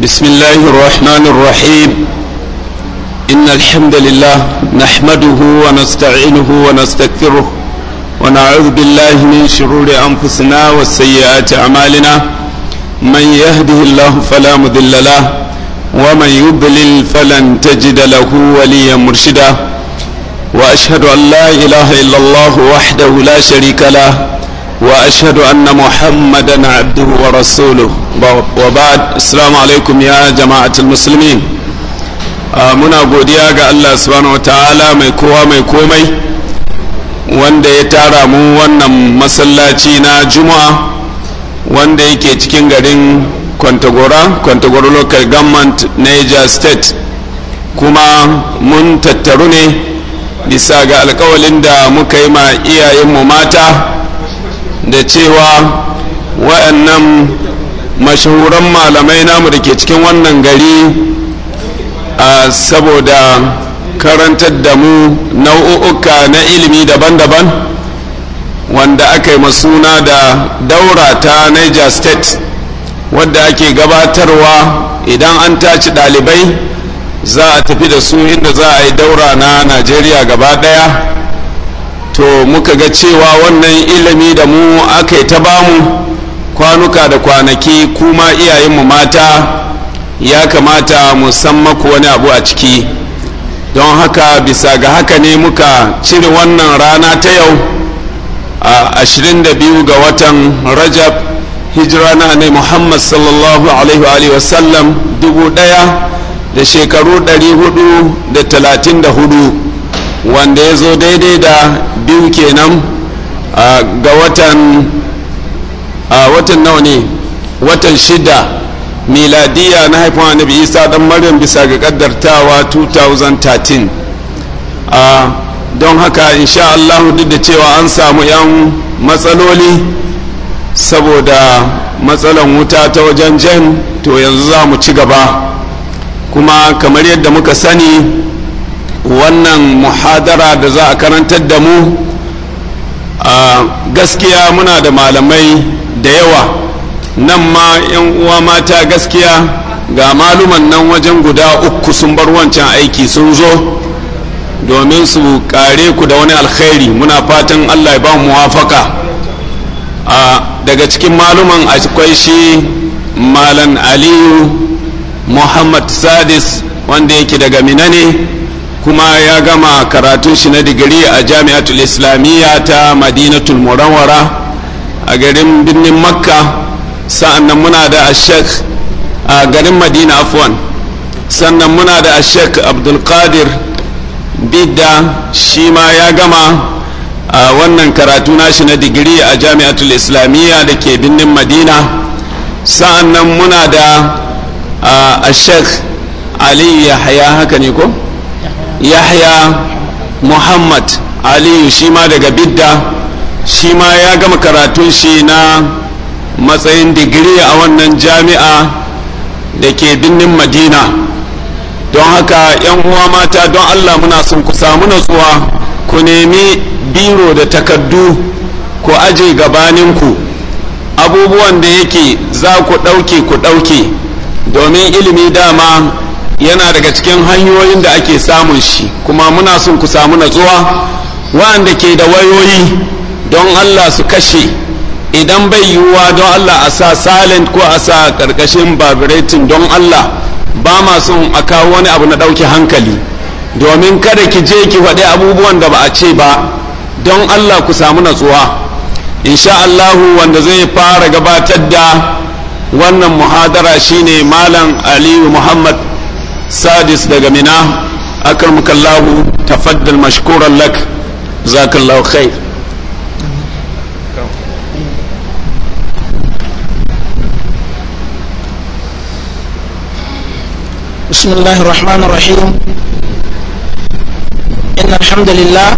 بسم الله الرحمن الرحيم إن الحمد لله نحمده ونستعينه ونستكثره ونعوذ بالله من شرور أنفسنا وسيئات أعمالنا من يهده الله فلا مضل له ومن يضلل فلن تجد له وليا مرشدا وأشهد أن لا إله إلا الله وحده لا شريك له وأشهد أن محمدا عبده ورسوله وبعد السلام عليكم يا جماعة المسلمين muna godiya ga Allah subhanahu wataala mai kowa mai komai wanda ya tara mu wannan masallaci na juma'a wanda yake cikin garin kwantagora kwantagora local government niger state kuma mun tattaru ne bisa ga alkawalin da muka yi ma iyayenmu mata da cewa wa'annan mashahuran malamai namu da ke cikin wannan gari a saboda karantar da mu nau'uka na ilimi daban-daban wanda aka yi masuna da daura ta niger state wadda ake gabatarwa idan an taci ɗalibai za a tafi da su inda za a yi daura na nigeria gaba daya. to muka ga cewa wannan ilimi da mu aka yi ta mu kwanuka da kwanaki kuma iyayenmu mata ya kamata musamman ku wani abu a ciki don haka bisa ga haka ne muka cire wannan rana ta yau a 22 ga watan rajab hijira na ne muhammad sallallahu alaihi wa sallam dubu daya da shekaru 434 wanda ya zo daidai da biyu kenan ga watan watan nawa ne watan shida miladiya na haifin annabi isa dan maryam bisa ga kaddartawa 2013 don haka insha Allah duk da cewa an samu 'yan matsaloli saboda matsalan wuta ta wajen jan to yanzu za mu ci gaba kuma kamar yadda muka sani wannan muhadara da za a karantar da mu a gaskiya muna da malamai da yawa nan ma 'yan uwa mata gaskiya ga maluman nan wajen guda uku sun bar wancan aiki sun zo domin su kare ku da wani alkhairi muna fatan allah ya ba muwafaka daga cikin maluman akwai shi malan aliyu muhammad sadis wanda yake daga minane ne kuma ya gama karatun shi na digiri a jami'atul islamiyya ta madinatul murawara a garin birnin makka sa'annan muna da ashek a garin madina afwan sannan muna da ashek abdulkadir bidda shi ma ya gama a wannan karatu nashi na digiri a jami'atul islamiyya da ke birnin madina sa'annan muna da ashek ali yahaya haka ne ko? yahya muhammad aliyu shi ma daga bidda shi ma ya gama karatun shi na matsayin digiri a wannan jami'a da ke birnin madina don haka 'yan uwa mata don allah muna son ku samu natsuwa ku nemi biro da takardu ku aje gabaninku abubuwan da yake za ku ɗauke ku ɗauke domin ilimi dama yana daga cikin hanyoyin da ake samun shi kuma muna son ku samu natsuwa wa'anda ke da wayoyi don allah su kashe idan bai yiwuwa don allah a sa silent ko a sa karkashin vibrating don allah ba ma son a kawo wani abu na ɗauki hankali domin kada ki je ki faɗi abubuwan da ba a ce ba don allah ku samu natsuwa insha allahu wanda zai fara gabatar da wannan muhadara shine malam aliyu muhammad sadis daga mina akramaka Allah tafaddal mashkuran lak zakallahu khair بسم الله الرحمن الرحيم إن الحمد لله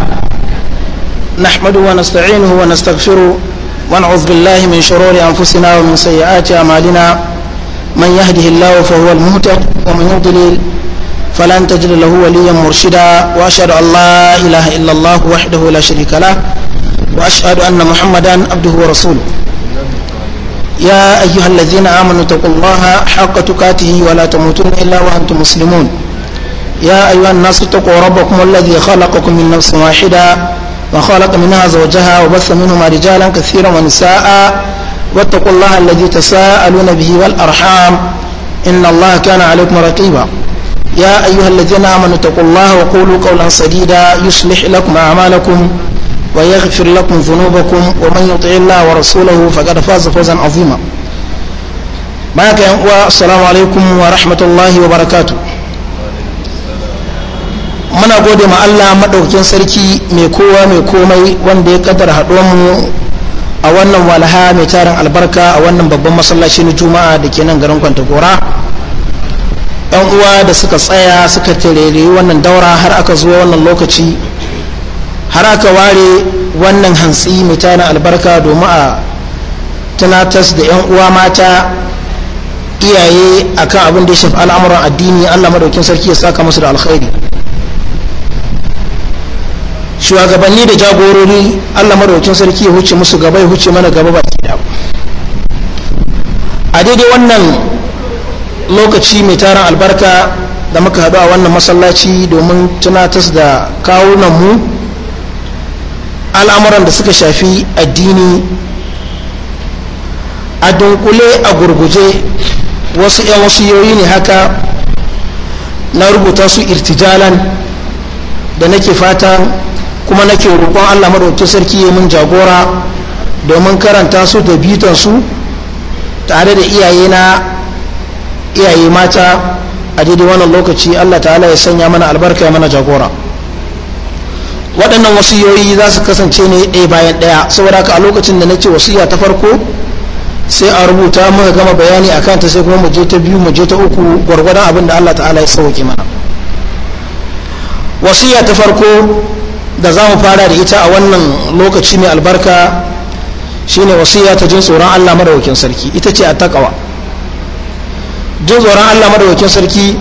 نحمده ونستعينه ونستغفره ونعوذ بالله من شرور أنفسنا ومن سيئات أعمالنا من يهده الله فهو المهتد ومن يضلل فلن تجد له وليا مرشدا وأشهد أن لا إله إلا الله وحده لا شريك له وأشهد أن محمدا عبده ورسوله يا أيها الذين آمنوا اتقوا الله حق تقاته ولا تموتن إلا وأنتم مسلمون يا أيها الناس اتقوا ربكم الذي خلقكم من نفس واحدة وخلق منها زوجها وبث منهما رجالا كثيرا ونساء واتقوا الله الذي تساءلون به والأرحام إن الله كان عليكم رقيبا يا أيها الذين آمنوا اتقوا الله وقولوا قولا سديدا يصلح لكم أعمالكم ويغفر لكم ذنوبكم ومن يطع الله ورسوله فقد فاز فوزا عظيما معك يا السلام عليكم ورحمة الله وبركاته muna gode ma Allah madaukin sarki mai kowa mai komai wanda ya kaddara mu a wannan walaha mai tarin albarka a wannan babban masallaci na juma'a da ke nan garin kwantagora yan uwa da suka tsaya suka tarere wannan daura har aka zuwa wannan lokaci har aka ware wannan hantsi mai tarin albarka domin a tunatas da yan uwa mata iyaye akan abin da ya shafi al'amuran addini allah madaukin sarki ya saka musu da alkhairi shugabanni da jagorori allah madaukin sarki ya huce musu gaba ya huce mana gaba baki da a daidai wannan lokaci mai taron albarka da muka haɗu a wannan masallaci domin tunatas da mu. al'amuran da suka shafi addini a dunkule a gurguje wasu 'yan wasu yoyi ne haka na rubuta su irtijalan da nake fatan kuma nake roƙon Allah madaukakin sarki ya min jagora domin karanta su da bitan su tare da iyaye iyaye mata a daidai wannan lokaci Allah ta'ala ya sanya mana albarka ya mana jagora waɗannan wasiyoyi za su kasance ne ɗaya bayan ɗaya saboda haka a lokacin da na ce wasiya ta farko sai a rubuta muka gama bayani a kanta sai kuma muje ta biyu muje ta uku gwargwadon abin da Allah ta'ala ya sauke mana wasiya ta farko da za mu fara da ita a wannan lokaci mai albarka shine wasiya ta jin tsoron Allah madaukakin sarki ita ce a takawa jin tsoron Allah madaukakin sarki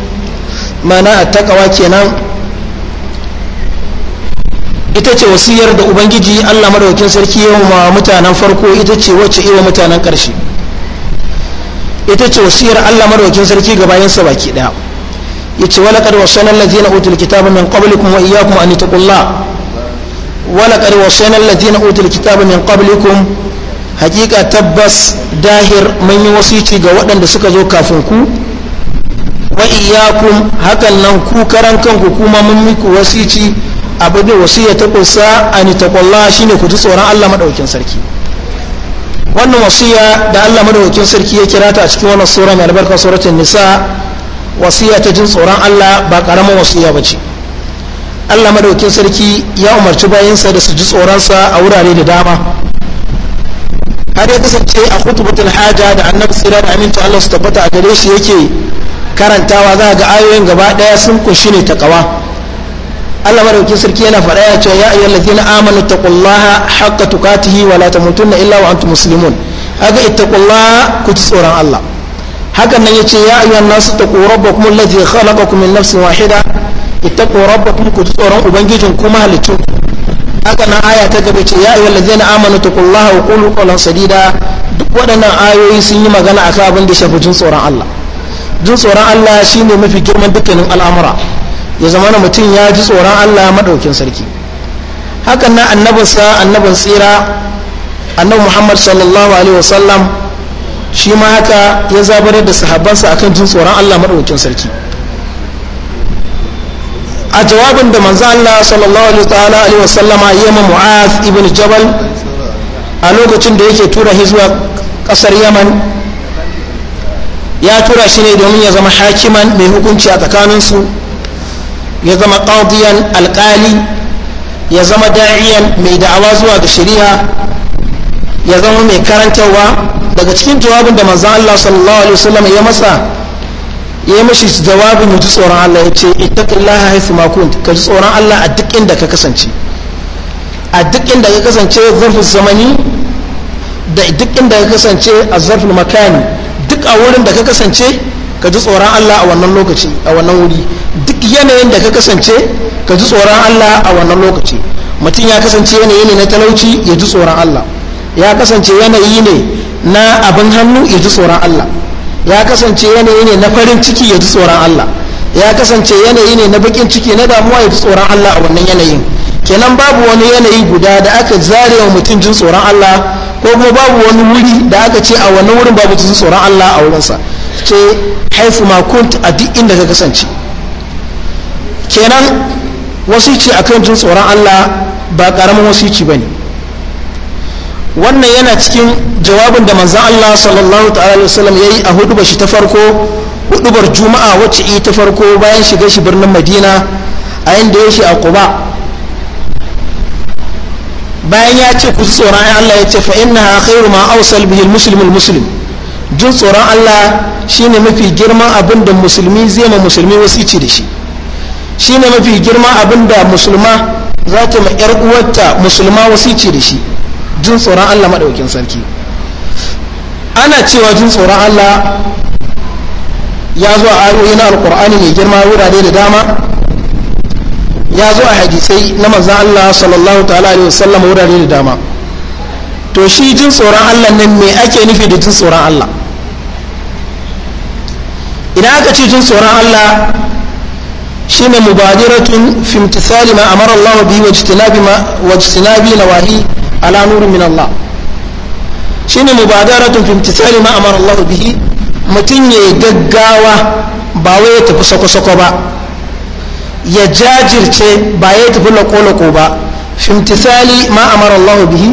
mana a takawa kenan ita ce wasiyar da ubangiji Allah madaukakin sarki yawa mutanen farko ita ce wacce iwa mutanen ƙarshe ita ce wasiyar Allah madaukakin sarki ga bayansa baki daya yace walaqad wasana allazina utul kitabun min qablikum wa iyyakum an taqullaha wala qad wasayna alladhina utul kitaba min qablikum haqiqa tabbas dahir mun yi wasici ga waɗanda suka zo kafin ku wa iyyakum hakan nan ku karan kanku kuma mun miku wasici abin da wasiya ta kusa an taqwalla shine ku ji tsoron Allah maɗaukin sarki wannan wasiya da Allah madaukakin sarki ya kira a cikin wannan sura mai albarka suratul nisa wasiya ta jin tsoron Allah ba karaman wasiya ce. allah madaukin sarki ya umarci bayansa da su ji tsoronsa a wurare da dama har ya kasance a hutubatul haja da annabi tsira da aminta allah su tabbata a gare shi yake karantawa za ga ayoyin gaba daya sun kunshi ne ta kawa allah madaukin sarki yana faɗa ya ce ya ayyuhal ladina amanu taqullaha haqqa tuqatihi wa la tamutunna illa wa antum muslimun haka ittaqullaha ku ji tsoron allah hakan nan yace ya ayyuhan nasu taqu rabbakum alladhi khalaqakum min nafsin wahida ittaqu rabbakum ku tsoron ubangijin kuma halittu haka nan aya ta gaba ce ya ayyuhal allazina amanu taqullaha wa qulu qawlan sadida duk waɗannan ayoyi sun yi magana akan abin da shafi jin tsoron Allah jin tsoron Allah shine mafi girman dukkanin al'amura ya zamana mutum ya ji tsoron Allah madaukin sarki Haka nan annabinsa annabin tsira annabi Muhammad sallallahu alaihi wasallam shi ma haka ya zabarar da sahabbansa akan jin tsoron Allah madaukin sarki a jawabin da manzo Allah sallallahu alaihi wa sallama ya yi Mu'az ibn Jabal a lokacin da yake tura hizwa kasar Yaman ya tura shi ne domin ya zama hakiman mai hukunci a tsakaninsu ya zama ƙaudiyan alƙali ya zama da'iyan mai da'awa zuwa ga shari'a ya zama mai karantarwa daga cikin jawabin da manzo Allah sallallahu alaihi wa sallama ya masa ya yi mashi jawabin ya ji tsoron Allah ya ce ittaqillaha haythu ma kunt ka ji tsoron Allah a duk inda ka kasance a duk inda ka kasance zarfin zamani da duk inda ka kasance a zarfin makani duk a wurin da ka kasance ka ji tsoron Allah a wannan lokaci a wannan wuri duk yanayin da ka kasance ka ji tsoron Allah a wannan lokaci mutum ya kasance yanayi ne na talauci ya ji tsoron Allah ya kasance yanayi ne na abin hannu ya ji tsoron Allah ya kasance yanayi ne na farin ciki ya ji tsoron Allah ya kasance yanayi ne na bakin ciki na damuwa ya ji tsoron Allah a wannan yanayin kenan babu wani yanayi guda da aka zare wa mutum jin tsoron Allah ko kuma babu wani wuri da aka ce a wannan wurin babu jin tsoron Allah a wurinsa ce haifu ma a duk inda ka kasance kenan wasu ce akan jin tsoron Allah ba karamin wasu ci bane wannan yana cikin jawabin da manzan Allah sallallahu ta'ala wasallam ya yi a hudubar shi ta farko hudubar juma'a wacce yi ta farko bayan shiga shi birnin madina a yadda ya shi a kuba bayan ya ce ku tsoron Allah ya ce fa inna khairu ma awsal bihi al-muslimu muslim jin tsoron Allah shine mafi girman abin da musulmi zai ma musulmi wasici da shi shine mafi girman abin da musulma za ta ma yar uwarta musulma wasici da shi jin tsoron Allah maɗaukin sarki ana cewa jin tsoron Allah ya zo a ayoyi na alkur'ani mai girma wurare da dama ya zo a hadisai na manzan Allah sallallahu ta'ala alaihi wasallam wurare da dama to shi jin tsoron Allah nan me ake nufi da jin tsoron Allah idan aka ce jin tsoron Allah shi ne mubadiratun fi imtithali ma amara Allah bihi wa ijtinabi ma wa ijtinabi nawahi ala nurin min Allah shine mubadaratun fi imtisali ma amara Allah bihi mutum ya gaggawa ba wai ya tafi sako-sako ba ya jajirce ba ya tafi lako-lako ba fi imtisali ma amara Allah bihi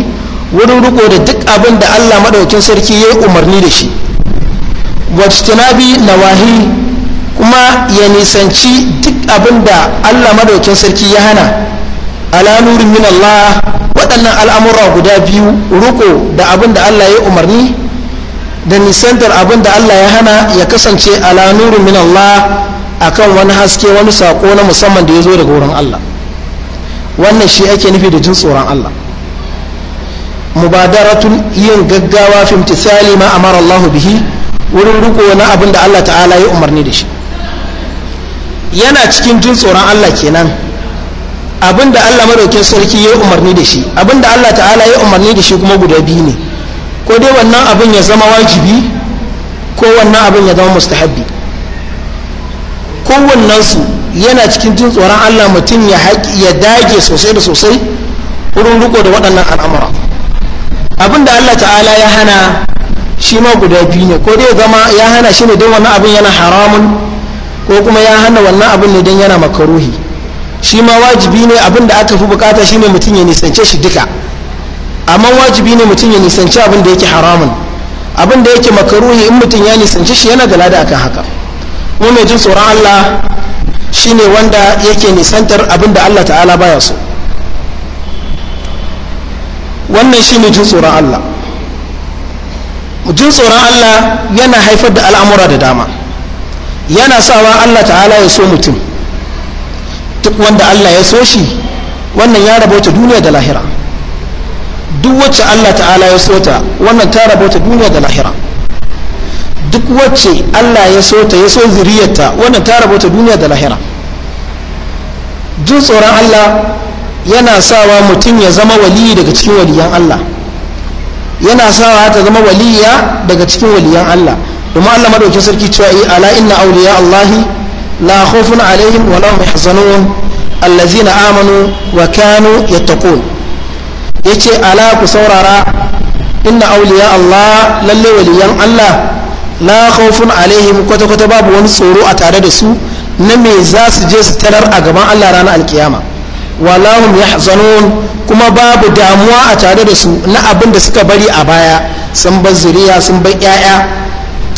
wurin riko da duk abin da Allah madaukin sarki ya yi umarni da shi wajtinabi nawahi kuma ya nisanci duk abin da Allah madaukin sarki ya hana ala nurin min Allah waɗannan al'amura guda biyu riko da abin da Allah ya umarni da nisantar abin da Allah ya hana ya kasance ala nuru min Allah akan wani haske wani sako na musamman da ya zo daga wurin Allah wannan shi ake nufi da jin tsoron Allah mubadaratun yin gaggawa fi imtithali ma amara Allah bihi wurin riko na abin da Allah ta'ala ya umarni da shi yana cikin jin tsoron Allah kenan Abin da Allah madaukin sarki ya umarni da shi abin da Allah ta'ala ya umarni da shi kuma guda biyu ne ko dai wannan abin ya zama wajibi ko wannan abin ya zama mustahabbi kowannensu yana cikin jin tsoron Allah mutum ya ya dage sosai da sosai wurin riko da waɗannan al'amura abin da Allah ta'ala ya hana shi ma guda biyu ne ko dai zama ya hana shi ne don wannan abin yana haramun ko kuma ya hana wannan abin ne don yana makaruhi shi ma wajibi ne abin da aka fi bukata shine mutum ya nisance shi duka amma wajibi ne mutum ya nisance abin da yake haramun abin da yake makaruhi in mutum ya nisance shi yana da akan haka kuma mai jin tsoron Allah ne wanda yake nisantar abin da Allah ta'ala baya so wannan ne jin tsoron Allah jin tsoron Allah yana haifar da al'amura da dama yana sawa Allah ta'ala ya so mutum duk wanda Allah ya so shi wannan ya ta duniya da lahira duk wacce Allah ta'ala ya so ta wannan ta rabauta duniya da lahira duk wacce Allah ya so ta ya so zuriyarta wannan ta ta duniya da lahira jin tsoron Allah yana sawa mutum ya zama waliyi daga cikin waliyan Allah yana sawa ta zama waliya daga cikin waliyan Allah domin Allah madaukin sarki cewa yi eh, ala inna awliya Allahi لا خوف عليهم ولا هم يحزنون الذين آمنوا وكانوا يتقون يتي ألا كسورارا إن أولياء الله للي وليان الله لا خوف عليهم كتو كتو باب ونصورو أتاردسو نمي زاس جيس ترر أقبان الله رانا القيامة ولا هم يحزنون كما باب داموا أتاردسو نأبن دسك بري أبايا سنبزريا سنبيايا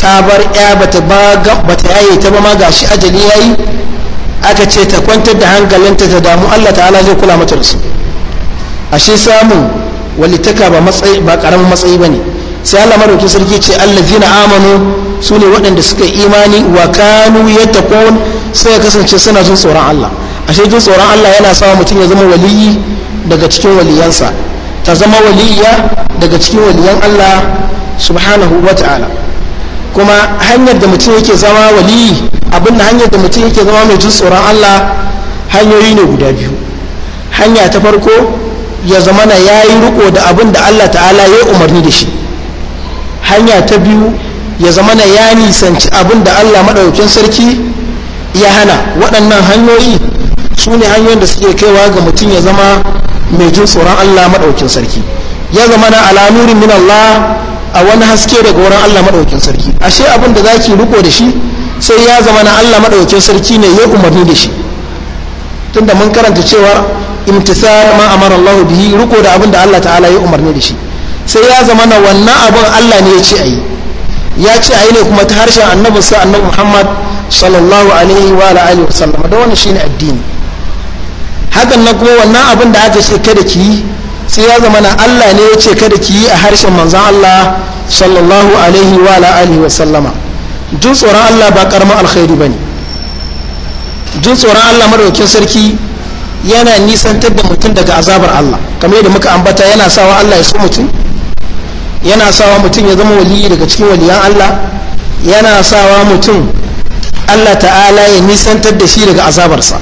ta bar ya bata bata yaye ta ba ma gashi ajali yayi aka ce ta kwantar da hankalinta ta damu Allah ta'ala zai kula mata da su ashe samun walitaka ba matsayi ba karamin matsayi bane sai Allah madauki sarki ce allazina amanu su ne waɗanda suka imani wa kanu yattaqun sai kasance suna jin tsoron Allah ashe jin tsoron Allah yana sa mutum ya zama waliyi daga cikin waliyansa ta zama waliya daga cikin waliyan Allah subhanahu wa ta'ala kuma hanyar da mutum yake zama wali, abin da hanyar da mutum yake zama mai jin tsoron Allah hanyoyi ne guda biyu hanya ta farko ya zama na ya yi riko da abin da Allah ta'ala ya umarni da shi hanya ta biyu ya zama na ya nisanci abin da Allah maɗaukin sarki ya hana waɗannan hanyoyi su ne hanyoyin da suke kaiwa ga mutum ya zama mai jin tsoron Allah maɗaukin sarki ya zama na alamurin min Allah a wani haske daga wurin Allah maɗaukin sarki ashe abin da zaki riko da shi sai ya zama na Allah maɗaukin sarki ne ya umarni da shi tunda mun karanta cewa imtisar ma amara Allah bihi riko da abin da Allah ta'ala ya umarni da shi sai ya zama na wannan abin Allah ne ya ce yi. ya ce yi ne kuma ta harshen annabi sa annabi Muhammad sallallahu alaihi wa alihi wasallam da wannan shine addini hakan na kuma wannan abin da aka ce kada ki yi sai ya zama na Allah ne ya ce kada ki yi a harshen manzan Allah sallallahu alaihi wa alihi wa sallama jin tsoron Allah ba karamin alkhairi bane jin tsoron Allah madaukakin sarki yana nisantar da mutum daga azabar Allah kamar yadda muka ambata yana sawa Allah ya so mutum yana sawa mutum ya zama waliyi daga cikin waliyan Allah yana sawa mutum Allah ta'ala ya nisantar da shi daga azabarsa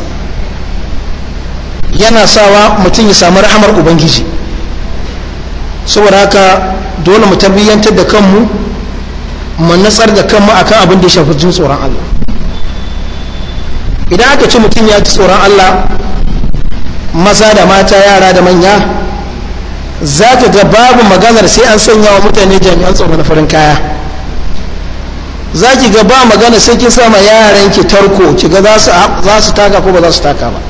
yana sawa mutum ya samu rahamar ubangiji saboda haka dole mu tabbiyantar da kanmu mu nasar da kanmu akan abin da ya shafi jin tsoron Allah idan aka ce mutum ya ji tsoron Allah maza da mata yara da manya za ka ga babu maganar sai an sanya wa mutane jami'an tsaro na farin kaya za ki ga ba magana sai kin sama yaran ki tarko ki ga za su taka ko ba za su taka ba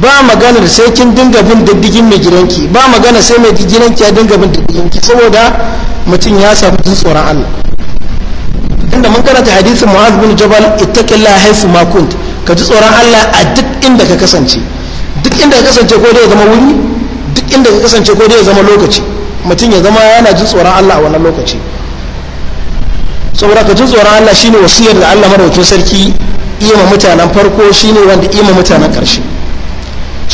ba maganar sai kin dinga bin diddigin mai gidanki ba magana sai mai gidanki ya dinga bin diddiginki saboda mutum ya samu jin tsoron Allah inda mun karanta hadisin Mu'adh bin Jabal ittaqillah haythu ma kunt ka ji tsoron Allah a duk inda ka kasance duk inda ka kasance ko dai ya zama wuri duk inda ka kasance ko dai ya zama lokaci mutum ya zama yana jin tsoron Allah a wannan lokaci saboda ka jin tsoron Allah shine wasiyar da Allah madaukakin sarki iya mutanen farko shine wanda iya mutanen ƙarshe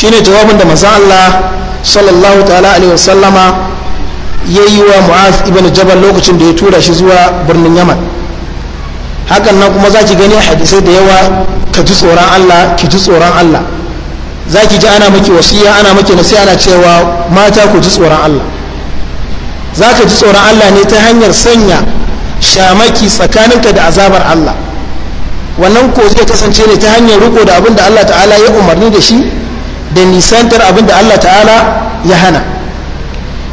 shine jawabin da manzon Allah sallallahu ta'ala alaihi wasallama yayi wa Mu'az ibn Jabal lokacin da ya tura shi zuwa birnin Yaman hakan nan kuma zaki gani hadisai da yawa ka ji tsoron Allah ki ji tsoron Allah ki ji ana maki wasiya ana maki nasiha ana cewa mata ku ji tsoron Allah zaka ji tsoron Allah ne ta hanyar sanya shamaki tsakaninka da azabar Allah wannan ko zai kasance ne ta hanyar riko da abin da Allah ta'ala ya umarni da shi da nisantar abin da Allah ta'ala ya hana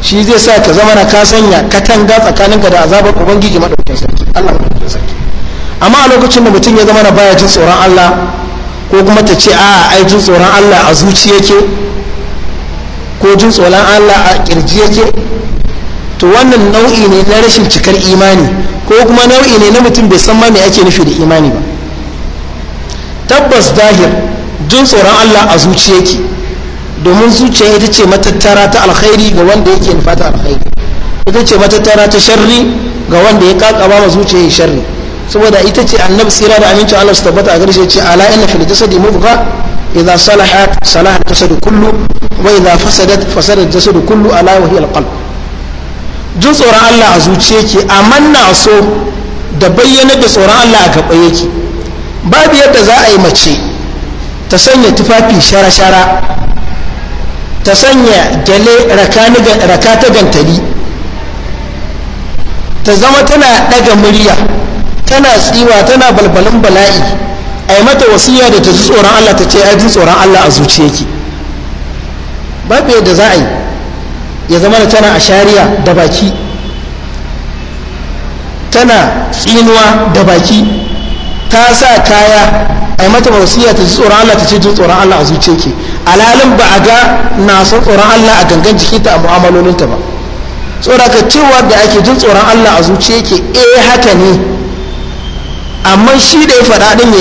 shi zai sa ka zama na ka sanya katanga ka da azabar ubangiji maɗaukin sarki Allah maɗaukin sarki amma a lokacin da mutum ya zama na baya jin tsoron Allah ko kuma ta ce a ai jin tsoron Allah a zuci yake ko jin tsoron Allah a kirji yake to wannan nau'i ne na rashin cikar imani ko kuma nau'i ne na mutum bai san ma me ake nufi da imani ba tabbas zahir jin tsoron Allah a zuciya domin zuciya ita ce matattara ta alkhairi ga wanda yake nufa ta alkhairi ita ce matattara ta sharri ga wanda ya kakaba ma zuciya sharri saboda ita ce annabi sira da amincin Allah su tabbata a garshe ce ala inna fil jasadi mudgha idza salahat salaha al-jasad kullu wa idza fasadat fasada al-jasad kullu ala wa hiya al-qalb jin tsoron Allah a zuciya yake amanna so da bayyana da tsoron Allah a gaba yake babu yadda za a yi mace ta sanya tufafi shara-shara ta sanya gyale raka ta gantali ta zama tana ɗaga murya tana tsiwa tana balbalin bala'i a mata wasiya da ta ji tsoron allah ta ce ya ji tsoron allah a zuciyarki babu yadda za a yi ya zama da tana a shariya da baki tana tsinuwa da baki ta sa kaya a mata wasiya ta ji tsoron Allah ta ce ji tsoron Allah a zuciya ke alalin ba a ga na san tsoron Allah a gangan jikinta a mu'amalolinta ba tsoron ka cewa da ake jin tsoron Allah a zuciya ke eh haka ne amma shi da ya faɗa ɗin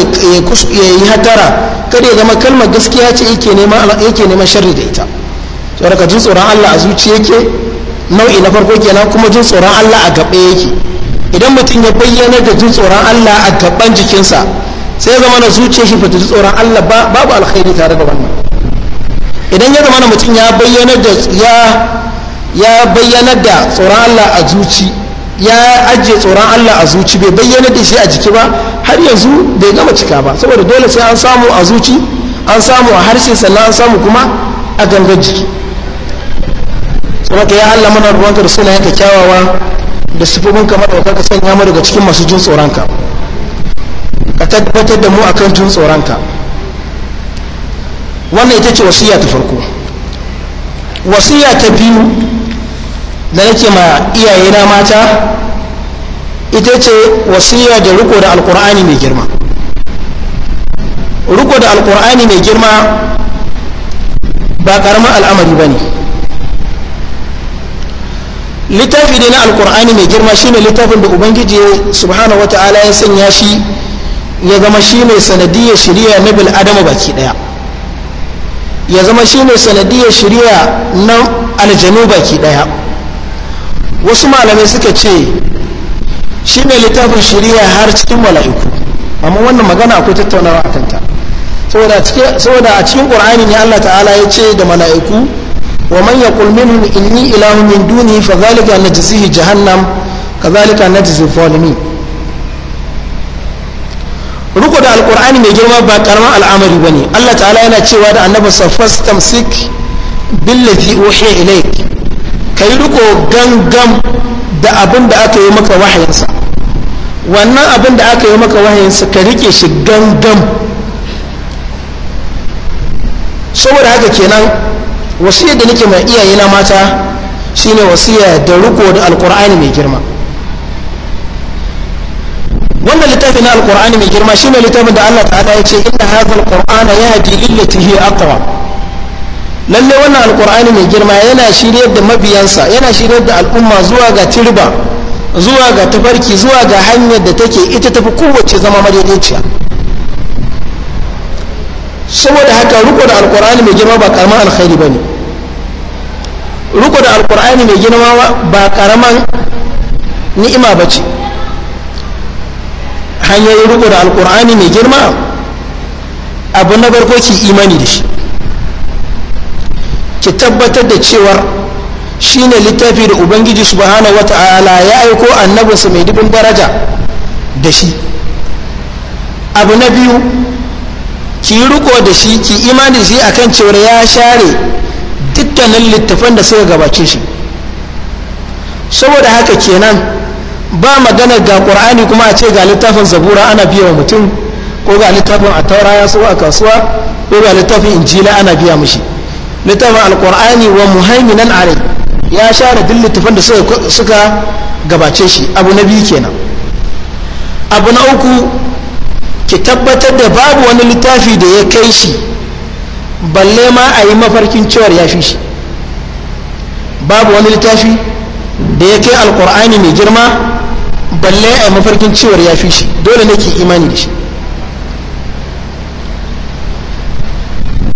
ya yi hatara kada ya zama kalmar gaskiya ce yake neman sharri da ita tsoron ka jin tsoron Allah a zuciya ke nau'i na farko kenan kuma jin tsoron Allah a gaɓe yake idan mutum ya bayyana da jin tsoron Allah a gaban jikinsa sai zama na zuciya shi fata tsoron Allah babu alkhairi tare da wannan idan ya zama na mutum ya bayyana da ya ya bayyana da tsoron Allah a zuci ya ajiye tsoron Allah a zuci bai bayyana da shi a jiki ba har yanzu bai gama cika ba saboda dole sai an samu a zuci an samu a harshe sannan an samu kuma a gangan jiki saboda ya Allah mana ruwanka da sunayen kyawawa da sifofin kamar da ka sanya mu daga cikin masu jin tsoronka ka tabbatar da mu akan jin tsoronka wannan ita ce wasiya ta farko wasiya ta biyu da nake ma iyaye na mata ita ce wasiya da riko da alkur'ani mai girma riko da alkur'ani mai girma ba karamin al'amari ba ne littafi ne na alkur'ani mai girma shine littafin da ubangiji subhanahu wata'ala ya sanya shi ya zama shi mai sanadiyar shirya na bil adama baki daya ya zama shi mai sanadiyar shirya na aljanu baki daya wasu malamai suka ce shi ne littafin shirya har cikin mala'iku amma wannan magana akwai tattaunawa a kanta saboda a cikin ƙur'ani ne allah ta'ala ya ce da mala'iku ومن يقول منهم إني إله من دونه فذلك نجزيه جهنم كذلك نجزي الظالمين ruku da alkur'ani mai girma ba karamin al'amari ba ne allah ta'ala yana cewa da annabi safas tamsik billafi uhiya ilaik ka yi riko gangam da abin da aka yi maka wahayinsa wannan abin da aka yi maka wahayinsa ka rike shi gangam saboda haka kenan wasiyar da nake mai iyaye na mata shine wasiya da riko da alkur'ani mai girma wannan littafi na alkur'ani mai girma shine littafin da Allah ta'ala ya ce inna hadha alqur'ana yahdi lillati hi aqwa lalle wannan alkur'ani mai girma yana shiryar da mabiyansa yana shiryar da al'umma zuwa ga tirba zuwa ga tafarki zuwa ga hanyar da take ita tafi kowace zama madaidaiciya saboda haka riko da alkur'ani mai girma ba karaman alkhairi ba ne riko da alkur'ani mai girma ba karaman ni'ima ba ce hanyoyin riko da alkur'ani mai girma abu na farko ki imani da shi ki tabbatar da cewar shi ne littafi da ubangiji subhanahu wata'ala ya aiko annabinsa mai dubin daraja da shi abu na biyu ki yi riko da shi ki imani da shi akan cewar ya share dukkanin littafan da suka gabace shi saboda haka kenan ba magana ga ƙur'ani kuma a ce ga littafin zabura ana biya wa mutum ko ga littafin taura ya so a kasuwa ko ga littafin injila ana biya mushi. littafin Alƙur'ani wa muhaiminan are ya share duk littafan da suka gabace shi abu na biyu kenan abu na uku ki tabbatar da babu wani littafi da ya kai shi balle ma a yi mafarkin cewar ya fi shi babu wani littafi da ya kai alkur'ani mai girma balle a yi mafarkin cewar ya fi shi dole ne ki imani da shi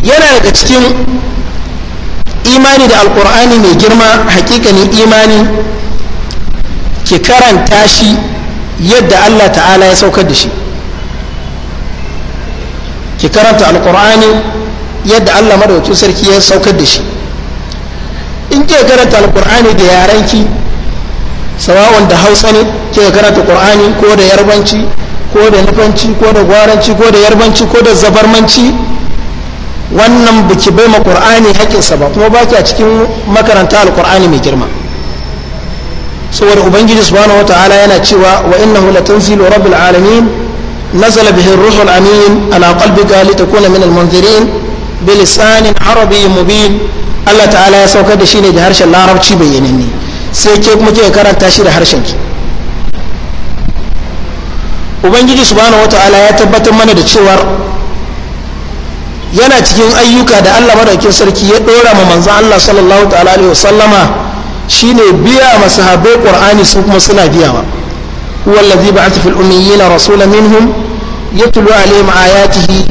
yana daga cikin imani da alkur'ani mai girma hakikanin imani ki karanta shi yadda allah ta'ala ya saukar da shi ki karanta alkur'ani yadda allah madawacin sarki ya saukar da shi in ke karanta alkur'ani da yarenki sawa'un da hausa ne ke karanta qur'ani ko da yarbanci ko da nufanci ko da gwaranci ko da yarbanci ko da zabarmanci wannan biki bai ma qur'ani haƙƙinsa ba kuma baki a cikin makaranta alkur'ani mai girma saboda ubangiji subhanahu wataala yana cewa wa innahu latanzilu rabbil alamin نزل به الروح الأمين على قلبك لتكون من المنذرين بلسان عربي مبين الله تعالى ya saukar da shi ne da harshen larabci bayyananne sai ke kuma ke karanta shi da harshen ki ubangiji subhanahu wataala ya tabbatar mana da cewar yana cikin ayyuka da Allah madaukakin sarki ya dora ma manzon Allah sallallahu ta'ala alaihi wasallama shine biya masahabai qur'ani su kuma suna biyawa هو الذي بعث في الأميين رسولا منهم يتلو عليهم آياته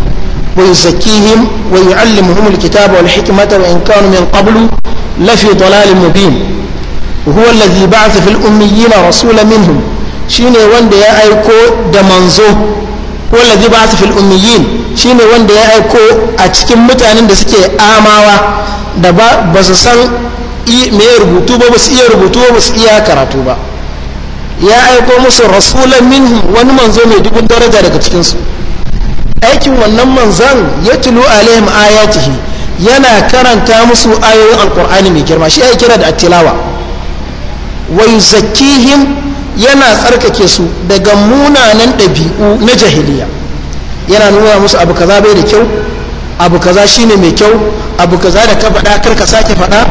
ويزكيهم ويعلمهم الكتاب والحكمة وإن كانوا من قبل لفي ضلال مبين وهو الذي بعث في الأميين رسولا منهم شيني وند يا أيكو دمنزو هو الذي بعث في الأميين شيني وند يا أيكو أتكم متعنين دسكي آماوا دبا بسسان إيه ميربوتو بس إيه ربوتو بس إيه كراتو بس ya aiko musu rasulan minhum wani manzo mai dubin daraja daga cikinsu aikin wannan manzan ya tulu alaihim ayatihi yana karanta musu ayoyin alkur'ani mai girma shi ya kira da attilawa wa yuzakkihim yana tsarkake su daga munanan ɗabi'u na jahiliya yana nuna musu abu kaza bai da kyau abu kaza shine mai kyau abu kaza da ka faɗa kar ka sake faɗa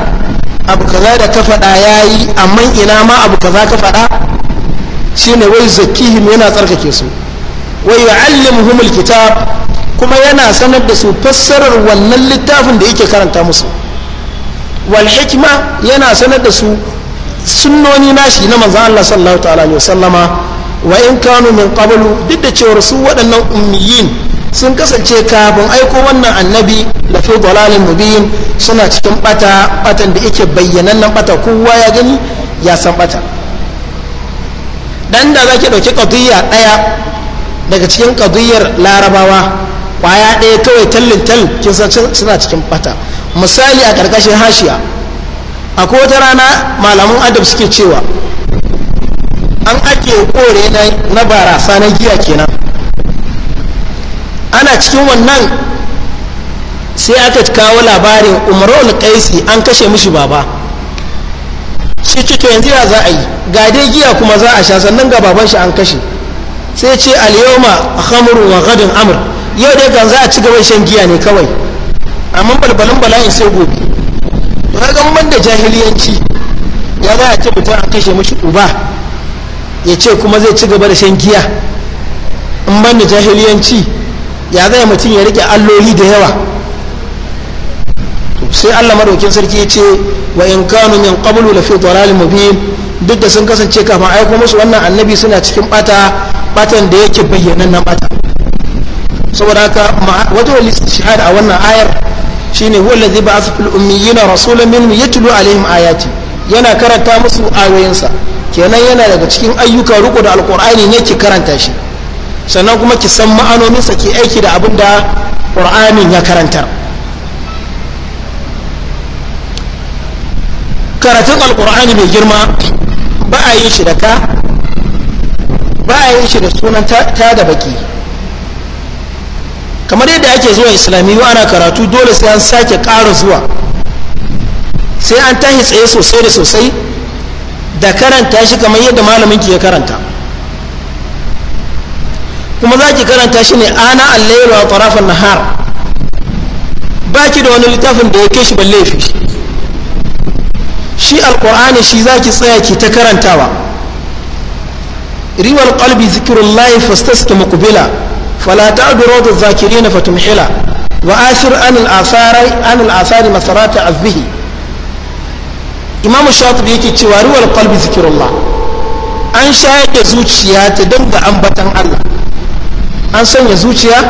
abu kaza da ka faɗa yayi amma ina ma abu kaza ka faɗa shine wai zakihim yana tsarkake su wai yu'allimuhum alkitab kuma yana sanar da su fassarar wannan littafin da yake karanta musu wal hikma yana sanar da su sunnoni nashi na manzon Allah sallallahu ta'ala alaihi wasallama wa in kanu min qablu duk da cewa su waɗannan ummiyin sun kasance kafin aiko wannan annabi la fi dalalin mubin suna cikin bata batan da yake bayyanannan bata kowa ya gani ya san bata dan da zaki dauki qadiyya daya daga cikin qadiyyar larabawa kwaya daya kawai tallin tal kin san suna cikin fata misali a karkashin hashiya akwai wata rana malaman adab suke cewa an ake kore na barasa na giya kenan ana cikin wannan sai aka kawo labarin umarul kaisi an kashe mishi baba shi ce yanzu ya za a yi ga dai giya kuma za a sha sannan ga baban shi an kashe sai ce alyoma yawma khamru wa ghadun amr yau dai kan za a ci gaba shan giya ne kawai amma balbalin bala'in sai gobe ragan ban da jahiliyanci ya za a ce mutum an kashe mashi uba ya ce kuma zai ci gaba da shan giya in ban da jahiliyanci ya zai mutum ya rike alloli da yawa sai allah maraukin sarki ya ce wa in kanu min qablu la fi dalalin mubin duk da sun kasance kafin aiko musu wannan annabi suna cikin bata batan da yake bayyana na bata saboda haka wajen shahada a wannan ayar shine huwa allazi ba'atha fil ummiyina rasulan minhum yatlu alaihim ayati yana karanta musu ayoyinsa kenan yana daga cikin ayyuka riko da alqur'ani ne ki karanta shi sannan kuma ki san ma'anoninsa ki aiki da abin da qur'anin ya karantar karatun alkur'ani mai girma ba a yin shi da ka ba a yin shi da sunan ta da baki kamar yadda ake zuwa islamiyu ana karatu dole sai an sake ƙara zuwa sai an tashi tsaye sosai da sosai da karanta shi kamar yadda malamin ki ya karanta kuma za ki karanta shi ne ana allairu a nahar ba ki da wani littafin da ya kai shi balle fi shi alkur'ani shi za ki tsaya ki ta karantawa riwal qalbi zikrullahi fastaska muqbila fala ta'duru adh-dhakirina fatumhila wa ashir an al-athari an al-athari masarata azbihi imamu shatibi yake cewa riwal qalbi zikrullah an shayar zuciya ta dinga ambatan Allah an sanya zuciya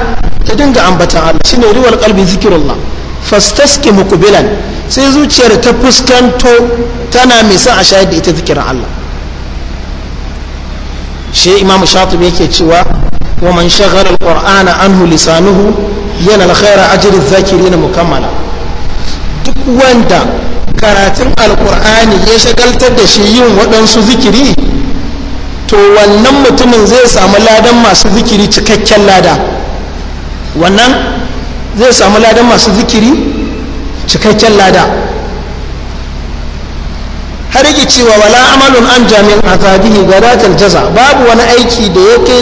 ta dinga ambatan Allah shine riwal qalbi zikrullah fastaski muqbilan sai zuciyar ta fuskanto tana mai son a shayar da ita zikirin Allah shi imam shatib yake cewa wa man shaghara alqur'ana anhu lisanuhu yana alkhaira ajri zakirin mukammala duk wanda karatun alƙur'ani ya shagaltar da shi yin waɗansu zikiri to wannan mutumin zai samu ladan masu zikiri cikakken lada wannan zai samu ladan masu zikiri cikakken lada har yake cewa wala amalun an jami'in azabihi datar jaza babu wani aiki da ya kai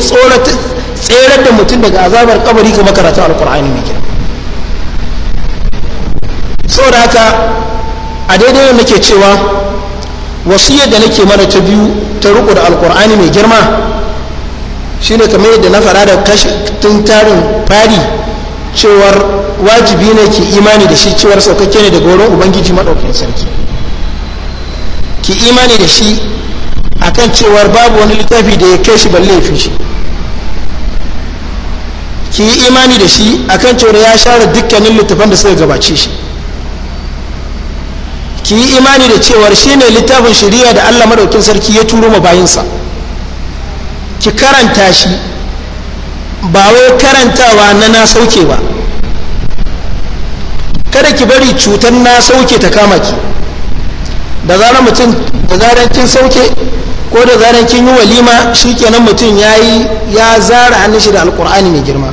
tserar da mutum daga azabar kabari ga makarata alkur'ani mai kyau da haka a daidai da nake cewa wasiyar da nake mana ta biyu ta ruku da alkur'ani mai girma shine kamar yadda na fara da tun tarin fari cewar wajibi ne ki imani da shi cewar saukakke ne daga wurin ubangiji maɗaukakin sarki ki imani da shi akan cewar babu wani littafi da ya kai shi balle fi shi ki yi imani da shi akan cewar ya share dukkanin littafan da suka gabace shi ki yi imani da cewar shi ne littafin shari'a da allah maɗaukin sarki ya turo ma bayinsa ki karanta shi ba wai karantawa na na sauke ba kada ki bari cutar na sauke ta kama ki da zarar mutum da zarar kin sauke ko da zarar kin yi walima shikenan mutum ya yi ya zara hannun shi da alkur'ani mai girma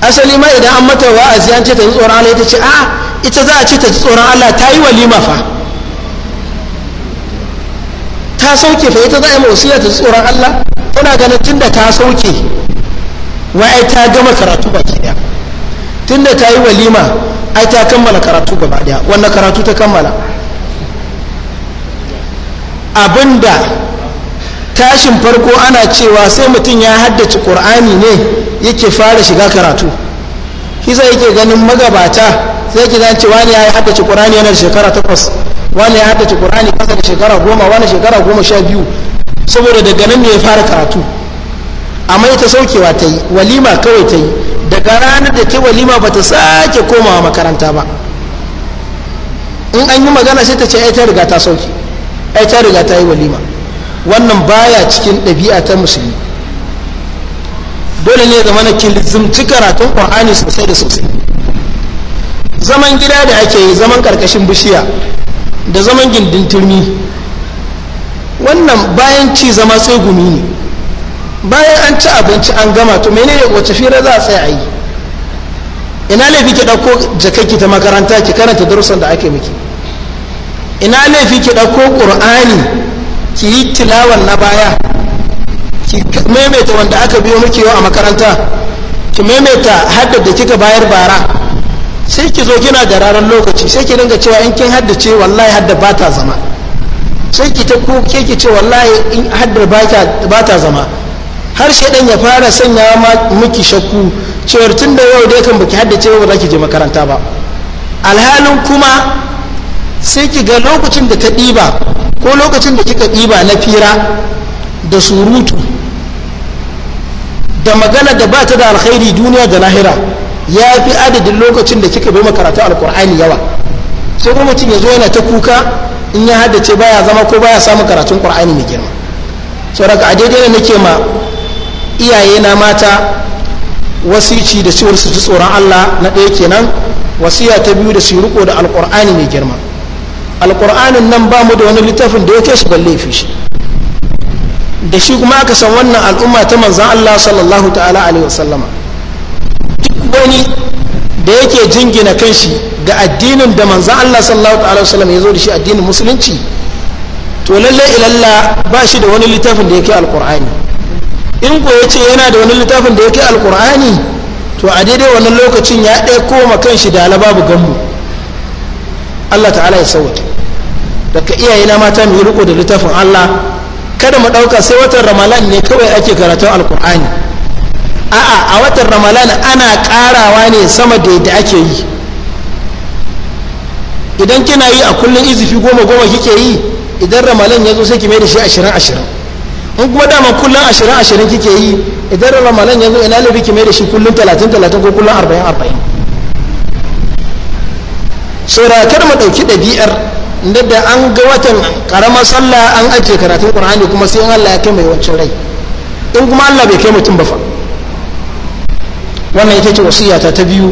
asali ma idan an mata wa'azi an ce ta ji tsoron Allah ita ce a ah, ita za a ce ta ji tsoron Allah ta yi walima fa ta sauke fa ita za a yi wasiya ta tsoron Allah tana ganin tunda ta sauke ai ta gama karatu baki daya tunda ta yi walima ai ta kammala karatu gaba daya wannan karatu ta kammala abinda tashin farko ana cewa sai mutum ya haddace qur'ani ne yake fara shiga karatu shi yake ganin magabata sai ki zan cewa ne ya haddace qur'ani yana shekara takwas wani ya tace kur'ani kasa da shekara goma wani shekara goma sha biyu saboda daga nan ne ya fara karatu amma ita saukewa ta yi walima kawai ta yi daga ranar da ta walima ba ta sake komawa makaranta ba in an yi magana sai ta ce ai ta riga ta sauke ai ta riga ta yi walima wannan baya cikin ɗabi'a ta musulmi dole ne zama na kilizimci karatun ƙwa'ani sosai da sosai zaman gida da ake yi zaman ƙarƙashin bishiya da zaman gindin turmi wannan bayan ci zama sai gumi ne bayan an ci abinci an gama to mene wace fira za a tsaye a yi ina laifi ki ɗauko jakakki ta makaranta ki karanta darussan da ake miki ina laifi ki ɗauko ƙur'ani ki yi tilawan na baya ki maimaita wanda aka biyo miki yau a makaranta ki maimaita haddar da kika bayar bara sai ki zo kina da ranar lokaci sai ki dinga cewa in kin haddace wallahi hadda ba ta zama sai ki ta kuke ki ce wallahi in hadda ba ta zama har shaidan ya fara sanya miki shakku cewar tun da yau dai kan baki haddace ba za ki je makaranta ba alhalin kuma sai ki ga lokacin da ta ɗiba ko lokacin da kika ɗiba na fira da surutu da magana da ba ta da alkhairi duniya da lahira ya fi adadin lokacin da kika bai makaratu alkur'ani yawa sai kuma mutum ya zo yana ta kuka in ya haddace baya zama ko baya samun karatun qur'ani mai girma saboda a daidai ne nake ma iyaye na mata wasici da cewar su tsoron Allah na ɗaya kenan wasiya ta biyu da su riko da alkur'ani mai girma alkur'anin nan ba mu da wani littafin da ya kai shi balle fi shi da shi kuma aka san wannan al'umma ta manzan Allah sallallahu ta'ala alaihi wasallama wani da yake jingina kanshi ga addinin da manzan Allah sallallahu alaihi wasallam ya zo da shi addinin musulunci to lalle ilalla ba shi da wani littafin da yake alkur'ani in ko ya ce yana da wani littafin da yake alkur'ani to a daidai wannan lokacin ya ɗaya koma kanshi da alababu gammu Allah ta'ala ya sauwata daga iyayena mata mu yi riko da littafin Allah kada mu ɗauka sai watan ramalan ne kawai ake karatun alkur'ani a'a a watan ramalan ana karawa ne sama da yadda ake yi idan kina yi a kullum izifi goma goma kike yi idan ramalan ya zo sai ki mai da shi ashirin ashirin in kuma dama kullum ashirin ashirin kike yi idan ramalan ya zo ina labi ki mai da shi kullum talatin talatin ko kullum arba'in arba'in saurakar mu ɗauki ɗabi'ar da an ga watan ƙaramar sallah an ajiye karatun ƙur'ani kuma sai in allah ya kai mai wancan rai in kuma allah bai kai mutum ba fa wannan ita ce wasiyata ta biyu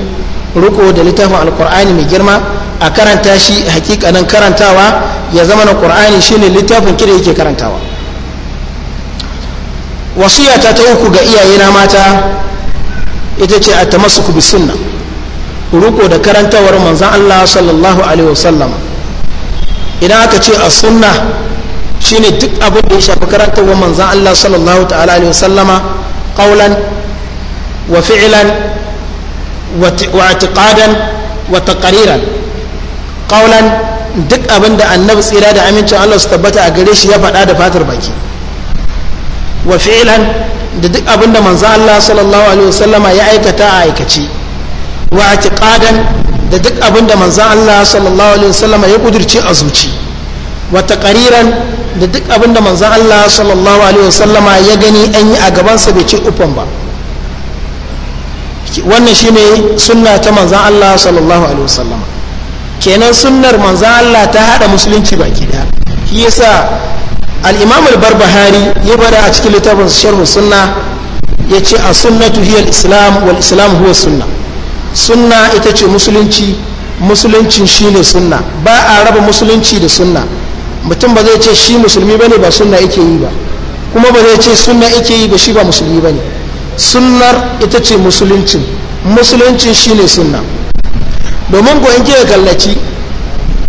riko da littafin alkur'ani mai girma a karanta shi hakikanin karantawa ya zama na qur'ani shine littafin kida yake karantawa wasiyata ta uku ga iyayena mata ita ce at-tamassuku bis sunna riko da karantawar manzon Allah sallallahu alaihi wasallam idan aka ce a sunna shine duk abin da ya shafi karantawar manzon Allah sallallahu ta'ala alaihi wasallama qaulan وفعلا واعتقادا وتقريرا قولا duk abin da annabi tsira da amincin Allah su tabbata a gare shi ya faɗa da fatar baki wa fi'ilan da duk abin da manzo Allah sallallahu alaihi wasallama ya aikata a aikace wa i'tiqadan da duk abin da manzo Allah sallallahu alaihi wasallama ya kudirce a zuci wa taqariran da duk abin da manzo Allah sallallahu alaihi wasallama ya gani an yi a gabansa bai ce ufan ba wannan shine sunna ta manzan Allah sallallahu alaihi wasallam kenan sunnar manzan Allah ta hada musulunci baki daya shi yasa al-Imam al-Barbahari ya bada a cikin littafin Sharh Sunna yace as-sunnatu hiya al-islam wal islam huwa sunna sunna ita ce musulunci musuluncin shine sunna ba a raba musulunci da sunna mutum ba zai ce shi musulmi bane ba sunna yake yi ba kuma ba zai ce sunna yake yi ba shi ba musulmi bane sunnar ita ce musuluncin musuluncin shine sunna domin ko ya kallaci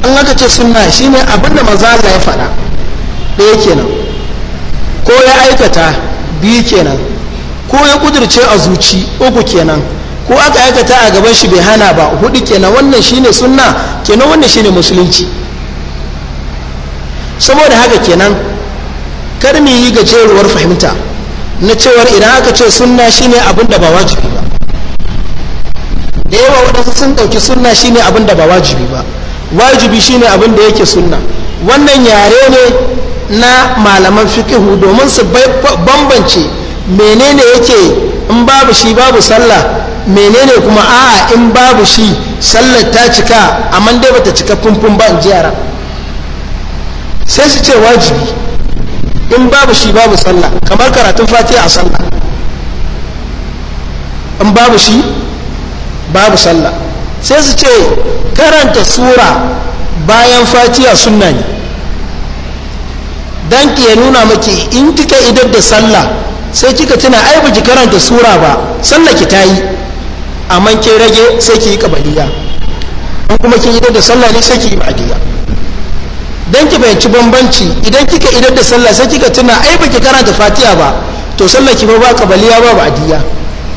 an aka ce sunna shine abin da maza Allah ya faɗa ɗaya kenan ko ya aikata biyu kenan ko ya kudirce a zuci uku kenan ko aka aikata a gaban shi bai hana ba hudu kenan wannan shine sunna kenan wannan shine musulunci saboda haka kenan kar mu yi gajeruwar fahimta na cewar idan aka ce sunna shine abin da ba wajibi ba da yawa waɗansu sun ɗauki sunna shine abin da ba wajibi ba wajibi shine abin da yake sunna wannan yare ne na malaman fikihu domin su bambance menene yake in babu shi babu sallah menene kuma a'a in babu shi sallar ta cika amma dai bata cika fumfum ba in ji sai su ce wajibi in babu shi babu sallah kamar karatun fatiha a sallah in babu shi babu sallah sai su ce karanta sura bayan fatiha sunna ne dan ki ya nuna maki in kika idar da sallah sai kika tuna ai ki karanta sura ba sallah ki yi amma ke rage sai ki yi kabaliya kuma kin idar da sallah ne sai ki yi ba'diya don ki fahimci bambanci idan kika idan da sallah sai kika tuna ai ki karanta fatiha ba to sallah ki ba ba kabaliya ba a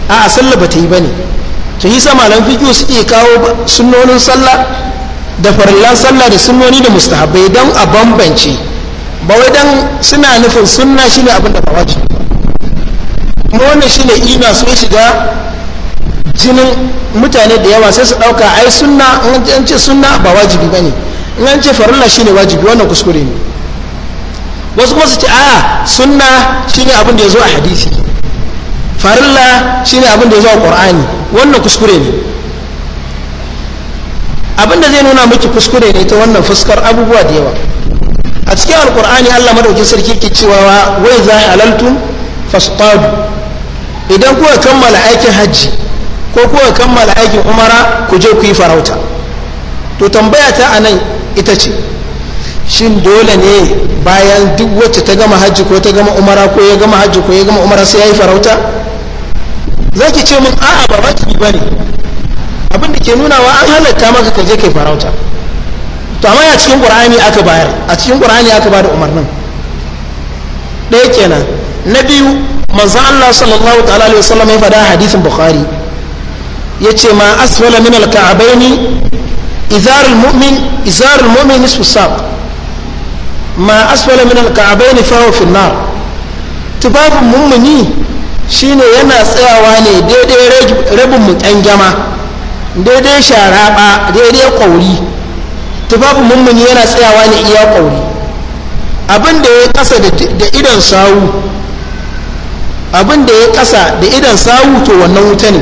a'a sallah ba ta yi bane to yi sa malam fiqh suke kawo sunnonin sallah da farillan sallah da sunnoni da mustahabbai don a bambance ba wai dan suna nufin sunna shine abin da ba wajibi kuma wannan shine ina so shiga jinin mutane da yawa sai su dauka ai sunna an ce sunna ba wajibi bane in an ce farilla shine wajibi wannan kuskure ne wasu kuma su ce a sunna shine abin da ya zo a hadisi farilla shine abin da ya zo a qur'ani wannan kuskure ne abin da zai nuna miki kuskure ne ta wannan fuskar abubuwa da yawa a cikin alqur'ani Allah madaukin sarki ke cewa wai za a halaltum fasitadu idan kuka kammala aikin hajji ko kuka kammala aikin umara ku je ku yi farauta to tambaya ta nan. ita ce shin dole ne bayan duk wacce ta gama hajji ko ta gama umara ko ya gama hajji ko ya gama umara sai ya yi farauta za ki ce mun a'a ba wajibi ba ne abin da ke wa an halatta maka ka je kai farauta to amma a cikin qur'ani aka bayar a cikin qur'ani aka bada umarnin ɗaya kenan na biyu manzo Allah sallallahu ta'ala alaihi wasallam ya faɗa hadisin bukhari yace ma asfala min al-ka'baini إزار المؤمن إزار المؤمن نصف الساق ما أسفل من الكعبين فهو في النار تباب مؤمني yana tsayawa ne daidai rabin mutan jama daidai sharaba daidai kwauri tufafin mummuni yana tsayawa ne iya kwauri abin da ya kasa da idan sawu abin da ya kasa to wannan wuta ne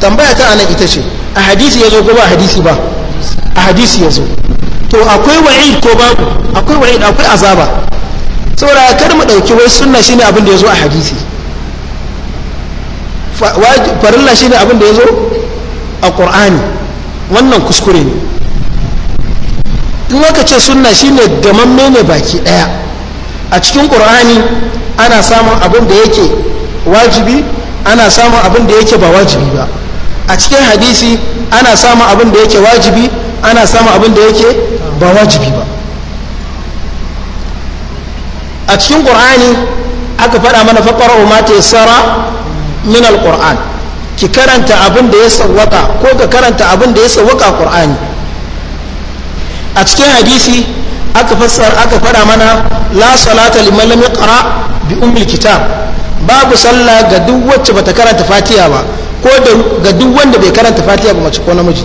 tambaya ta anan ita ce a hadisi ya zo ko ba hadisi ba a hadisi ya zo to akwai wa'id ko babu akwai wa'id akwai azaba saboda kar mu ɗauki wai sunna shine abin da ya zo a hadisi farilla shine abin da ya zo a ƙur'ani wannan kuskure ne in aka ce sunna shine gamamme ne baki ɗaya a cikin ƙur'ani ana samun abin da yake wajibi ana samun abin da yake ba wajibi ba a cikin hadisi ana samun abin da yake wajibi ana samun abin da yake ba wajibi ba a cikin ƙur'ani aka faɗa mana faɓar ma ta sara min ki karanta abin da ya sawwaka ko ka karanta abin da ya sawwaka ƙur'ani a cikin hadisi aka aka faɗa mana la salata liman lam yaqra bi ummi kitab babu sallah ga duk wacce bata karanta fatiha ba ko ga duk wanda bai karanta fatiha ba mace ko namiji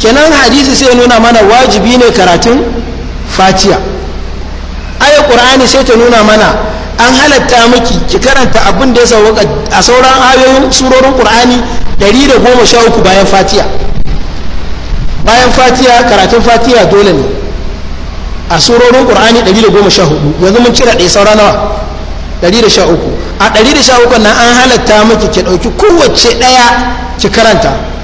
kenan hadisi sai nuna mana wajibi ne karatun fatiya aya qur'ani sai ta nuna mana an halatta miki ki karanta abin da ya sauka a sauran ayoyin surorin qur'ani 113 bayan fatiya bayan fatiya karatun fatiya dole ne a surorin qur'ani 114 yanzu mun cire ɗaya saura nawa 113 a 113 nan an halatta miki ki ɗauki kowace ɗaya ki karanta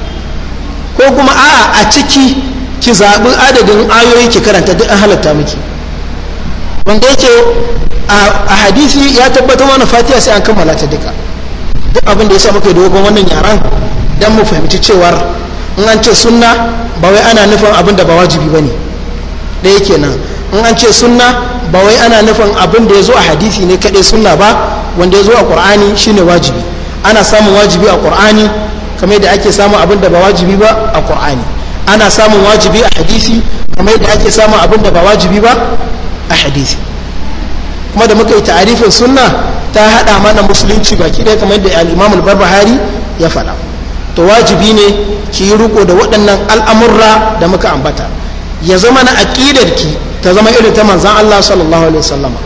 ko kuma a a ciki ki zaɓi adadin ayoyi ki karanta duk an halatta miki wanda yake a hadisi ya tabbatar mana fatiha sai an kammala ta duka duk abin da ya sa muka yi dogon wannan yaran dan mu fahimci cewar in an ce sunna ba wai ana nufin abin da ba wajibi ba ne ɗaya kenan in an ce sunna ba wai ana nufin abin da ya zo a hadisi ne kaɗai sunna ba wanda ya zo a ƙur'ani shine wajibi ana samun wajibi a ƙur'ani kamar yadda ake samun abin da ba wajibi ba a qur'ani ana samun wajibi a hadisi kamar yadda ake samun abin da ba wajibi ba a hadisi kuma da muka yi ta'arifin sunna ta haɗa mana musulunci baki ɗaya kamar yadda al-imam barbahari ya faɗa to wajibi ne ki yi riko da waɗannan al'amurra da muka ambata ya zama na aƙidarki ta zama irin ta manzan Allah sallallahu alaihi wasallama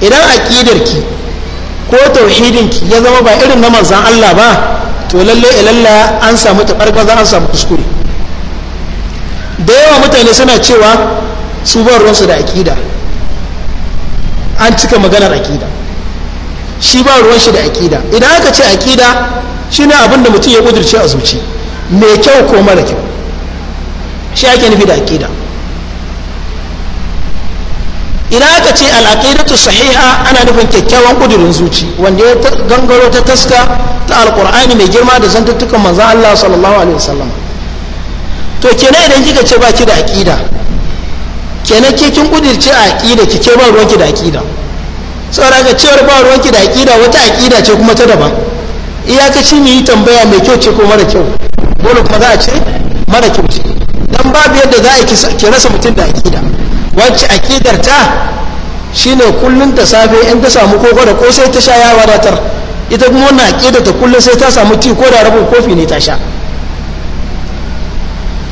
idan aƙidarki ko tauhidinki ya zama ba irin na manzan Allah ba to lalle ilalla an samu za an samu kuskure da yawa mutane suna cewa su ban ruwansu da akida an cika maganar akida shi ba ruwan shi da akida idan aka ce akida shine ne da mutum ya kudurce a zuci mai kyau ko mara kyau shi ake nufi da akida idan aka ce al'aqidatu sahiha ana nufin kyakkyawan kudurin zuci wanda ya gangaro ta taska ta alƙur'ani mai girma da zantuttukan maza Allah sallallahu alaihi wasallam to kenan idan kika ce baki da aqida kenan ke kin kudirce a aqida ki ke ba ruwanki da aqida saboda ga cewar ba ruwanki da aqida wata aqida ce kuma ta daban iyakaci mu yi tambaya mai kyau ce ko mara kyau dole kuma za a ce mara kyau ce dan babu yadda za a ke rasa mutum da akida wacce akidar ta shine kullun ta safe in ta samu koko da kosai ta sha ya wadatar ita kuma wannan akida ta kullun sai ta samu ti ko da rabin kofi ne ta sha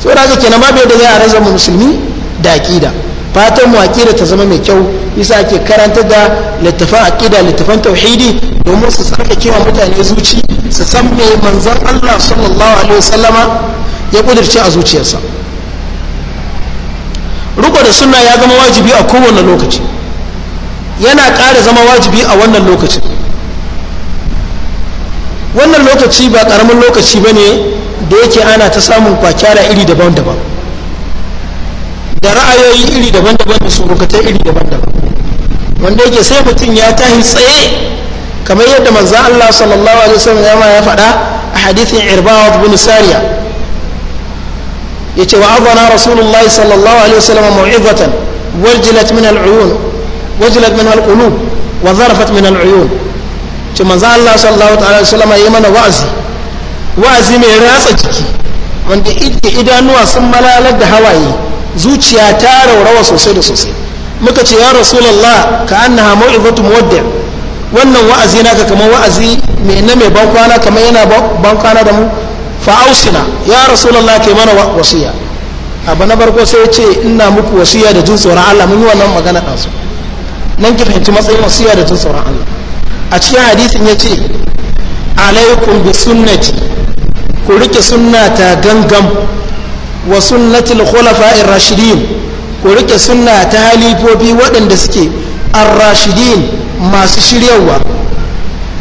so da kenan babu yadda za a rasa musulmi da akida fatan mu akida ta zama mai kyau yasa ake karanta da littafan akida littafan tauhidi domin su tsarkake wa mutane zuci su san me manzon Allah sallallahu alaihi wasallama ya kudirce a zuciyarsa riko da suna ya zama wajibi a kowane lokaci yana ƙara zama wajibi a wannan lokacin wannan lokaci ba ƙaramin lokaci ba ne da yake ana ta samun kwakyara iri daban-daban da ra'ayoyi iri daban-daban da surukatai iri daban-daban wanda yake sai mutum ya tahi tsaye kamar yadda manzan Allah sallallahu alaihi wasallam ya faɗa a hadithin irbawa bin sariya yace wa azana rasulullahi sallallahu alaihi wasallam mu'izatan min al'uyun min al'ulub wa zarafat min al'uyun ce manzo Allah sallallahu alaihi wasallam yayi mana wa'azi wa'azi mai ratsa jiki wanda idanuwa sun malalar da hawaye zuciya ta raurawa sosai da sosai muka ce ya rasulullah ka annaha mau'izatu muwaddi' wannan wa'azi naka kamar wa'azi mai na mai bankwana kamar yana bankwana da mu fa'ausina ya rasulullah ke mana wasiya abu na farko sai ce ina muku wasiya da jin tsoron Allah mun yi wannan magana ɗansu nan ki fahimci matsayin wasiya da jin tsoron Allah a cikin hadisin ya ce alaikum bi sunnati ku rike sunna ta gangam wa sunnati al-khulafa'ir rashidin ku rike sunna ta halifofi waɗanda suke ar-rashidin masu shiryawa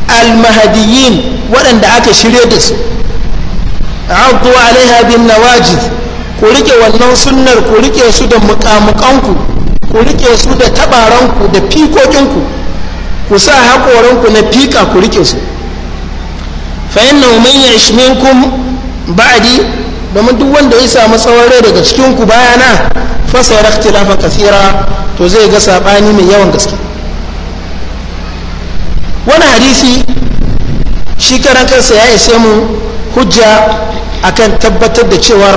al-mahdiyyin waɗanda aka shirye da su addu alaiha bin nawajid ku rike wannan sunnar ku rike su da mukamukanku ku rike su da tabaranku da fikokinku ku sa haƙoranku na fika ku rike su fa inna man ya'ish ba'di domin duk wanda ya samu tsawon rai daga cikin ku bayana fa sayara ikhtilafan kathira to zai ga sabani mai yawan gaske wani hadisi shi karan kansa ya ishe mu hujja akan tabbatar da cewar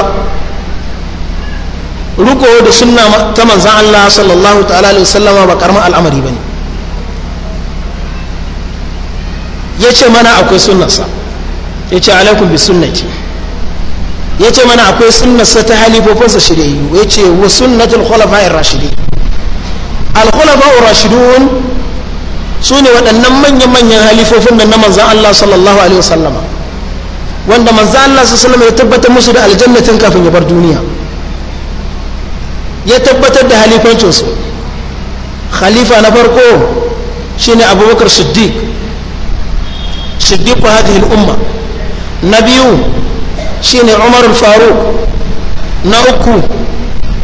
riko da suna ta manzan Allah sallallahu ta'ala alaihi sallama ba karamin al'amari ba ne ya ce mana akwai sunansa ya ce alaikum bi sunnati ya ce mana akwai sunnarsa ta halifofinsa shirayu ya ce wa sunnatul khulafa'ir rashidi al khulafa'ur rashidun su ne waɗannan manya-manyan halifofin da na manzan Allah sallallahu alaihi wasallama wanda manzo Allah sallallahu ya tabbatar musu da aljannatin kafin ya bar duniya ya tabbatar da halifancin su khalifa na farko shine Abubakar Siddiq Siddiq hadhihi al-umma na biyu shine Umar al-Faruq na uku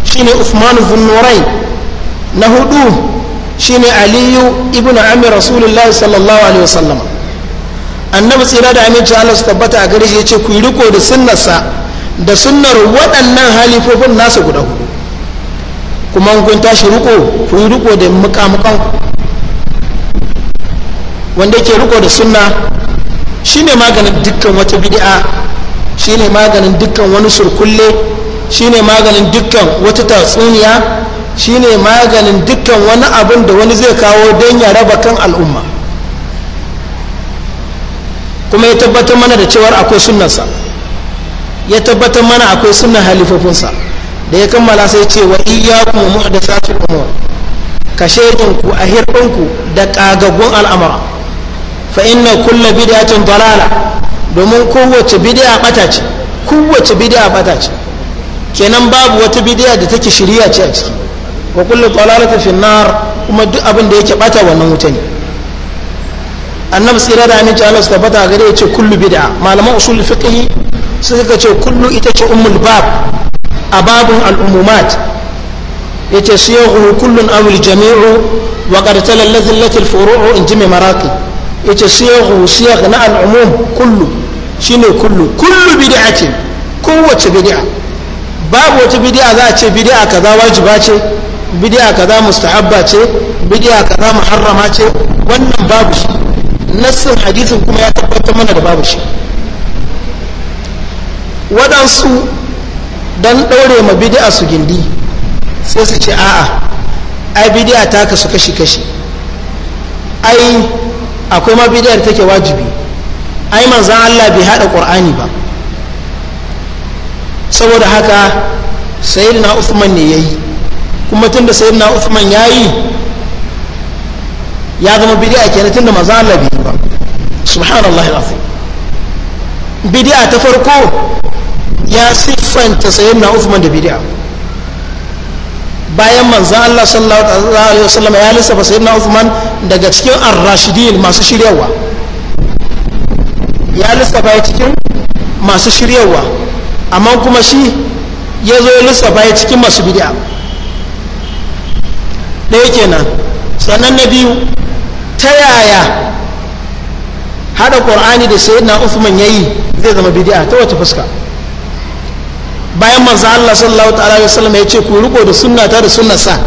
shine Uthman ibn Nurayn na hudu shine Aliyu ibn Amir Rasulullahi sallallahu alaihi wasallam annabi tsira da aminci Allah su tabbata a gare shi ce ku riko da sunnarsa da sunnar waɗannan halifofin nasa guda hudu kuma kun tashi riko ku riko da mukamukan wanda ke riko da sunna shine maganin dukkan wata bid'a shine maganin dukkan wani surkulle shine maganin dukkan wata tatsuniya shine maganin dukkan wani abin da wani zai kawo don ya raba kan al'umma kuma ya tabbatar mana da cewar akwai sunansa ya tabbatar mana akwai sunan halifofinsa da ya kammala sai ce wa da muhdathatu kuma ka shedinku a hirɗinku da ƙagaggun al'amura fa inna kulla bid'atin dalala domin kowace bidiya bata ce kowace bidiya bata ce kenan babu wata bidiya da take shirya ce a ciki wa kullu dalalatu fi nar kuma duk abin da yake bata wannan wuta ne annabi tsira da aminci Allah su tabbata gare ya ce kullu bid'a malaman usul fiqh suka ce kullu ita ce ummul bab a babun al'umumat ya ce su yau kullun awil jami'u wa ƙartalar lazillatil furu'u in ji mai maraƙi ce su yau na al'umum kullu shine ne kullu kullu bidi'a ce kowace bidi'a babu wata bidi'a za a ce bidi'a kaza wajiba ce bidi'a kaza mustahabba ce bidi'a kaza muharrama ce wannan babu shi nassin hadisin kuma ya tabbatar mana da babu shi waɗansu don ɗaure ma bidi'a su gindi sai su ce a'a ai bidi'a ta su kashi-kashi ai akwai ma bidiyar take wajibi ai manzan Allah bai haɗa ƙur'ani ba saboda haka sayyidina Uthman ne ya yi kuma tun da sayyidina Uthman ya yi ya zama ke kenan tunda maza Allah bai ba subhanallahi alazim bidiya ta farko ya siffanta na usman da bidiya bayan manzan Allah sallallahu alaihi wasallam ya lissafa na usman daga cikin ar-rashidin masu shiryawa ya lissafa cikin masu shiryawa amma kuma shi ya zo ya lissafa cikin masu bidiya ɗaya kenan sannan na biyu ta yaya hada qur'ani da sayyidina ya yayi zai zama bid'a ta wata fuska bayan manzo Allah sallallahu ta'ala alaihi wasallam ya ce ku riko da sunna ta da sunnar sa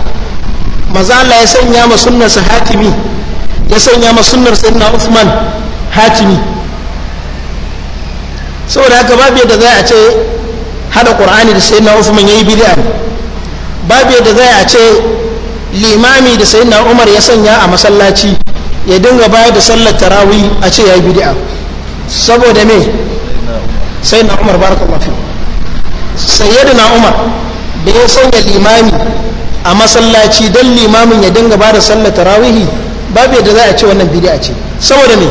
manzo Allah ya sanya ma sunnar sa hatimi ya sanya ma sunnar sayyidina usman hatimi saboda haka babu yadda za a ce hada qur'ani da sayyidina ya yayi bid'a babu yadda za a ce limami da sayyidina Umar ya sanya a masallaci ya dinga bayar da sallar tarawih a ce ya yi bid'a saboda me sai na umar baraka mafi sayyadu na umar da ya sanya limami a masallaci don limamin ya dinga ba da sallar tarawihi babu yadda za a ce wannan bid'a ce saboda me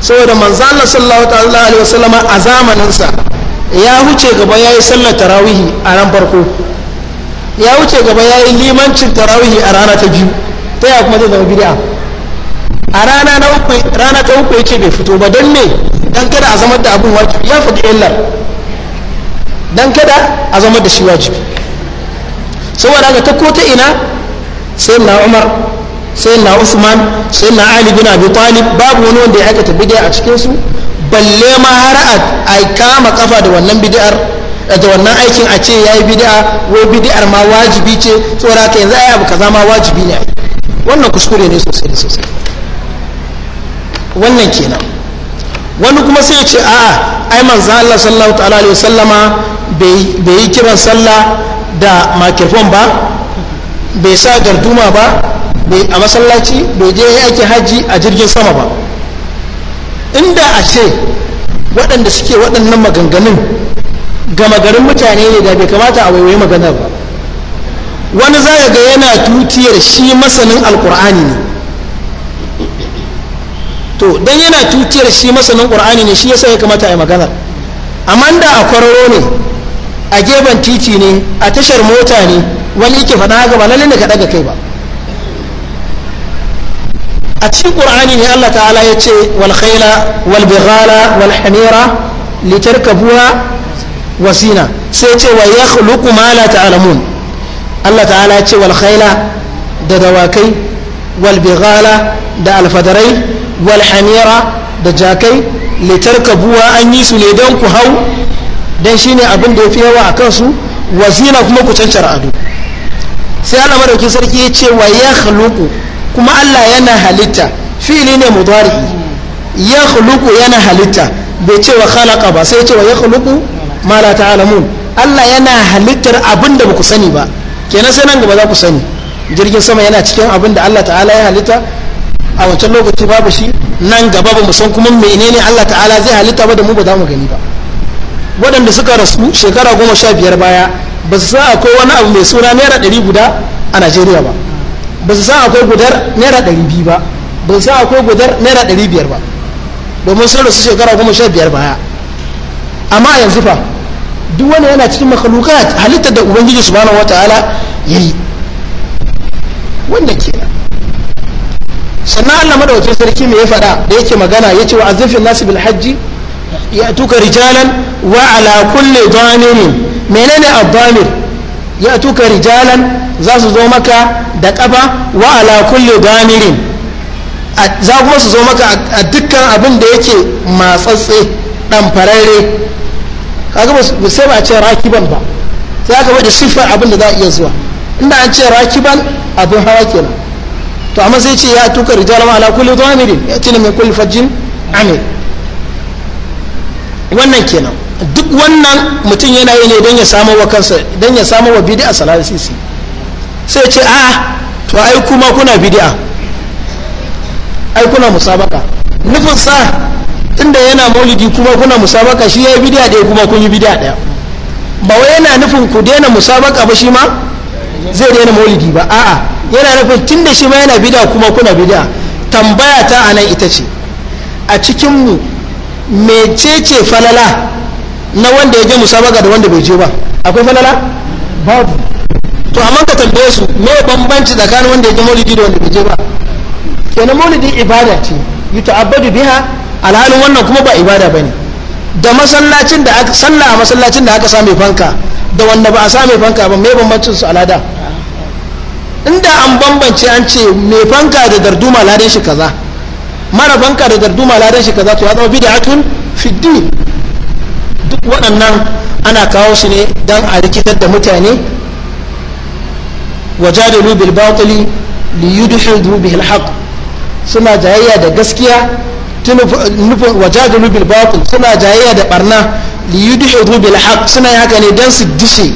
saboda Allah sallallahu alaihi wasallam a zamaninsa ya huce gaba ya yi sallar tarawihi a ran farko ya huce gaba ya yi limancin tarawihi a rana ta biyu ta ya kuma zai zama bid'a a rana na uku rana ta uku yace bai fito ba don me dan kada a zama da abun wajibi ya faɗi illar dan kada a zama da shi wajibi saboda ga ta ko ta ina sai na Umar sai na Usman sai na Ali bin Abi Talib babu wani wanda ya aikata bid'a a cikin su balle ma har a kama kafa da wannan bid'ar da wannan aikin a ce yayi bid'a wai bid'ar ma wajibi ce saboda haka yanzu ai abu kaza ma wajibi ne wannan kuskure ne sosai sosai wannan kenan wani kuma sai ya ce a'a ai manzo Allah sallallahu ta'ala alaihi wasallama bai yi kiran sallah da makirfon ba bai sa garduma ba a masallaci bai je aiki haji a jirgin sama ba inda a ce waɗanda suke waɗannan maganganun gama garin mutane ne da bai kamata a waiwaye maganar ba wani za ga yana tutiyar shi masanin alkur'ani ne to dan yana tuciyar shi masanin qur'ani ne shi yasa ya kamata a yi magana amma da a kwararo ne a gefen titi ne a tashar mota ne wani yake faɗa haka ba lalle ne ka daga kai ba a cikin qur'ani ne Allah ta'ala ya ce wal khayla wal bighala wal hamira litarkabuha wasina sai ce wa yakhluqu ma la ta'lamun Allah ta'ala ya ce wal khayla da dawakai wal bighala da alfadarai wal da jakai litarkabuwa an yi su ne don ku hau don shine abin da ya fi yawa a kansu wazina kuma ku cancara ado sai Allah madaukin sarki ya ce wa ya khluqu kuma Allah yana halitta fili ne mudari ya khluqu yana halitta bai ce wa khalaqa ba sai ya ce wa ya khluqu ma la alamun. Allah yana halittar abin da baku sani ba kenan sai nan gaba za ku sani jirgin sama yana cikin abin da Allah ta'ala ya halitta a wancan lokaci babu shi nan gaba ba mu san kuma menene Allah ta'ala zai halitta ba da mu ba za mu gani ba waɗanda suka rasu shekara goma sha biyar baya ba su san akwai wani abu mai suna naira ɗari guda a najeriya ba ba su san akwai gudar naira ɗari biyu ba ba su san akwai gudar naira ɗari biyar ba domin sun rasu shekara goma sha biyar baya amma yanzu fa duk wani yana cikin makaluka halittar da ubangiji subhanahu wa ya yi wanda ke sannan Allah madawacin sarki mai ya faɗa da yake magana yace wa azifin nasu bil hajji ya tuka rijalan wa ala kulli dhamirin menene ad-dhamir ya tuka rijalan za su zo maka da kafa wa ala kulle dhamirin za kuma su zo maka a dukkan abin da yake matsatse dan fararre kaga ba sai ba a ce rakiban ba sai aka bada siffar abin da za a iya zuwa inda an ce rakiban abin hawa kenan to amma sai ce ya tuka rijal ma ala kulli dhamirin ya tina mai kulli fajjin amir wannan kenan duk wannan mutum yana yi ne don ya samu wa kansa don ya samu wa bid'a salasisi sai ce a to ai kuma kuna bid'a ai kuna musabaka nufin sa inda yana maulidi kuma kuna musabaka shi ya yi bid'a ɗaya kuma kun yi bid'a ɗaya ba wai yana nufin ku daina musabaka ba shi ma zai daina maulidi ba a'a yana nufin tun da shi ma yana bida kuma kuna bida tambaya ta anan ita ce a cikinmu mecece falala na wanda ya je musabaga da wanda bai je ba akwai falala babu to amma ka tambaye su me bambanci tsakanin wanda ya je maulidi da wanda bai je ba kenan maulidi ibada ce yi ta'abbadu biha alhalin wannan kuma ba ibada bane da masallacin da aka sallah a masallacin da aka same fanka da wanda ba a same fanka ba mai bambancin su alada inda an bambance an ce mai fanka da darduma ladan shi kaza mara fanka da darduma ladan shi kaza to ya zama bid'atun fi din duk waɗannan ana kawo su ne don a rikitar da mutane wajadalu bil batili li yudhidu bihi alhaq suna jayayya da gaskiya wajadulu bil batil suna jayayya da barna li yudhidu bil haqq suna haka ne don su dishe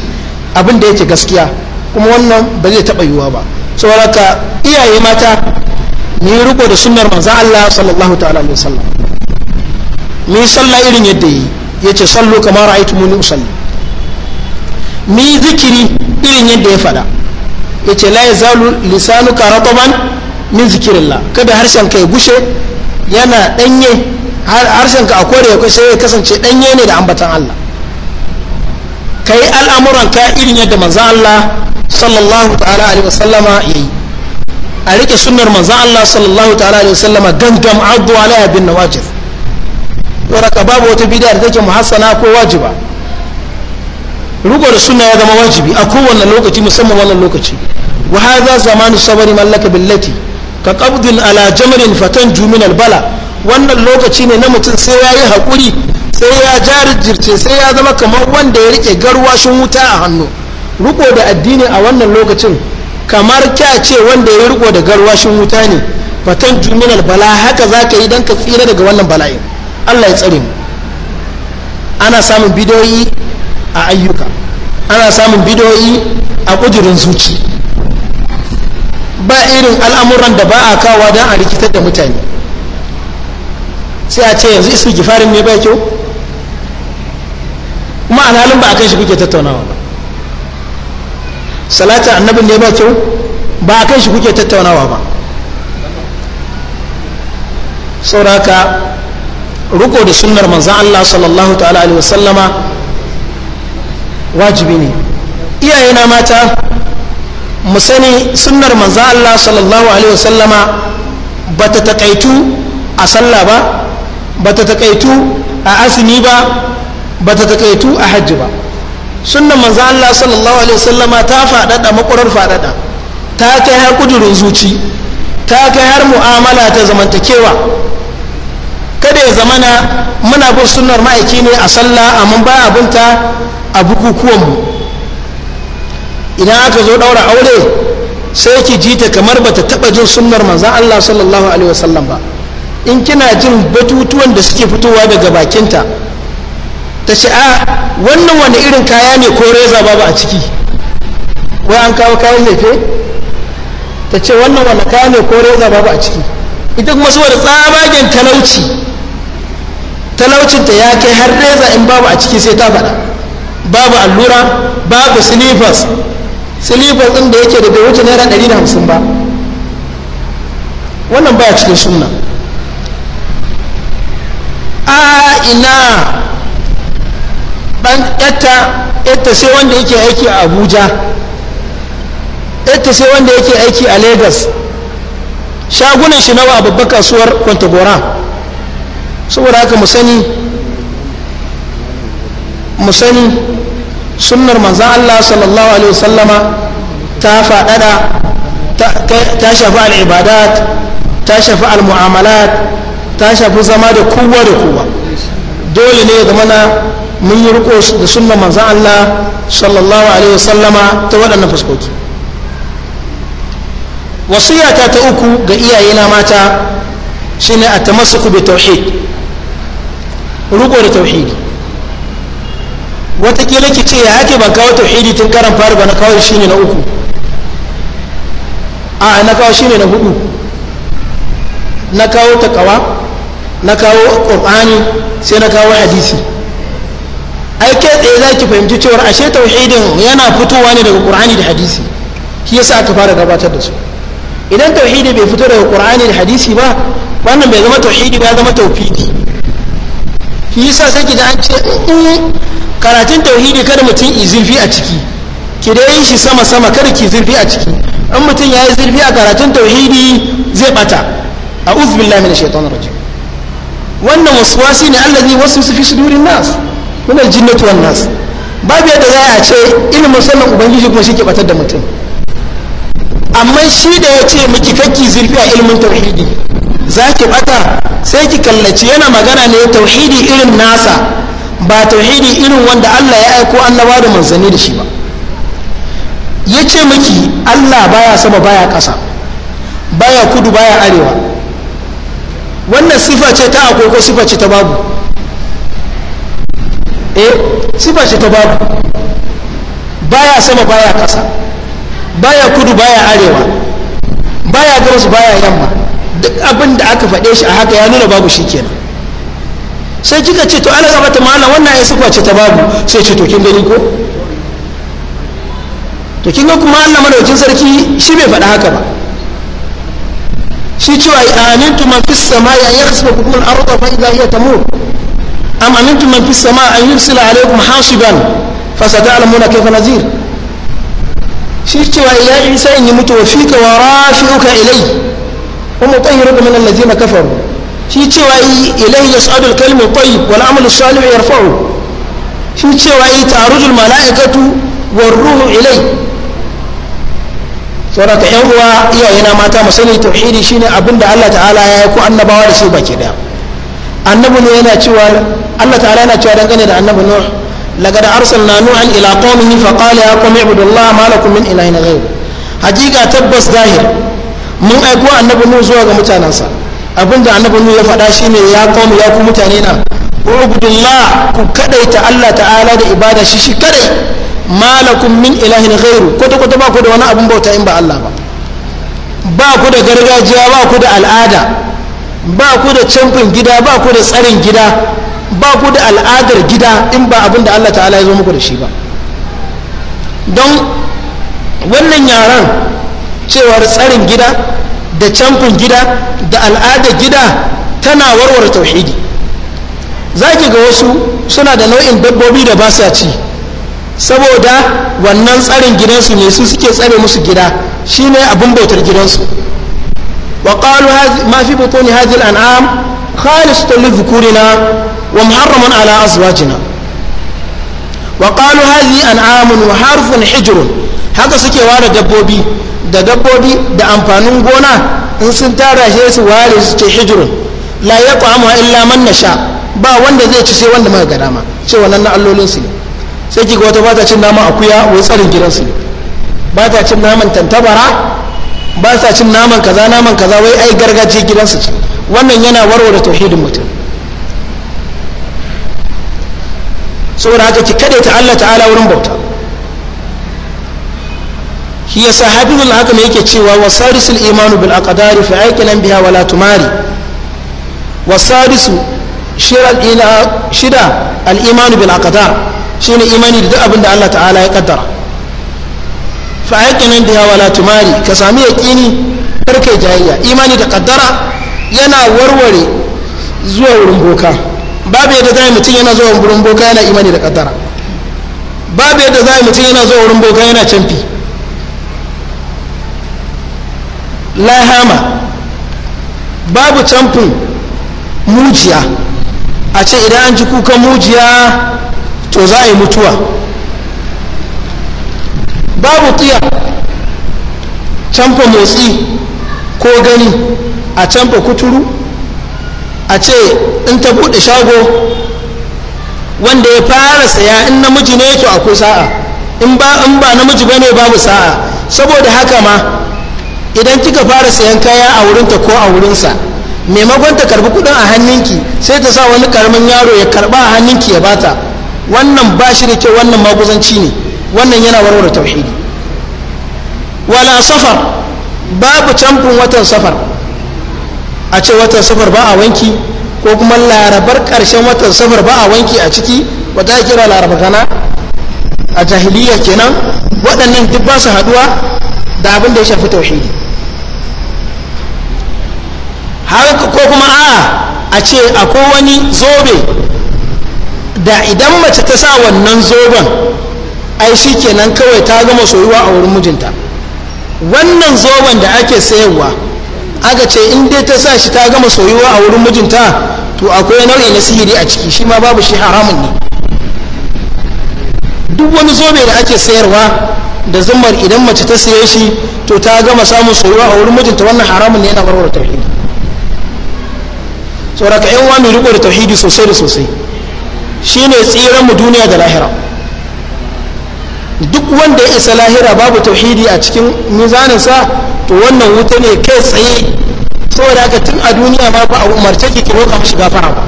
abin da yake gaskiya kuma wannan ba zai taba yiwuwa ba saboda ka iyaye mata ni riko da sunar manzan Allah sallallahu ta'ala alaihi wasallam mai sallah irin yadda yi yace sallu kama ra'aytumuni usalli mi zikiri irin yadda ya fada ce la zalu lisanuka rataban min la kada harshen ka ya gushe yana ɗanye harshenka a kore sai ya kasance ɗanye ne da ambatan Allah ka yi al'amuran ka irin yadda manzan Allah sallallahu ta'ala alaihi wasallama ya yi a rike sunnar manzan Allah sallallahu ta'ala alaihi wasallama gangam addu alaiha bin nawajib waraka babu wata bid'a da take muhassana ko wajiba rugo da sunna ya zama wajibi a kowane lokaci musamman wannan lokaci wa hadha zamanu sabari mallaka billati ka ƙabdin alajamarin fatan jumin albala wannan lokaci ne na mutum sai ya yi haƙuri sai ya jarijirce sai ya zama kamar wanda ya rike garwashin wuta a hannu riko da addini a wannan lokacin kamar kya ce wanda ya riko da garwashin wuta ne fatan juminal bala haka za ka yi don ka tsira daga wannan bala'in allah ya tsare mu ana samun bidoyi a ayyuka ana samun bidoyi a ƙudurin zuci ba irin al'amuran da ba a kawa don a rikitar da mutane sai a ce yanzu isu gifarin ne ba kyau kuma alhalin ba a kai shi kuke tattaunawa ba salatin annabin ne ba kyau ba a kai shi kuke tattaunawa ba sauraka riko da sunnar manzan Allah sallallahu ta'ala alaihi wasallama wajibi ne iyayena mata mu sani sunnar manzan Allah sallallahu alaihi wasallama ba ta taƙaitu a sallah ba ba ta taƙaitu a asini ba ba ta taƙaitu a hajji ba sunnar manzan Allah sallallahu alaihi wasallama ta faɗaɗa makurar faɗaɗa ta kai har kudurin zuci ta kai har mu'amala ta zamantakewa kada ya zamana muna bin sunnar ma'aiki ne a sallah amma ba abinta a bukukuwan mu. idan aka zo ɗaura aure sai ki ji ta kamar bata taɓa jin sunnar manzan Allah sallallahu alaihi wasallam ba in kina jin batutuwan da suke fitowa daga bakinta ta ce a ah, wannan wani irin kaya ne ko reza babu a ciki wai an kawo kayan lefe ta ce wannan wani kaya ne ko reza babu a ciki ita kuma saboda tsabagen talauci talaucinta ya kai har reza in babu a ciki sai ta faɗa babu allura babu silifas silifar ɗin da yake da bai wuce naira ɗari da hamsin ba wannan baya cikin sunna a ina ɗan yatta sai wanda yake aiki a abuja yatta sai wanda yake aiki a lagos shagunan shi nawa a babbar kasuwar kwantagora saboda haka mu sani mu sani sunnar manzan Allah sallallahu alaihi wasallama ta faɗaɗa ta shafi al'ibadat ta shafi al'mu'amalat ta shafi zama da kowa da kowa dole ne ga mana mun yi riko da sunnar manzan Allah sallallahu alaihi wasallama ta waɗannan fuskoki wasiyata ta uku ga iyayena mata shine a tamassuku bi tauhid riko da tauhidi watakila ki ce ya ake ban kawo tauhidi tun karan fari ba na kawo shi ne na uku a na kawo shi ne na hudu na kawo takawa na kawo ƙur'ani sai na kawo hadisi ai kai tsaye za ki fahimci cewar ashe tauhidin yana fitowa ne daga ƙur'ani da hadisi shi yasa aka fara gabatar da su idan tauhidi bai fito daga ƙur'ani da hadisi ba wannan bai zama tauhidi ba ya zama taufidi shi yasa sai ki ji an ce mm, mm, karatun tauhidi kada mutum yi zurfi a ciki ki dai shi sama sama kada ki zurfi a ciki in mutum ya yi zurfi a karatun tauhidi zai bata a uzbillahi min shaitan raji wannan wasu wasi ne allazi wasu su fi su nas nasu aljinnati jinnatuwan nas babu yadda za a ce ilimin musamman ubangiji kuma shi ke batar da mutum amma shi da ya ce miki kakki zurfi a ilimin tauhidi za ki bata sai ki kallaci yana magana ne tauhidi irin nasa ba tauhidi irin wanda Allah ya aiko annaba da manzanni da shi ba ya ce miki Allah baya sama baya ƙasa baya kudu baya arewa wannan sifa ce ta akwai ko sifa ce ta babu eh sifa ce ta babu baya sama baya ƙasa baya kudu baya arewa baya gabas baya yamma duk abin da aka faɗe shi a haka ya nuna babu shi kenan sai kika ce to ana gaba ta ma'ana wannan ya sufa ce ta babu sai ce to kin gani ko to kin ga kuma Allah madaukin sarki shi bai faɗa haka ba shi cewa amintu man fis samai an yakhsifa bikum al-ardha fa idha hiya tamur am amintu man fis samai an yursila alaykum hasiban fa sata'lamuna kayfa nazir shi cewa ya isa in yi mutu wa fika wa rafi'uka ilai wa mutahhiruka min allazina kafaru shi cewa yi ilai yas'adu al-kalimu tayyib wal amalu salih yarfa'u shi cewa yi ta'arujul mala'ikatu war ruhu ilai saboda yan uwa iyaye na mata mu sani tauhidi shine abin da Allah ta'ala ya yi ko annabawa da shi baki daya annabi ne yana cewa Allah ta'ala yana cewa dangane da annabi Nuh laqad arsalna nuhan ila qaumihi fa qala ya qaumi ibudullah ma lakum min ilahin ghayr hajiga tabbas zahir mun aiko annabi Nuh zuwa ga mutanansa abinda annabi nu ya faɗa ne ya kawo ya ku mutane na ubudullah ku kadaita Allah ta'ala da ibada shi shi kadai malakum min ilahin ghairu kwata kwata ba ku da wani abin bauta in ba Allah ba ba ku da gargajiya ba ku da al'ada ba ku da camfin gida ba ku da tsarin gida ba ku da al'adar gida in ba abin da Allah ta'ala ya zo muku da shi ba don wannan yaran cewar tsarin gida da camfin gida da al'adar gida tana warware tauhidi za ki ga wasu suna da nau'in dabbobi da ba sa ci saboda wannan tsarin gidansu ne su suke tsare musu gida shine abin bautar gidansu wa qalu ma fi butuni hadhihi al'an'am khalisatun li dhukurina wa muharramun ala azwajina wa qalu hadhihi an'amun wa harfun hijirun haka suke ware dabbobi da dabbobi da amfanin gona in sun tara shi su ware su ce hijirun la ya ta'amu illa man sha ba wanda zai ci sai wanda muka ga dama ce wannan na allolin su ne sai kiga wata bata cin naman akuya wai tsarin gidan su ne bata cin naman tantabara ba sa cin naman kaza naman kaza wai ai gargajiya gidansu ce wannan yana warware tauhidin mutum saboda haka ki ta Allah ta'ala wurin bauta shi yasa hafizul hakam yake cewa wasarisul imanu bil aqdari fa aqilan biya wala tumari wasarisu shida al imanu bil aqdar shine imani da duk abin da Allah ta'ala ya kaddara fa aqilan biya wala tumari ka sami yaqini karkai jayayya imani da kaddara yana warware zuwa wurin boka babu yadda zai mutum yana zuwa wurin boka yana imani da kaddara babu yadda zai mutum yana zuwa wurin boka yana canfi lahama babu camfin mujiya a ce idan an ji kukan mujiya to za a yi mutuwa babu tsiya camfa motsi ko gani a camfa kuturu a ce in ta bude shago wanda ya fara saya in namiji ne to akwai sa'a in ba namiji ba ne babu sa'a saboda haka ma idan kika fara sayan kaya a wurinta ko a wurinsa maimakon ta karbi kudin a hannunki sai ta sa wani karamin yaro ya karba a hannunki ya bata wannan ba shi da kyau wannan maguzanci ne wannan yana warware tauhidi wala safar babu camfin watan safar a ce watan safar ba a wanki ko kuma larabar karshen watan safar ba a wanki a ciki wata kira laraba kana a jahiliya kenan waɗannan duk ba su haɗuwa da abin da ya shafi tauhidi har ko kuma a a ce akwai wani zobe da idan mace ta sa wannan zoben ai shi kenan kawai ta gama soyuwa a wurin mijinta wannan zoben da ake sayarwa aka ce in dai ta sa shi ta gama soyuwa a wurin mijinta to akwai nau'i na sihiri a ciki shi ma babu shi haramun ne duk wani zobe da ake sayarwa da zumar idan mace ta saye shi to ta gama samun soyuwa a wurin mijinta wannan haramun ne yana barwar tauhidi tsoraka yan wa mai riko da tauhidi sosai da sosai shine tsiran mu duniya da lahira duk wanda ya isa lahira babu tauhidi a cikin mizaninsa to wannan wuta ne kai tsaye saboda haka tun a duniya ma ba a umarce ki ki roƙa shiga fara ba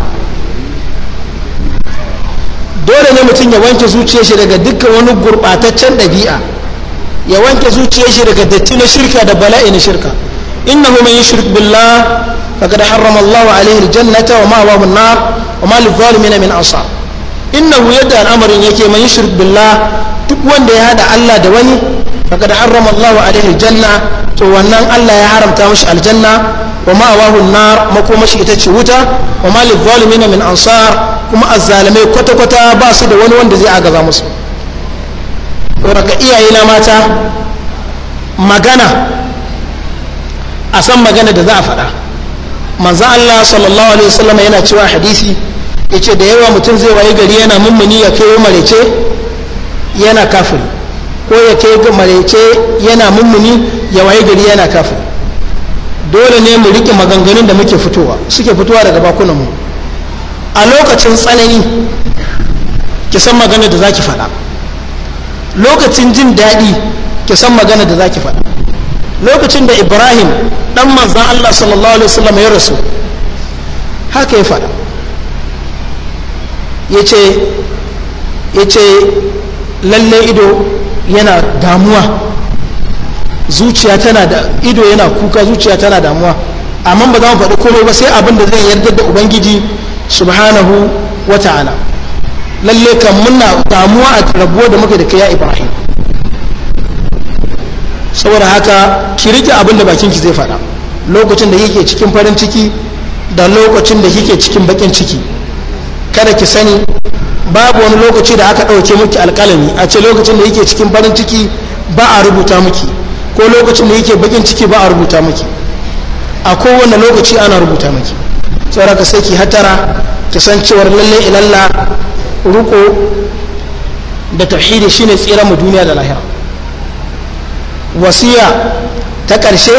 dole ne mutum ya wanke zuciyar shi daga dukkan wani gurbataccen ɗabi'a ya wanke zuciyar shi daga datti na shirka da bala'i na shirka innahu man yushrik billah فقد حرم الله عليه الجنة ومأواه النار وما للظالمين من أنصار إنه يدعى الأمر إن يكي من يشرك بالله تقوان دي هذا الله دواني فقد حرم الله عليه الجنة تقوان الله يحرم تامش الجنة ومأواه النار مكو مش إتشوتا وما للظالمين من أنصار كما الظالمي كتا كتا باسد ونوان دزي أغذى مسلم ورقا إيا إلى ماتا magana a san magana da za a faɗa manzo Allah sallallahu alaihi wasallam yana cewa hadisi yace da yawa mutum zai waye gari yana mummuni ya kai marece yana kafir ko ya kai ga marece yana mummuni ya waye gari yana kafir dole ne mu rike maganganun da muke fitowa suke fitowa daga bakunan mu a lokacin tsanani ki san magana da zaki faɗa lokacin jin daɗi ki san magana da zaki faɗa lokacin da ibrahim dan manzan allah sallallahu alaihi wasallam ya rasu haka ya faɗa ya ce lalle ido yana damuwa zuciya tana da ido yana kuka zuciya tana damuwa amma ba za mu faɗi komai ba sai abin da zai yarda da ubangiji subhanahu wa ta'ala lalle kan muna damuwa a rabuwa da muka da kai ya ibrahim saboda haka ki rike abin da bakinki zai faɗa lokacin da kike cikin farin ciki da lokacin da kike cikin bakin ciki kada ki sani babu wani lokaci da aka ɗauke miki alƙalami a ce lokacin da kike cikin farin ciki ba a rubuta miki ko lokacin da kike bakin ciki ba a rubuta miki a kowane lokaci ana rubuta miki tsoraka sai ki hatara ki san cewar lalle ilalla ruko da tauhidi shine tsira mu duniya da lahira wasiya ta ƙarshe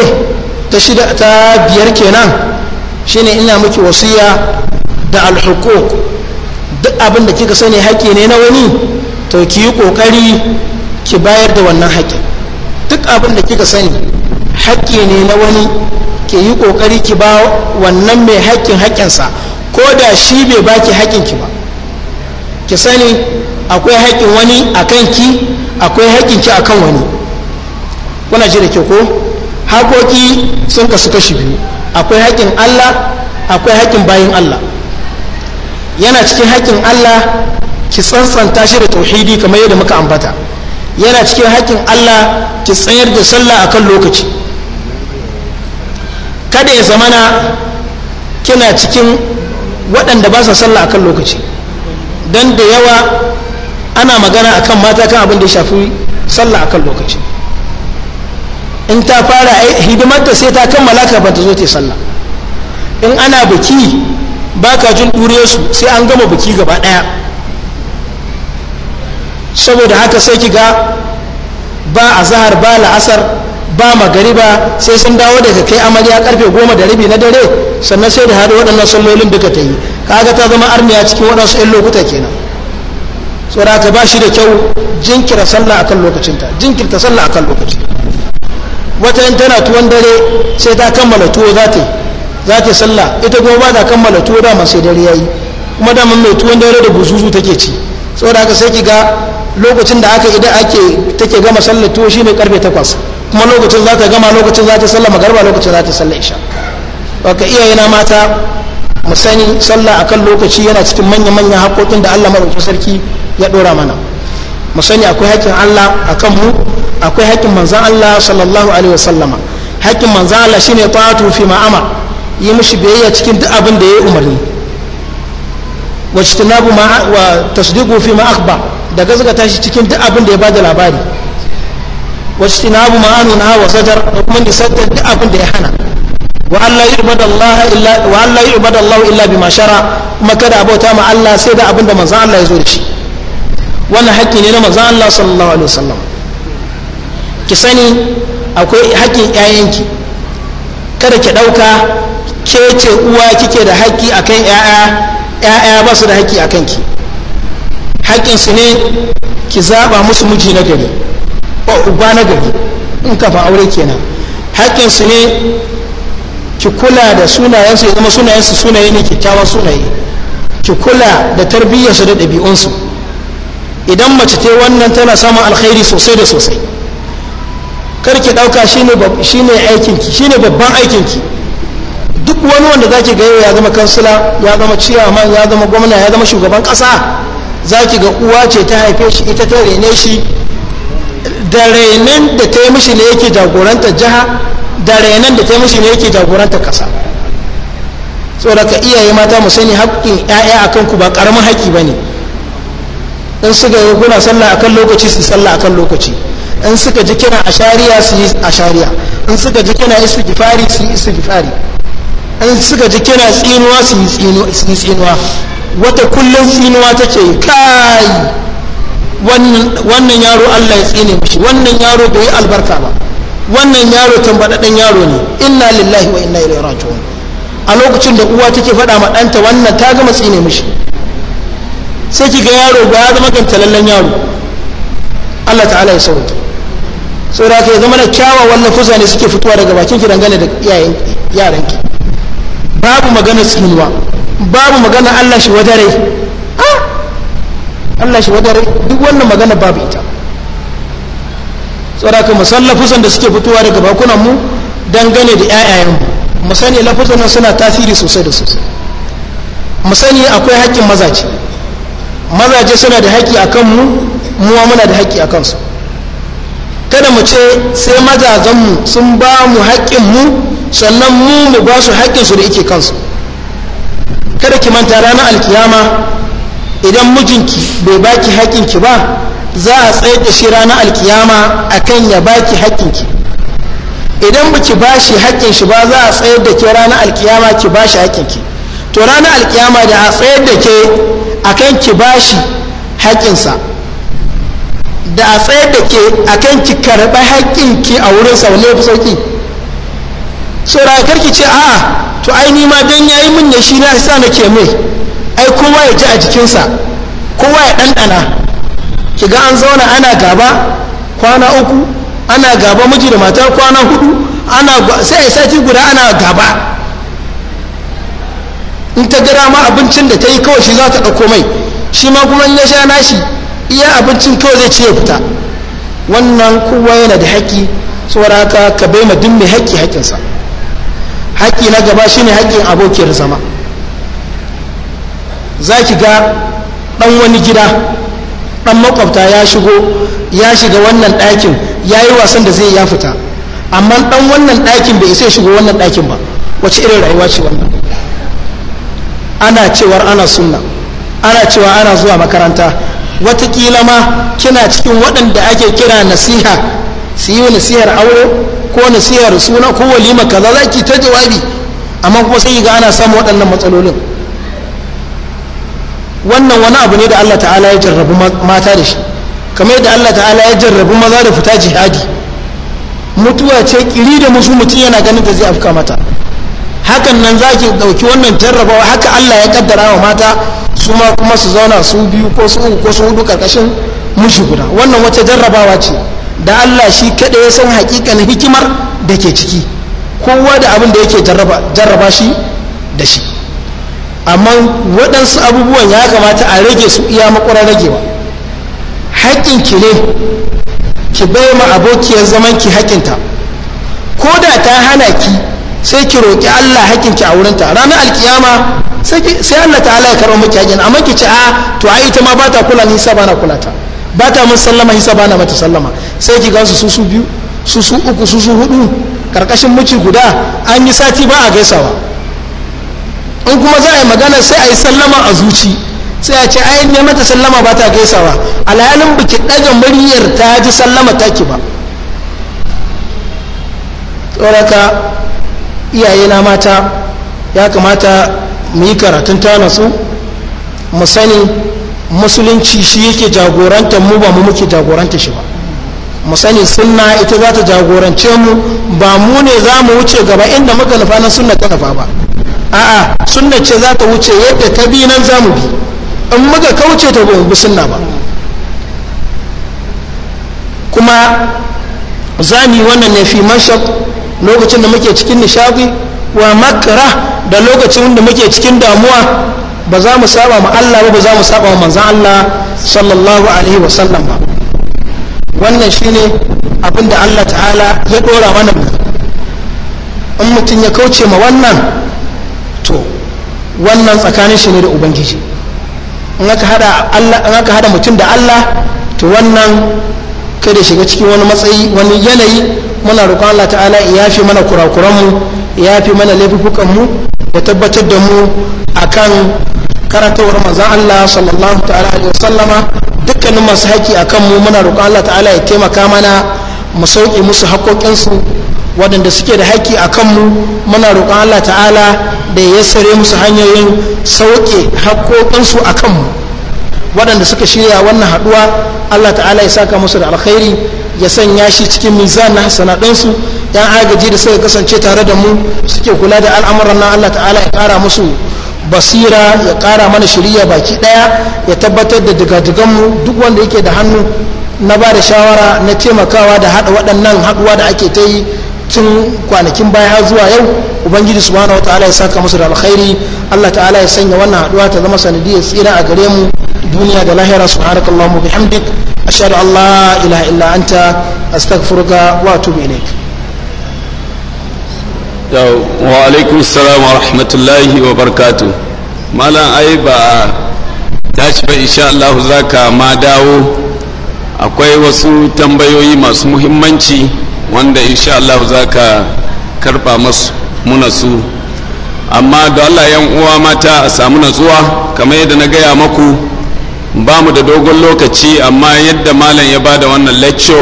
ta shida ta biyar kenan shine ina miki wasiya da alhuku duk abin da kika sani haƙƙi ne na wani to ki yi ƙoƙari ki bayar da wannan haƙƙi duk abin da kika sani haƙƙi ne na wani ki yi ƙoƙari ki ba wannan mai haƙƙin haƙƙinsa ko da shi bai baki haƙƙinki ba ki sani akwai haƙƙin wani a kanki akwai ki a kan wani kuna ji da ke ko hakoki sun kasu kashi biyu akwai haƙƙin Allah akwai haƙƙin bayin Allah yana cikin haƙƙin Allah ki tsantsanta shi da tauhidi kamar yadda muka ambata yana cikin haƙƙin Allah ki tsayar da sallah akan lokaci kada ya zamana kina cikin waɗanda ba sa sallah akan lokaci don da yawa ana magana akan mata kan abin da ya shafi sallah akan lokaci in ta fara hidimarta sai ta kammala kafin ta zo ta sallah in ana biki ba ka jin ɗure su sai an gama biki gaba ɗaya saboda haka sai ki ga ba a zahar ba la'asar ba magariba sai sun dawo daga kai amarya karfe goma da rabi na dare sannan sai da hada waɗannan sallolin duka ta yi kaga ta zama armiya cikin waɗansu 'yan lokuta kenan tsoraka ba shi da kyau jinkirta sallah akan lokacinta jinkirta sallah akan lokaci wata yin tana tuwon dare sai ta kammala tuwo za ta za ta sallah ita kuma ba ta kammala tuwo dama sai dare yi kuma dama mai tuwon dare da buzuzu take ci saboda haka sai ki ga lokacin da aka idan ake take gama sallar tuwo shine karfe takwas kuma lokacin za ta gama lokacin za ta sallah magarba lokacin za ta sallah isha baka iyaye na mata mu sani sallah akan lokaci yana cikin manya-manyan haƙoƙin da Allah maɗauki sarki ya ɗora mana mu sani akwai hakkin Allah akan mu akwai haƙƙin manzan Allah sallallahu alaihi wasallama haƙƙin manzan Allah shine ta'atu fi ma'ama yi mishi biyayya cikin duk abin da ya umarni wa jitinabu ma wa tasdiqu fi ma akhba da gazgata tashi cikin duk abin da ya bada labari wa jitinabu ma anuna wa sajar da kuma nisanta duk abin da ya hana wa Allah yubadallahu illa wa Allah yubadallahu illa bima shara kuma kada abota ma Allah sai da abin da manzan Allah ya zo da shi wannan haƙƙi ne na manzan Allah sallallahu alaihi wasallam ki sani akwai haƙƙin 'ya'yanki kada ki ɗauka ke ce uwa kike da haƙƙi a kan 'ya'ya ba su da haƙƙi a kanki haƙƙinsu ne ki zaɓa musu miji na gari ba uba na gari in kafa aure kenan haƙƙinsu ne ki kula da sunayensu ya zama sunayensu sunaye ne kyakkyawan sunaye ki kula da tarbiyyarsu da ɗabi'unsu idan mace ta wannan tana samun alkhairi sosai da sosai kar ki dauka shine shine aikin ki shine babban aikin ki duk wani wanda zaki ga yau ya zama kansila ya zama chairman ya zama gwamna ya zama shugaban kasa zaki ga uwa ce ta haife shi ita ta rene shi da renen da ta yi mishi ne yake jagoranta jiha da renen da ta yi mishi ne yake jagoranta kasa saboda ka iyaye mata mu sani haƙƙin 'ya'ya akan ku ba ƙaramin haƙƙi bane ne in suka yi kuna sallah akan lokaci su sallah akan lokaci in suka ji kira a shari'a su yi a shari'a in suka ji kira isu gifari su yi isu gifari in suka ji kira tsinuwa su yi tsinuwa wata kullum tsinuwa take kai wannan yaro allah ya tsine mishi wannan yaro bai yi albarka ba wannan yaro tambadaɗen yaro ne inna lillahi wa inna ilaihi raji'un a lokacin da uwa take faɗa ma ɗanta wannan ta gama tsine mishi sai ki ga yaro ba ya zama gantalallen yaro Allah ta'ala ya sauta saboda ka zama da kyawawan lafuza ne suke fitowa daga bakin ki dangane da iyayen yaran ki babu magana tsinuwa babu magana Allah shi wadare ah Allah shi wadare duk wannan magana babu ita saboda ka musallafuzan da suke fitowa daga bakunan mu dangane da ƴaƴayen mu musani lafuzan nan suna tasiri sosai da sosai musani akwai haƙƙin mazaje mazaje suna da haƙƙi akan mu muwa muna da haƙƙi akan su kada mu ce sai majazanmu sun ba mu haƙƙinmu sannan mu mu ba su haƙƙinsu da ike kansu kada ki manta ranar alkiyama idan mijinki bai baki haƙƙinki ba za a tsaye da shi ranar alkiyama akan ya baki haƙƙinki idan ba ki ba shi haƙƙin shi ba za a tsayar da ke ranar alkiyama ki ba shi haƙƙinki to ranar alkiyama da a tsayar da ke akan ki ba shi haƙƙinsa da a tsayar da ke a kan ki karɓa haƙƙin ki a wurin sa wani sauki saboda karki ce a'a to ai ni ma dan yayi min ne shi na sa nake mai ai kowa ya ji a jikinsa kowa ya ɗanɗana ki ga an zauna ana gaba kwana uku ana gaba miji da matar kwana hudu ana sai a sati guda ana gaba in ta gara ma abincin da ta yi kawai shi za ta ɗauko mai shi ma kuma ya sha nashi iya abincin kawai zai ce ya fita wannan kowa yana da haƙƙi saboda haka ka bai ma duk mai haƙƙi haƙƙinsa haƙƙi na gaba shi ne haƙƙin abokiyar zama za ki ga ɗan wani gida ɗan makwabta ya shigo ya shiga wannan ɗakin ya yi wasan da zai ya fita amma ɗan wannan ɗakin bai isa shigo wannan ɗakin ba wace irin rayuwa ce wannan ana cewar ana sunna ana cewa ana zuwa makaranta watakila ma kina cikin waɗanda ake kira nasiha su yi nasihar aure ko nasihar suna ko walima kaza za ki ta jawabi amma kuma sai ga ana samun waɗannan matsalolin wannan wani abu ne da Allah ta'ala ya jarrabu mata da shi kamar yadda Allah ta'ala ya jarrabu maza da fita jihadi mutuwa ce kiri da musu mutum yana ganin da zai afka mata hakan nan za ki ɗauki wannan jarrabawa haka allah ya kaddara wa mata su ma kuma su zauna su biyu ko su uku ko su hudu karkashin mushi guda wannan wata jarrabawa ce da allah shi kaɗai ya san hakikanin hikimar da ke ciki kowa da abin da yake jarraba shi da shi amma waɗansu abubuwan ya kamata a rage su iya makwara ragewa ki ne ki bai ma abokiyar zaman ki haƙƙinta ko da ta hana ki sai ki roƙi Allah haƙƙin ki a wurin ta ranar alkiyama sai Allah ta'ala ya karɓa miki hakkin amma ki ce a to ai ita ma ba ta kula ni bana kula ta ba ta mun sallama hisa bana mata sallama sai ki gansu su su biyu su su uku su su hudu karkashin miki guda an yi sati ba a gaisawa in kuma za a yi magana sai a yi sallama a zuci sai a ce ai ne mata sallama ba ta gaisawa alhalin biki daga muryar ta ji sallama taki ba tsoraka iyaye na mata ya kamata mu yi karatun tanasu mu sani musulunci shi yake jagorantar mu ba mu muke jagoranta shi ba mu sani sunna ita za ta jagorance mu ba mu ne za mu wuce gaba inda muka nufa na sunna ta nufa ba a'a sunna ce za ta wuce yadda ta bi nan za mu bi in muka kauce ta bi sunna ba kuma za mu wannan ne fi mashaq lokacin da muke cikin nishadi wa makara da lokacin da muke cikin damuwa ba za mu saba ma Allah ba ba za mu saba ma manzan Allah sallallahu alaihi wa sallam ba wannan shine abin da Allah ta'ala ya dora mana in mutum ya kauce ma wannan to wannan tsakanin shi ne da ubangiji in aka hada mutum da Allah to wannan kada shiga cikin wani matsayi wani yanayi muna roƙon Allah ta'ala ya fi mana kurakuranmu ya fi mana laifukanmu ya tabbatar da mu akan karatawar manzan Allah sallallahu ta'ala alaihi wasallama dukkanin masu haƙƙi akan mu muna roƙon Allah ta'ala ya taimaka mana mu sauƙi musu haƙoƙinsu waɗanda suke da haƙi a kanmu muna roƙon Allah ta'ala da ya sare musu hanyoyin sauƙe haƙoƙinsu a kanmu waɗanda suka shirya wannan haɗuwa Allah ta'ala ya saka musu da alkhairi ya sanya shi cikin mizan na hasanadansu yan agaji da suka kasance tare da mu suke kula da al'amuran nan Allah ta'ala ya kara musu basira ya kara mana shirya baki ɗaya ya tabbatar da digadigan mu duk wanda yake da hannu na ba da shawara na taimakawa da haɗa waɗannan haɗuwa da ake ta yi tun kwanakin baya har zuwa yau ubangiji subhanahu wataala ya saka musu da alkhairi Allah ta'ala ya sanya wannan haɗuwa ta zama sanadiyar tsira a gare mu duniya da lahira subhanakallahumma bihamdik أشهد أن لا إله إلا أنت أستغفرك وأتوب إليك wa alaikum wa rahmatullahi wa barkatu malam ai ba a tashi ba insha Allah za ka ma dawo akwai wasu tambayoyi masu muhimmanci wanda insha Allah za ka karba muna su amma da Allah yan uwa mata a samu natsuwa kamar yadda na gaya maku ba mu da dogon lokaci amma yadda malam ya ba da wannan lecture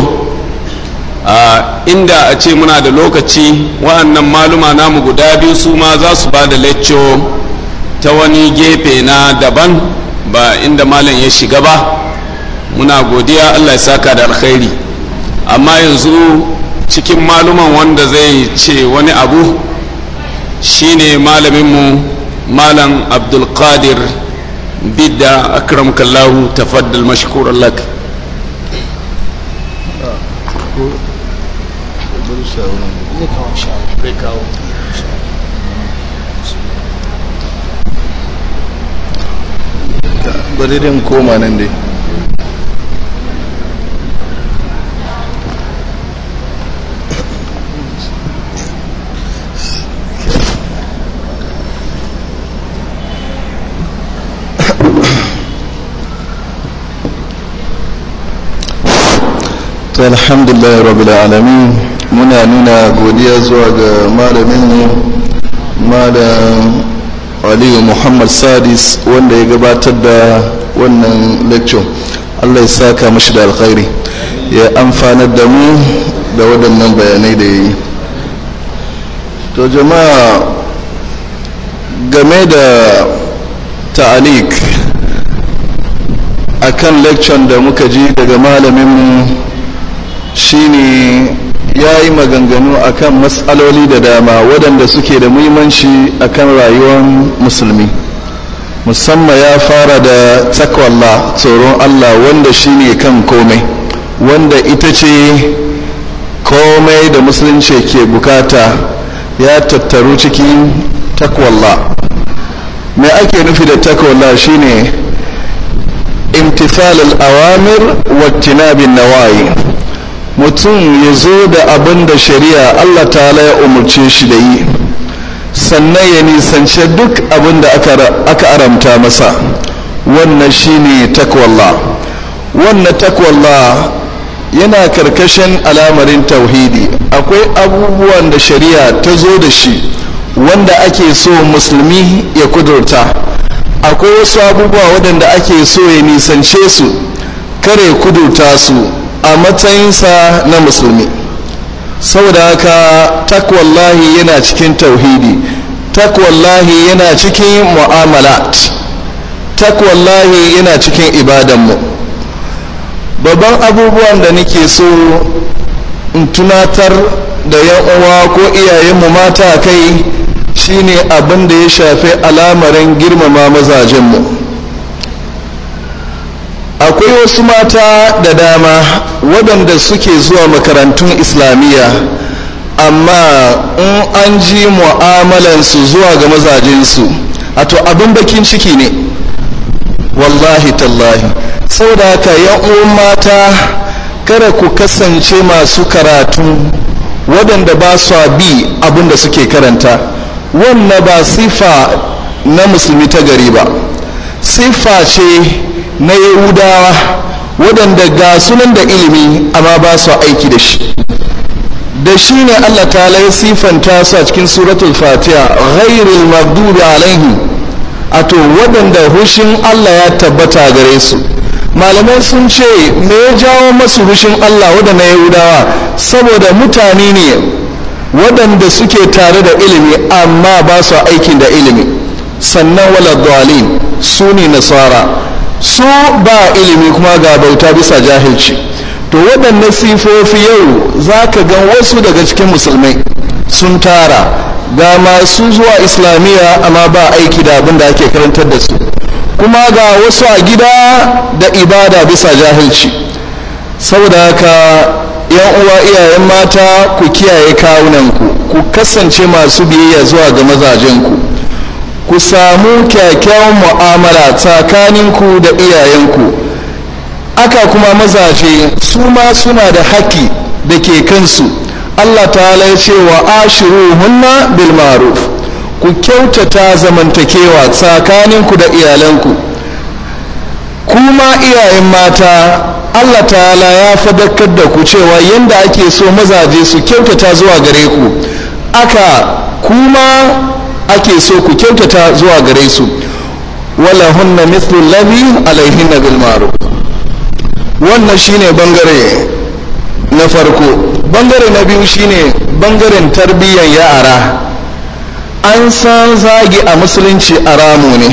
inda a ce muna da lokaci wa'annan maluma namu guda biyu su ma za su ba da lecture ta wani gefe na daban ba inda malam ya shiga ba muna godiya allah ya saka da alkhairi amma yanzu cikin maluman wanda zai ce wani abu shine malaminmu malam abdulkadir bidda akramukallahu tafaddal mashkuran lak bari din koma nan dai ta alhamdulillah rabbil alamin muna nuna godiya zuwa ga malamin malam aliyu muhammad sadis wanda ya gabatar da wannan lecture allah ya saka mashi da alkhairi ya amfanar da mu da waɗannan bayanai da ya yi to jama'a game da ta'alik akan lecture da muka ji daga malaminmu shine ya yi maganganu akan matsaloli da dama waɗanda suke da muhimmanci akan rayuwar musulmi musamman ya fara da takwalla tsoron Allah wanda shine kan komai wanda ita ce komai da musulunci ke bukata ya tattaru cikin takwalla mai ake nufi da takwallah shine imtisalin awamir wa tinabin nawayi mutum ya zo da abin da shari'a allah ta ya umarce shi da yi sannan ya nisance duk abin da aka aramta masa wannan shine takwallah wannan takwallah yana karkashin alamarin tauhidi akwai abubuwan da shari'a ta zo da shi wanda ake so musulmi ya kudurta akwai wasu abubuwa waɗanda ake so ya nisance su kare kudurta su a matsayinsa na musulmi saboda haka takwallahi yana cikin tauhidi takwallahi yana cikin mu'amalat takwallahi yana cikin ibadanmu babban abubuwan da nake so in tunatar da yan uwa ko iyayenmu mata kai shine abin da ya shafi alamarin girmama mazajenmu wasu mata da dama waɗanda suke zuwa makarantun islamiyya amma in an ji mu'amalansu zuwa ga mazajensu a to abin bakin ciki ne wallahi tallahi sau saboda haka yan mata kada ku kasance masu karatu waɗanda ba su bi abin da suke karanta wannan ba sifa na musulmi ta gari ba sifa ce na yahudawa waɗanda ga sunan da ilimi amma ba su aiki da shi da shi ne allah ta ya sifanta su a cikin suratul fatiha ghairil maghdubi alaihi ato waɗanda hushin allah ya tabbata gare su malamai sun ce me ya jawo masu hushin allah waɗanda yahudawa saboda mutane ne waɗanda suke tare da ilimi amma ba su aikin da ilimi sannan wala dalin su ne nasara su ba ilimi kuma ga bauta bisa jahilci to waɗannan sifofi yau za ka gan wasu daga cikin musulmai sun tara ga masu zuwa islamiyya amma ba aiki da abin da ake karantar da su kuma ga wasu a gida da ibada bisa jahilci saboda haka yan uwa iyayen mata ku kiyaye kawunanku ku kasance masu biyayya zuwa ga mazajenku ku samu kyakkyawan mu'amala tsakaninku da iyayenku aka kuma mazaje su ma suna da haƙƙi da ke kansu allah ta'ala ya ce wa ashiru hunna bil ma'ruf ku kyautata zamantakewa tsakaninku da iyalanku kuma iyayen mata allah ta'ala ya fadakar da ku cewa yadda ake so mazaje su kyautata zuwa gare ku aka kuma ake so ku kyautata zuwa gare su wala hunna mithlu alaihinna bil wannan shine bangare na farko bangare na biyu shine bangaren tarbiyyar yara an san zagi a musulunci aramu ne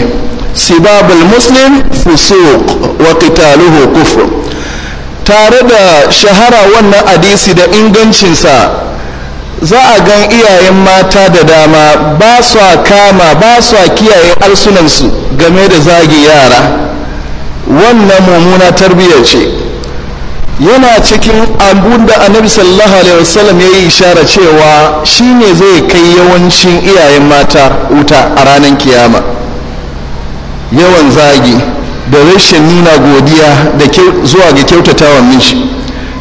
sibabul muslim fusuq wa qitaluhu kufr tare da shahara wannan hadisi da ingancinsa za a gan iyayen mata da dama ba su kama ba su kiyaye arsunansu game da zagi yara wannan mummuna tarbiyya ce yana cikin abun da annabi sallallahu alaihi wasallam ya yi ishara cewa shine zai kai yawancin iyayen mata wuta a ranar kiyama yawan zagi da rashin nuna godiya da zuwa ga kyautatawa mishi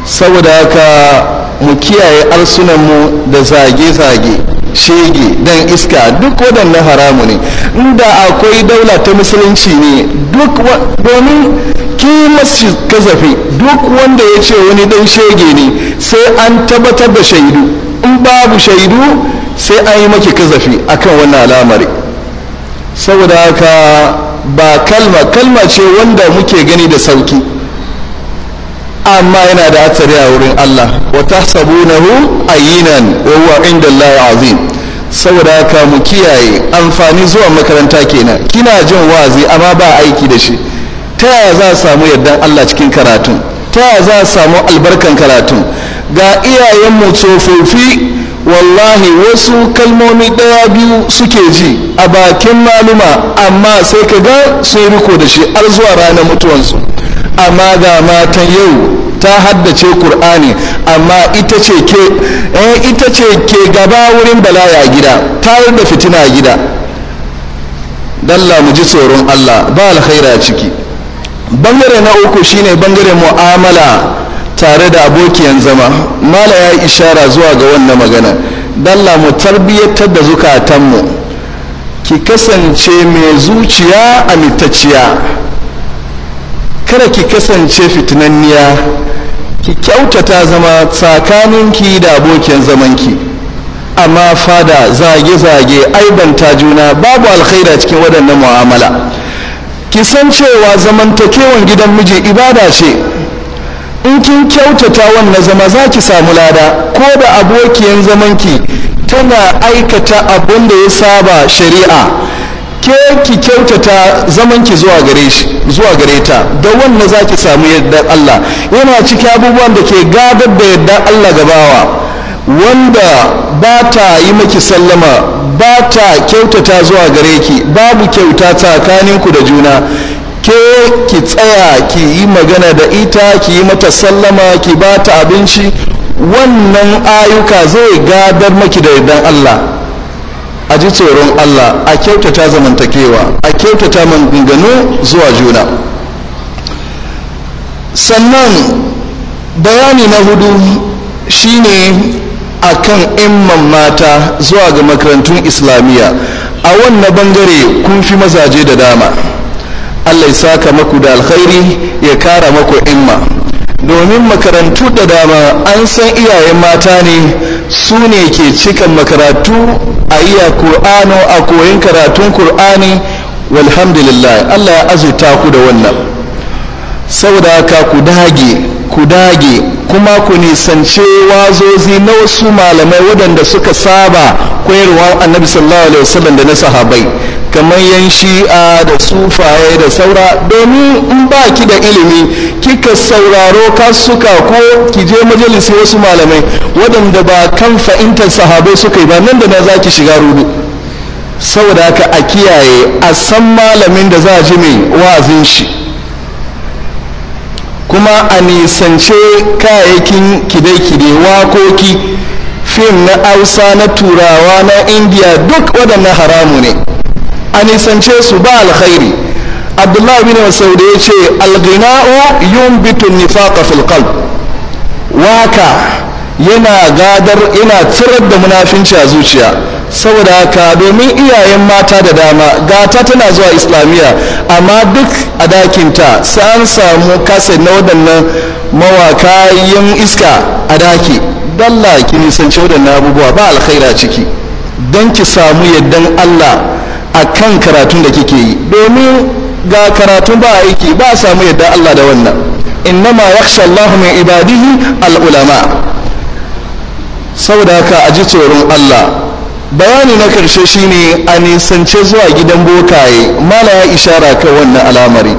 saboda haka mu kiyaye mu da zage-zage shege dan iska duk waɗannan haramu ne inda akwai daula ta musulunci ne duk domin kimarsu kazafi duk wanda ya ce wani dan shege ne sai an tabbatar da shaidu in babu shaidu sai an yi maki kazafi akan wannan al'amari saboda haka ba kalma kalma ce wanda muke gani da sauki amma yana da hatsari a wurin Allah wa tahsabunahu ayyinan wa huwa inda Allah azim saboda haka mu kiyaye amfani zuwa makaranta kenan kina jin wazi amma ba aiki da shi ta yaya za a samu yardan Allah cikin karatun ta yaya za a samu albarkan karatun ga iyayenmu tsofaffi wallahi wasu kalmomi ɗaya biyu suke ji a bakin maluma amma sai ka ga sun riko da shi har zuwa ranar mutuwansu amma ga matan yau ta haddace kur'ani amma ita ce ke eh ita ce ke gaba wurin balaya gida tare da fitina gida dalla mu ji tsoron Allah ba alkhaira ciki bangare na uku shine bangare mu'amala tare da abokiyan zama mala ya ishara zuwa ga wannan magana dalla mu tarbiyyatar da zukatanmu ki kasance mai zuciya amintacciya kada ki kasance fitinanniya ki kyautata zama tsakaninki da abokin zamanki amma fada zage-zage aibanta juna babu alkhaira cikin waɗannan mu'amala ki san cewa zamantakewan gidan miji ibada ce in kin kyautata wannan zama za ki samu lada ko da abokiyan zamanki tana aikata abin da ya saba shari'a ke ki kyautata zamanki zuwa gare shi zuwa gare ta da wannan za ki samu yadda Allah yana ciki abubuwan da ke gadar da yadda Allah gabawa wanda ba ta yi maki sallama ba ta kyautata zuwa gare ki babu kyauta tsakanin ku da juna ke ki tsaya ki yi magana da ita ki yi mata sallama ki ba ta abinci wannan ayuka zai gadar maki da yardan Allah a ji tsoron Allah a kyautata zamantakewa a kyautata maganganu zuwa juna sannan bayani na hudu shine kan imman mata zuwa ga makarantun islamiyya a wannan bangare kun fi mazaje da dama allah saka maku da alkhairi ya kara maku imma domin makarantu da dama an san iyayen mata ne su ne ke cika makaratu a iya ƙur'ano a koyin karatun kur'ani walhamdulillah allah ya azurta ku da wannan saboda haka ku dage ku dage kuma ku nisance wazozi na wasu malamai waɗanda suka saba ruwa annabi sallallahu alaihi wasallam da na sahabai kamar yan shi'a da sufaye da saura domin in ba ki da ilimi kika sauraro kasuka ko ki je majalisi wasu malamai waɗanda ba kan fa'intar sahabai suka yi ba nan da na za ki shiga rudu saboda haka a kiyaye a san malamin da za a ji mai wa'azin shi kuma a nisance kayayyakin kide-kide wakoki fim na hausa na turawa na indiya duk waɗannan haramu ne a nisance su ba alkhairi abdullahi bin masaudi ya ce alghina'u yumbitun nifaqa fil qalb waka yana gadar yana cirar da munafinci a zuciya saboda haka domin iyayen mata da dama gata tana zuwa islamiyya amma duk a dakinta sai an samu kasa na waɗannan mawaka yin iska a daki don ki nisanci waɗannan abubuwa ba alkhaira ciki don ki samu yaddan allah a kan karatun da kike yi domin ga karatun ba aiki ba samu yadda allah da wannan innama yakhsha allahu min ibadihi al'ulama. saboda haka a ji tsoron Allah bayani na karshe shine a nisance zuwa gidan bokaye mala ya ishara kan wannan al'amari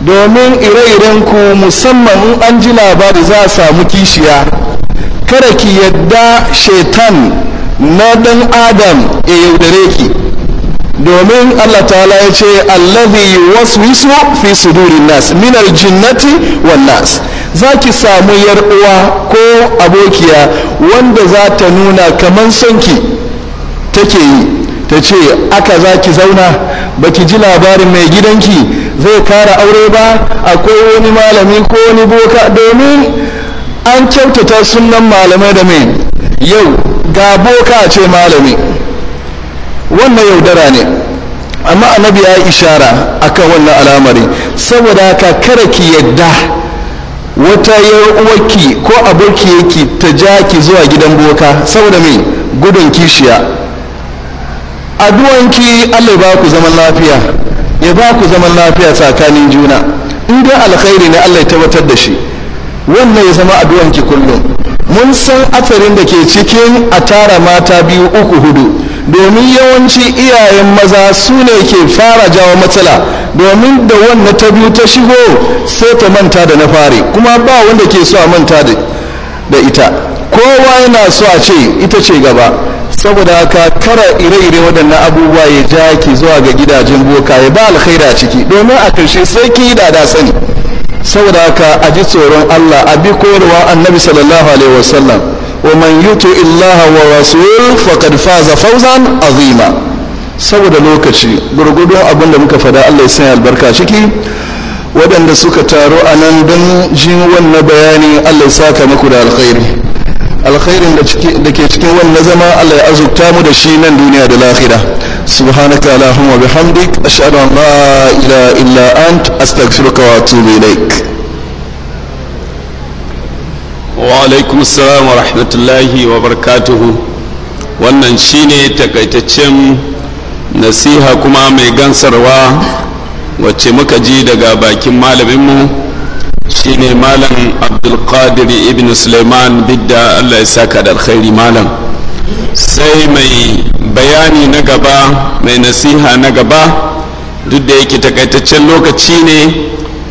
domin ire-iren ku musamman in an ji labari za a samu kishiya kada ki yadda shetan na dan adam ya yaudare ki domin Allah ta'ala ya ce allazi waswisu fi sudurin nas minar jinnati wan nas za ki samu yar uwa ko abokiya wanda za ta nuna kaman sonki take yi ta ce aka za ki zauna ba ki ji labarin mai gidanki zai kara aure ba akwai wani malami ko wani boka domin an kyautata sunan malamai da mai yau ga boka ce malami wannan yaudara ne amma annabi ya yi ishara akan wannan al'amari saboda ka kara ki yadda wata uwarki ko aboki yake ta ja ki zuwa gidan boka saboda mai gudun kishiya addu'anki allah ya ba ku zaman lafiya ya ba ku zaman lafiya tsakanin juna inda alkhairi ne allah ya tabbatar da shi wannan ya zama adu'anki kullum mun san atsarin da ke cikin a tara mata biyu uku hudu domin yawanci iyayen maza su ne ke fara jawo matsala domin da wannan ta biyu ta shigo sai ta manta da na fari kuma ba wanda ke so a manta da ita kowa yana so a ce ita ce gaba saboda haka kara ire-ire waɗannan abubuwa ya ja ke zuwa ga gidajen boka ya ba alkhaira ciki domin a ƙarshe sai ki da da sani saboda haka a ji tsoron allah a bi koyarwa annabi sallallahu alaihi wasallam ومن يطع الله ورسوله فقد فاز فوزا عظيما saboda lokaci gurgudun abin da muka fada Allah ya sanya albarka ciki waɗanda suka taru a nan don jin wannan bayani Allah ya saka muku da alkhairi alkhairin da ke cikin wannan zama Allah ya azurta mu da shi nan duniya da lahira subhanaka allahumma bihamdik ashhadu an la ilaha illa ant astaghfiruka wa atubu ilaik wa'alaikun salam wa rahmatullahi wa barakatuhu wannan shine takaitaccen nasiha kuma mai gansarwa wacce muka ji daga bakin malaminmu Shi ne malam abdulkadir ibn suleiman bidda allah ya saka da alkhairi malam sai mai bayani na gaba mai nasiha na gaba duk da yake takaitaccen lokaci ne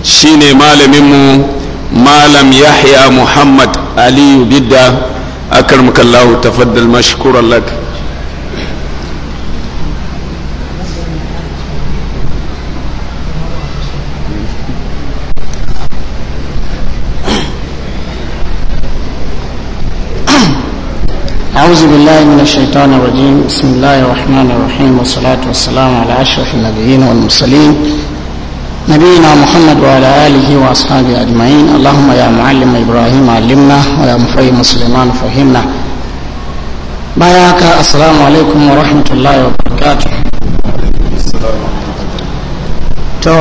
shi ne malaminmu لم يحيى محمد علي جدا اكرمك الله تفضل مشكورا لك أعوذ بالله من الشيطان الرجيم بسم الله الرحمن الرحيم والصلاة والسلام على أشرف النبيين والمرسلين نبينا محمد وعلى آله وأصحابه أجمعين اللهم يا معلم إبراهيم علمنا ويا مفهم سليمان فهمنا بياك السلام عليكم ورحمة الله وبركاته to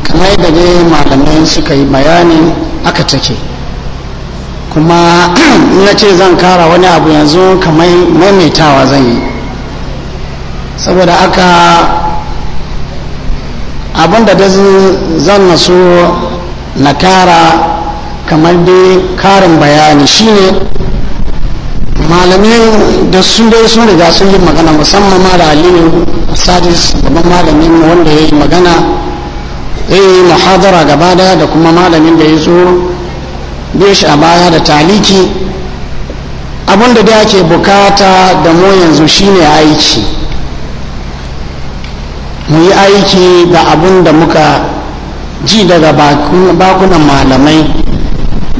kamar da dai malamai suka yi bayani aka take kuma na ce zan kara wani abu yanzu kamar maimaitawa zan yi saboda aka abinda da zan so na kara kamar dai karin bayani shine malamai da sun dai sun riga sun yi magana musamman ma da aliyu sadis babban malamin wanda ya yi magana ya yi muhadara gaba daya da kuma malamin da ya zo shi a baya da taliki abinda da ake bukata da mu yanzu shine aiki mu yi aiki da abun da muka ji daga bakunan malamai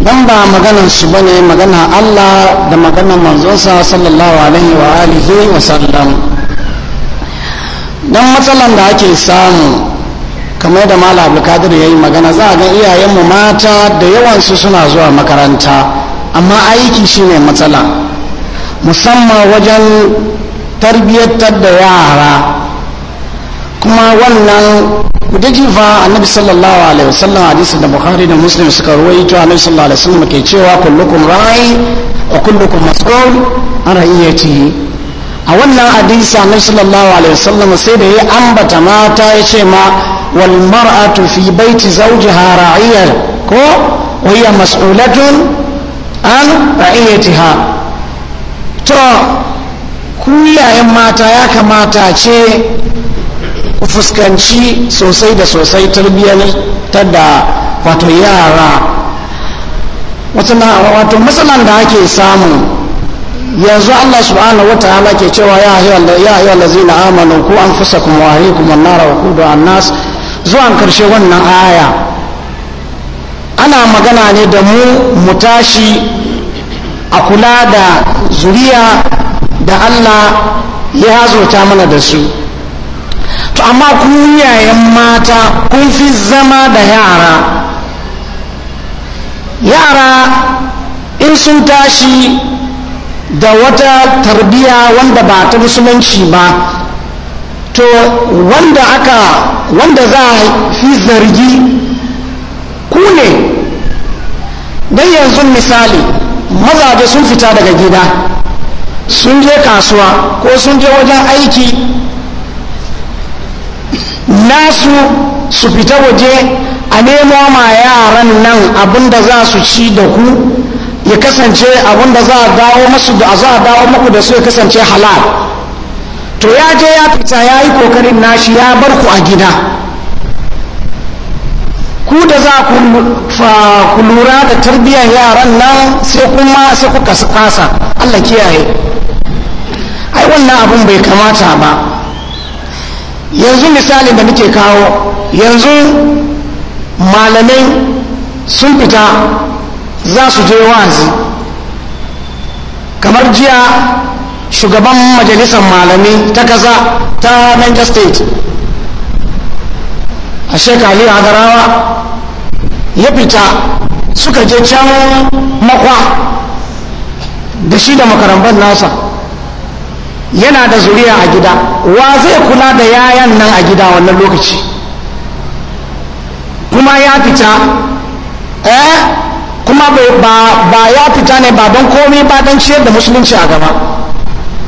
don ba maganan su bane magana Allah da maganan manzonsa sallallahu alaihi wa alihi wa sallam don matsalan da ake samu kamar da mala abdulkadir ya yi magana za a ga iyayenmu mata da yawansu suna zuwa makaranta amma aiki shine matsala musamman wajen tarbiyyatar da yara kuma wannan dajifa annabi sallallahu alaihi wasallam hadisi da bukhari da muslim suka ruwaito annabi sallallahu alaihi wasallam ke cewa kullukum ra'i wa kullukum mas'ul an ra'iyati a wannan hadisi annabi sallallahu alaihi wasallam sai da ya ambata mata ya ce ma wal mar'atu fi baiti zawjiha ra'iyar ko wa hiya mas'ulatun an ra'iyatiha to kuyayen mata ya kamata ce ku fuskanci sosai da sosai ta da wato yara wato matsalan da ake samu yanzu allah subhanahu wataala ke cewa ya yi wallazi na amanu ku an fusa kuma wari kuma nara wa kudu annas zuwan karshe wannan aya ana magana ne da mu mu tashi a kula da zuriya da allah ya zota mana da su to amma ku yayan mata kun fi zama da yara yara in sun tashi da wata tarbiya wanda ba ta musulunci ba to wanda aka wanda za a fi zargi ku ne don yanzu misali mazaje sun fita daga gida sun je kasuwa ko sun je wajen aiki nasu su fita waje a nemo ma yaran nan abin za su ci da ku ya kasance abinda za a dawo masu da za a dawo maku da su ya kasance halal to ya je ya fita ya yi kokarin nashi ya bar ku a gida ku da za ku lura da tarbiyyar yaran nan sai kuma sai kuka kasa Allah kiyaye ai wannan abin bai kamata ba yanzu misalin da muke kawo yanzu malamai sun fita za su je wa'azi kamar jiya shugaban majalisar malami ta kaza ta niger state a shekali hadarawa ya fita suka je can makwa da shi da makarambar nasa yana da zuriya a gida wa zai kula da yayan nan a gida wannan lokaci kuma ya fita eh kuma ba ya fita ne ba don komai ba don ciyar da musulunci a gaba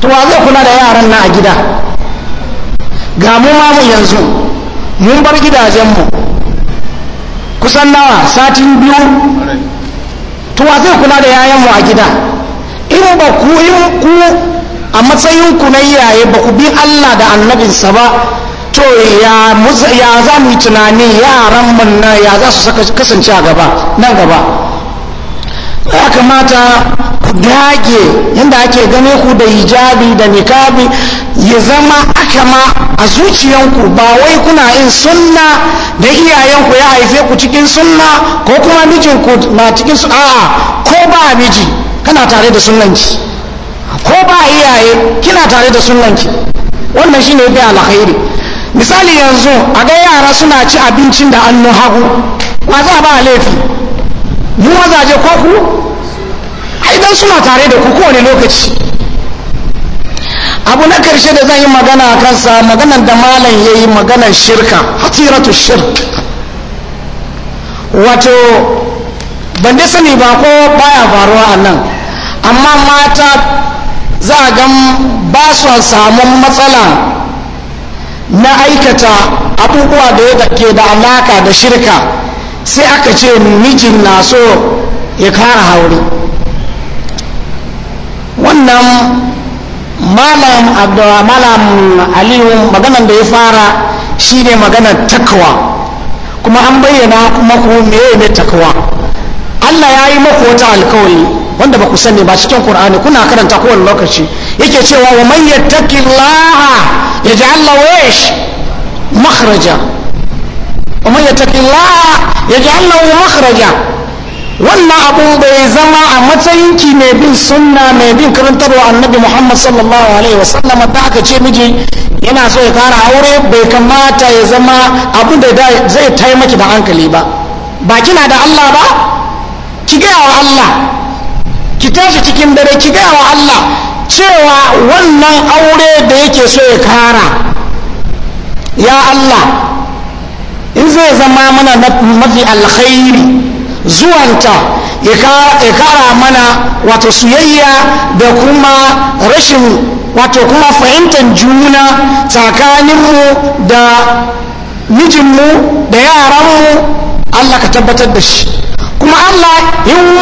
to wa zai kula da yaran nan a gida ga mu ma mu yanzu mun bar gidajenmu kusan nawa satin biyu to wa zai kula da yayanmu a gida in ba ku in ku a matsayin ku na iyaye ba ku bi Allah da annabinsa ba to ya za mu tunani yaran mun na ya za su kasance a gaba nan gaba ya kamata ku dage yadda ake gane ku da hijabi da nikabi ya zama aka a zuciyanku ba wai kuna yin sunna da iyayenku ya haife ku cikin sunna ko kuma mijinku na cikin sunna a'a ko ba miji kana tare da sunanci. ko ba iyaye kina tare da sunanki wannan shine bi alkhairi misali yanzu a ga yara suna ci abincin da annu hagu ba za ba laifi mu mazaje ko ku idan suna tare da ku kowane lokaci abu na karshe da zan yi magana a kansa maganar da malam ya yi maganar shirka hatiratu shirk wato ban dai ba ko baya faruwa a nan amma mata za a gan ba su samun matsala na aikata abubuwa da ya ke da alaka da shirka sai aka ce mijin na so ya kara hauri. wannan malam malam aliyu maganan da ya fara shine maganar takwa kuma an bayyana kuma kuma meye ne takwa allah ya yi maku wata alkawari wanda ba ku sani ba cikin Qur'ani kuna karanta kowane lokaci yake cewa wa man yattaqillaha yaj'al lahu ish makhraja wa man yattaqillaha makhraja wannan abun bai zama a matsayin ki mai bin sunna mai bin karantarwa annabi Muhammad sallallahu alaihi wasallam da aka ce miji yana so ya fara aure bai kamata ya zama abun da zai taimaki da hankali ba ba kina da Allah ba ki gaya wa Allah ki tashi cikin dare ki gaya wa Allah cewa wannan aure da yake so ya kara ya Allah in zai zama mana mafi alkhairi zuwanta ya kara mana wato soyayya da kuma rashin wato kuma fahimtar juna tsakaninmu da mijinmu da yaranmu Allah ka tabbatar da shi kuma Allah yin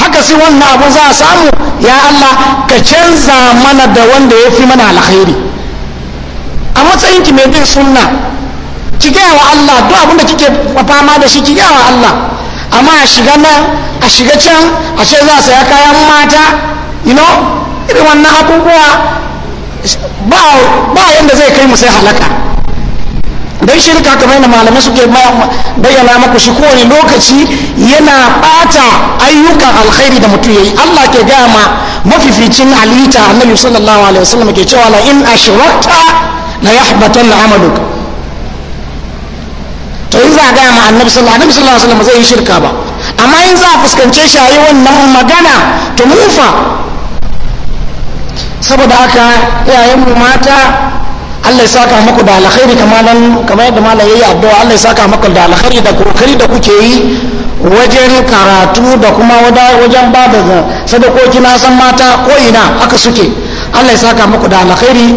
haka sai wannan abu za a samu ya Allah ka canza mana da wanda ya fi mana alkhairi a matsayin ki mai bin sunna ki gaya wa Allah duk abin da kike fama da shi ki gaya wa Allah amma a shiga nan a shiga can a ce za a saya kayan mata you know irin wannan abubuwa ba yadda zai kai mu sai halaka don shirka kamar yadda malamai suke bayyana maku shi kowane lokaci yana bata ayyukan alkhairi da mutum yayi Allah ke gaya ma mafificin halitta annabi sallallahu alaihi wasallam ke cewa la in ashrakta la yahbatanna amaluk to in za a ma annabi sallallahu alaihi wasallam zai yi shirka ba amma in za a fuskance shi ayi wannan magana to mufa saboda haka mu mata Allah ya saka muku da alkhairi kamar kamar yadda malam yayi addu'a Allah ya saka muku da alkhairi da kokari da kuke yi wajen karatu da kuma wajen ba da sadakoki na san mata ko ina aka suke Allah ya saka muku da alkhairi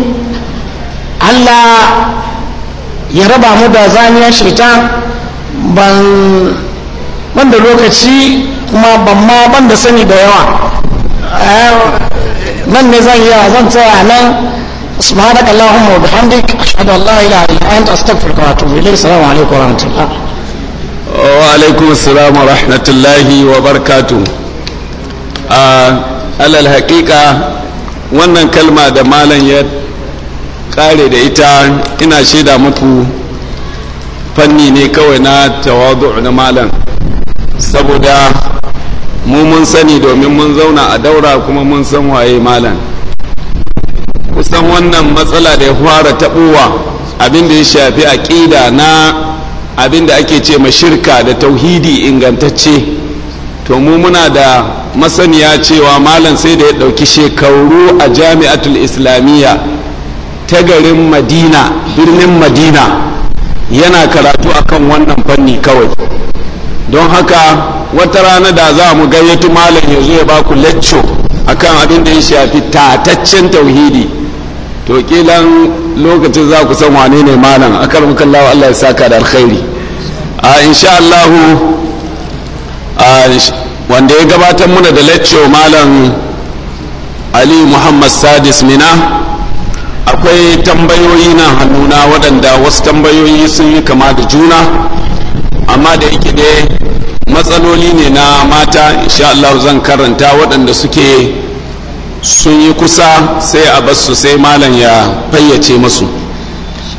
Allah ya raba mu da zaniyar shaitan ban da lokaci kuma ban ma ban da sani da yawa eh, nan ne zan yawa zan tsaya nan سبحانك اللهم وبحمدك أشهد أن لا إله إلا أنت أستغفرك وأتوب إليك السلام عليكم ورحمة الله وعليكم السلام ورحمة الله وبركاته alal haƙiƙa wannan kalma da malam ya ƙare da ita ina shaida muku fanni ne kawai na tawadu na malam saboda mu mun sani domin mun zauna a daura kuma mun san waye malam kusan wannan matsala da ya fara taɓowa abinda ya shafi aƙida na abinda ake ce ma shirka da tauhidi ingantacce to mu muna da masaniya cewa malam sai da ya ɗauki shekaru a jami'atul islamiyya ta garin madina birnin madina yana karatu akan wannan fanni kawai don haka wata rana da za mu gayyato malam ya zo ya baku lecco akan abin da ya shafi tataccen tauhidi to kilan lokacin za ku san wane ne malam akar mukallawa Allah ya saka da alkhairi a insha Allah wanda ya gabatar muna da lecture malam Ali Muhammad Sadis Mina akwai tambayoyi na hannuna waɗanda wasu tambayoyi sun yi kama da juna amma da yake dai matsaloli ne na mata insha Allah zan karanta waɗanda suke sun yi kusa sai a basu sai malam ya fayyace masu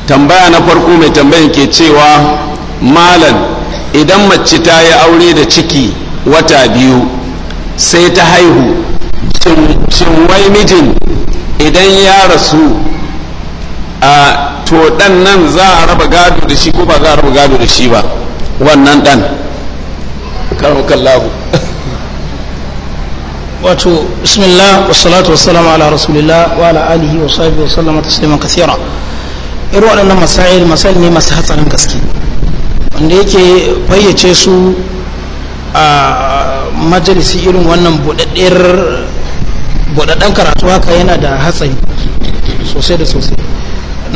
tambaya na farko mai tambayin ke cewa malam idan mace ta yi aure da ciki wata biyu sai ta haihu wai mijin idan ya rasu a to ɗan nan za a raba gado da shi ko ba za a raba gado da shi ba wannan ɗan karo kallahu wato bismillah wa salam ala rasulillah wa ala alihi wa sahbihi wa sallam taslima kathira irin waɗannan masail masail ne masu hatsarin gaske wanda yake fayyace su a majalisi irin wannan buɗaɗɗen karatu haka yana da hatsari sosai da sosai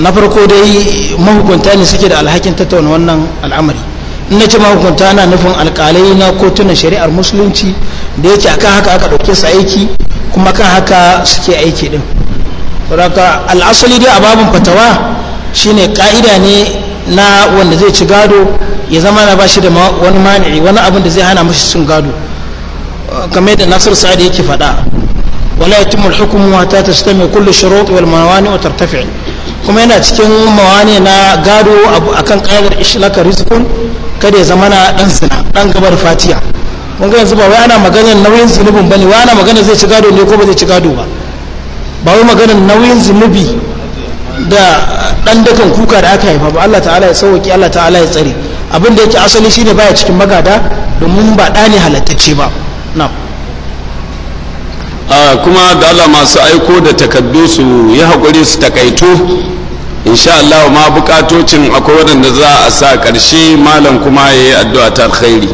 na farko dai mahukunta ne suke da alhakin tattauna wannan al'amari na ce mahukunta na nufin alkalai na kotunan shari'ar musulunci da yake akan haka aka ɗauke su aiki kuma kan haka suke aiki din saboda al'asali dai a babin fatawa shine ka'ida ne na wanda zai ci gado ya zama na bashi da wani mani'i wani abin da zai hana mashi cin gado kamar da nasir sa'ad yake faɗa wala yatimul hukmu hatta tastami kullu shurut wal mawani wa tartafi kuma yana cikin mawani na gado akan ƙa'idar ishlaka rizqun kada ya zama na dan sina dan gabar fatiya kun ga yanzu ba wai ana maganar nauyin zunubin bane wai ana magana zai ci gado ne ko ba zai ci gado ba ba wai maganar nauyin zunubi da dan dakan kuka da aka haifa ba Allah ta'ala ya sauki Allah ta'ala ya tsare abin da yake asali shine baya cikin magada domin ba da ne halattacce ba na ah, kuma da Allah masu aiko da takaddu su yi hakuri su takaito insha Allah ma bukatocin akwai waɗanda za a sa karshe malam kuma ya yi addu'a ta alkhairi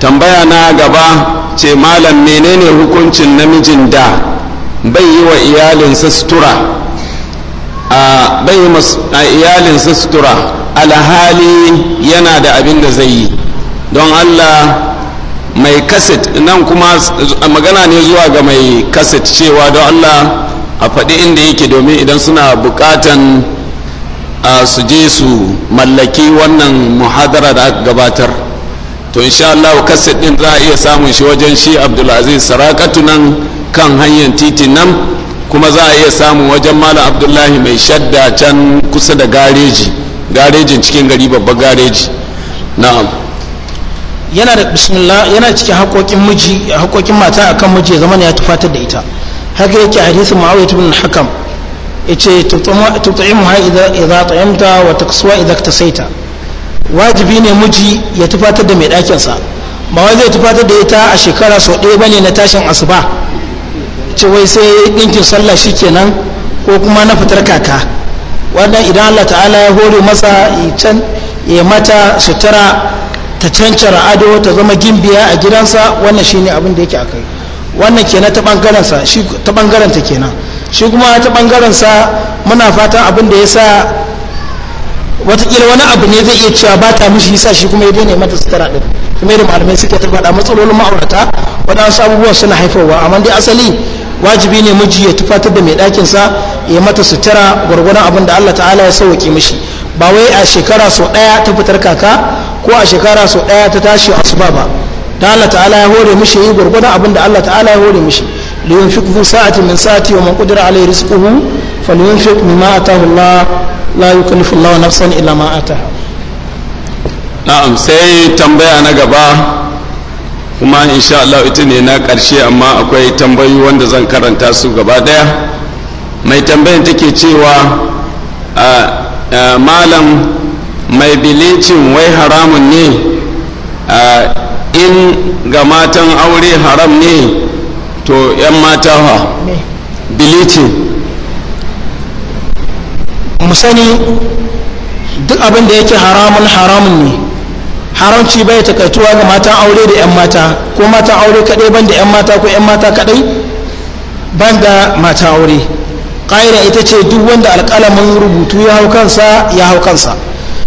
tambaya na gaba ce malam menene hukuncin namijin da bai yi wa iyalinsa sutura a bai a iyalinsa sutura alhali yana da abin da zai yi don Allah mai kaset nan kuma magana ne zuwa ga mai kaset cewa don Allah a faɗi inda yake domin idan suna bukatan. su je su mallaki wannan muhadara da aka gabatar to insha Allah kaset din za a iya samun shi wajen shi Abdulaziz Sarakatu nan kan hanyar titin nan kuma za a iya samun wajen Malam Abdullahi mai shadda can kusa da gareji garejin cikin gari babban gareji na'am yana da bismillah yana cikin haƙoƙin miji haƙoƙin mata akan miji zaman ya tufatar da ita haka yake hadisin Muawiya bin Hakam yace ta idza idza ta'amta wa taqsuwa idza iktasaita wajibi ne miji ya tufatar da mai ɗakinsa sa ba wai zai tufatar da ita a shekara sau ɗaya bane na tashin asuba ce wai sai ɗinkin sallah shikenan ko kuma na fitar kaka wannan idan Allah ta'ala ya hore masa ya mata sutura ta cancara ado ta zama gimbiya a gidansa wannan shine abin da yake akai wannan kenan ta bangaren ta bangaren ta kenan shi kuma ta bangaren sa muna fatan abin da ya sa watakila wani abu ne zai iya cewa ba ta mishi yasa shi kuma ya daina mata sutura din kuma da malamai suke ta faɗa matsalolin ma'aurata waɗansu abubuwan suna haifarwa amma dai asali wajibi ne miji ya tufatar da mai ɗakin sa ya mata sutura gwargwadon abin da Allah ta'ala ya sauke mishi ba wai a shekara sau ɗaya ta fitar kaka ko a shekara sau ɗaya ta tashi asuba ba da Allah ta'ala ya hore mishi yi gwargwadon abin da Allah ta'ala ya hore mishi لينفق ذو ساعة من ساعته ومن قدر عليه رزقه فلينفق مما آتاه الله لا يكلف الله نفسا إلا ما آتاها na'am sai tambaya na gaba kuma insha Allah ita ne na ƙarshe amma akwai tambayi wanda zan karanta su gaba daya mai tambayan take cewa malam mai bilicin wai haramun ne in ga matan aure haram ne to yan mata ha bilicin mu sani duk abin da yake haramun haramun ne haramci bai takaituwa ga matan aure da 'yan mata ko matan aure kadai ban da 'yan mata ko 'yan mata kadai ban da matan aure ƙa'ira ita ce duk wanda alƙalamin rubutu ya hau kansa ya hau kansa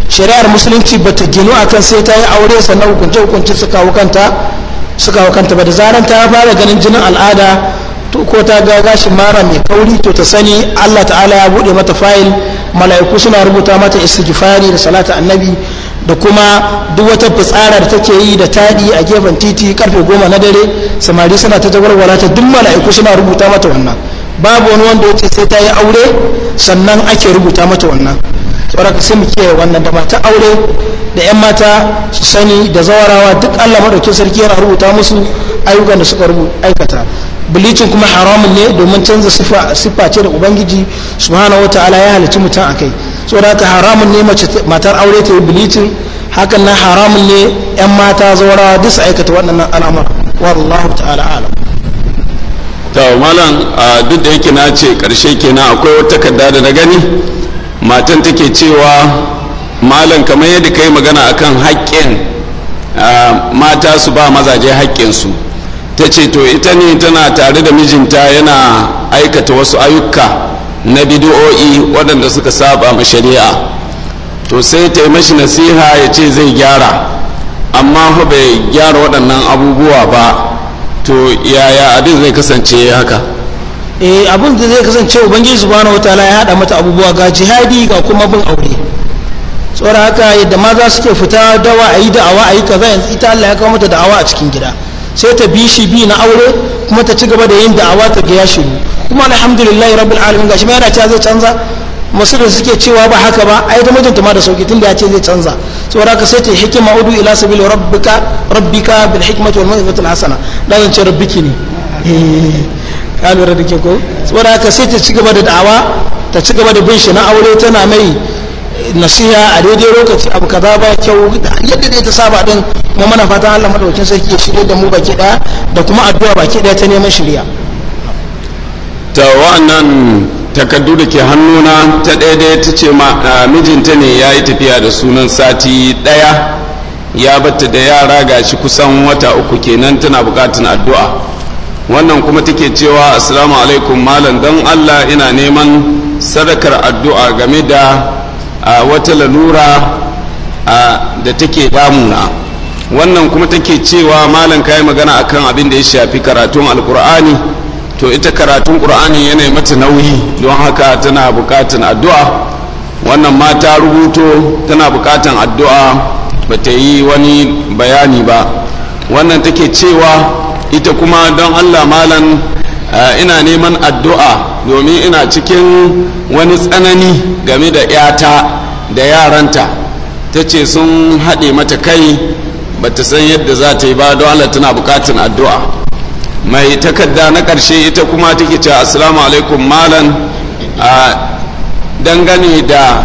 shari'ar musulunci ba ta ginu a kan sai ta yi aure sannan hukunce hukunce su kawo kanta suka hau kanta ba da zaran ta fara ganin jinin al'ada ko ta ga gashin mara mai kauri to ta sani Allah ta'ala ya buɗe mata fayil mala'iku suna rubuta mata istighfari da salata annabi da kuma duk wata fitsara da take yi da taɗi a gefen titi karfe goma na dare samari suna ta jagwarwara ta duk mala'iku suna rubuta mata wannan babu wani wanda ya ce sai ta yi aure sannan ake rubuta mata wannan saboda sai mu kiyaye wannan da mata aure da yan mata su sani da zawarawa duk Allah madaukin sarki yana rubuta musu ayyukan da suka aikata bilicin kuma haramun ne domin canza siffa ce da ubangiji subhanahu wataala ya halicci mutum a kai saboda ka haramun ne matar aure ta yi bilicin hakan na haramun ne yan mata zawarawa duk su aikata waɗannan al'amura wallahu ta'ala alam to malam duk da yake na ce karshe kenan akwai wata kadda da na gani matan take cewa malam kamar yadda kai yi magana akan haƙƙin mata su ba mazaje haƙƙinsu ta ce to ita ne tana tare da mijinta yana aikata wasu ayyuka na bidiyo'i waɗanda suka saba ma shari'a to sai ta yi mashi nasiha ya ce zai gyara amma fa bai gyara waɗannan abubuwa ba to yaya abin zai kasance haka eh abin da zai kasance ubangiji subhanahu wataala ya hada mata abubuwa ga jihadi ga kuma bin aure tsora haka yadda ma su suke fita dawa a yi da'awa a yi kaza yanzu ita Allah ya kawo mata da'awa a cikin gida sai ta bi shi bi na aure kuma ta ci gaba da yin da'awa ta ga ya shiru kuma alhamdulillahi rabbil alamin gashi ma yana cewa zai canza masu da suke cewa ba haka ba ai da mijinta ma da sauki tunda ya ce zai canza tsora haka sai ta hikima udu ila sabilu rabbika rabbika bil hikmati wal mawidatil hasana dan ce rabbiki ne eh. ka lura da ke ko saboda haka sai ta ci gaba da da'awa ta ci gaba da bin shi na aure tana mai nasiha a daidai lokaci abu ka za ba kyau yadda dai ta saba din kuma mana fatan Allah madaukakin sarki ya shirye da mu baki daya da kuma addu'a baki daya ta neman shirya ta wa'annan takardu da ke hannuna ta daidai ta ce mijinta ne ya yi tafiya da sunan sati daya ya batta da yara gashi kusan wata uku kenan tana bukatun addu'a wannan kuma take cewa assalamu alaikum malam don allah ina neman sadakar addu'a game da wata lalura da take damuna wannan kuma take cewa malam yi magana akan abin da ya shafi karatun alkur'ani to ita karatun ƙur'ani yana mata nauyi don haka tana bukatan addu'a wannan ma ta rubuto tana bukatan addu'a ba ta yi wani bayani ba wannan take cewa ita kuma don allah malam eh, ina neman addu'a domin ina cikin wani tsanani game da 'yata da yaranta ta ce sun haɗe mata kai ba ta san yadda za ta yi ba don allah tana bukatun addu'a mai takarda na ƙarshe ita kuma take ce assalamu alaikum malam ah, dangane da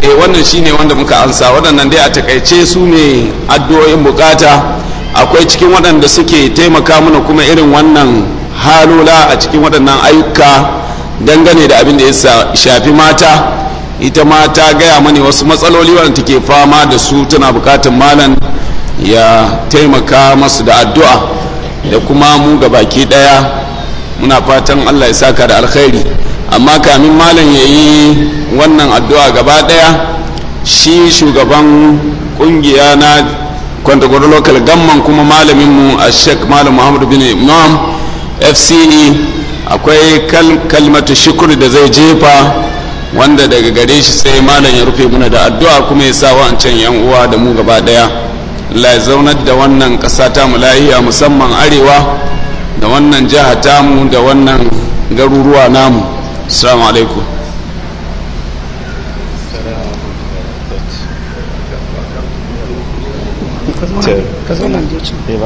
e wannan shine wanda muka ansa waɗannan dai a takaice su ne addu'o'in bukata akwai cikin waɗanda suke taimaka mana kuma irin wannan halula a cikin waɗannan ayyuka dangane da abin da ya shafi mata ita ma ta gaya mani wasu matsaloli waɗanda ke fama da su tana bukatun malam ya taimaka masu da addu'a da kuma mu ga baki ɗaya muna fatan allah ya saka da alkhairi amma kamin malam ya yi wannan addu'a gaba ɗaya shi shugaban ƙungiya na kwanta gwada lokal gamman kuma malamin mu a sheik malam muhammad bin imam fce akwai kalmatu shukur da zai jefa wanda daga gare shi sai malam ya rufe muna da addu'a kuma ya sa wancan yan uwa da mu gaba daya la ya zaunar da wannan kasa ta mu lahiya musamman arewa da wannan jiha tamu da wannan garuruwa namu assalamu alaikum إيه، إيه.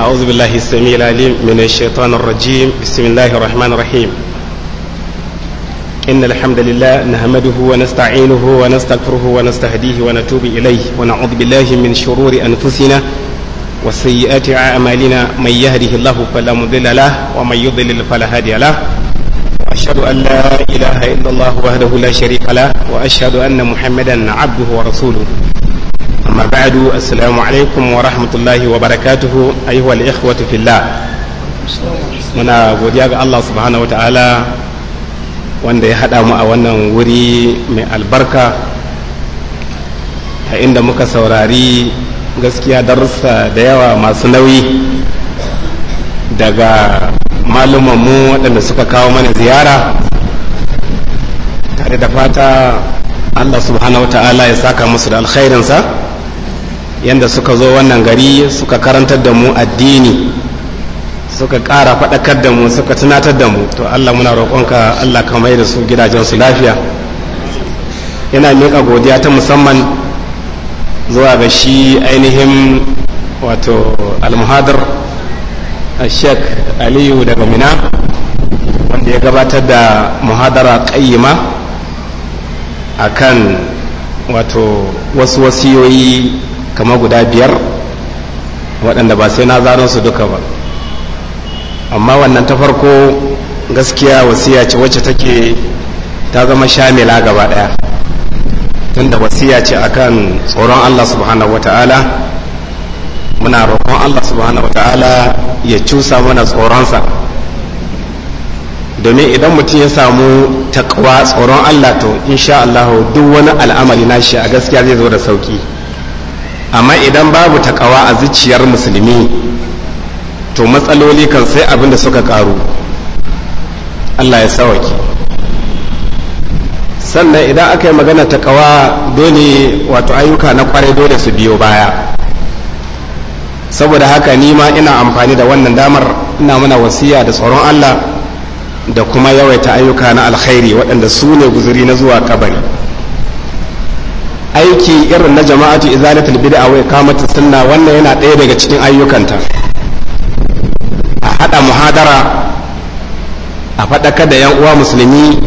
أعوذ بالله السميع العليم من الشيطان الرجيم بسم الله الرحمن الرحيم إن الحمد لله نحمده ونستعينه ونستغفره ونستهديه ونتوب إليه ونعوذ بالله من شرور أنفسنا وسيئات أعمالنا من يهده الله فلا مضل له ومن يضلل فلا هادي له وأشهد أن لا إله إلا الله وحده لا شريك له وأشهد أن محمدا عبده ورسوله أما بعد السلام عليكم ورحمة الله وبركاته أيها الإخوة في الله muna godiya ga Allah subhanahu wa ta'ala wanda ya haɗa mu a wannan wuri mai albarka a inda muka saurari gaskiya darussa da yawa masu nauyi daga malumanmu waɗanda suka kawo mana ziyara tare da fata allah subhanahu ta'ala ya saka musu da alkhairinsa yadda suka zo wannan gari suka karantar da mu addini suka ƙara faɗakar da mu suka tunatar da mu to allah muna roƙonka allah kamar da su gidajensu lafiya yana miƙa godiya ta musamman zuwa ga shi ainihin wato almuhadar shek aliyu daga mina wanda ya gabatar da muhadara kayyima a kan wato wasu wasiyoyi kama guda biyar waɗanda ba sai na zaron su duka ba amma wannan ta farko gaskiya wasiya ce wacce take ta zama shamila gaba ɗaya tunda wasiya ce akan tsoron Allah subhanahu ta'ala muna roƙon Allah subhanahu ta'ala ya cusa mana tsoronsa domin idan mutum ya samu takwa tsoron Allah to insha Allah duk wani al'amari na shi a gaskiya zai zo da sauki amma idan babu takawa a zuciyar musulmi to matsaloli kan sai abin da suka ƙaru. Allah ya sawaki sannan idan aka yi magana ta kawa dole wato ayyuka na kwarai dole su biyo baya saboda haka ni ma ina amfani da wannan damar ina mana wasiya da tsoron allah da kuma yawaita ayyuka na alkhairi waɗanda su ne guzuri na zuwa kabari aiki irin na jama'atu izalatul bid'a wa mata sunna wannan yana ɗaya daga cikin ayyukanta a haɗa muhadara a faɗaka da yan uwa musulmi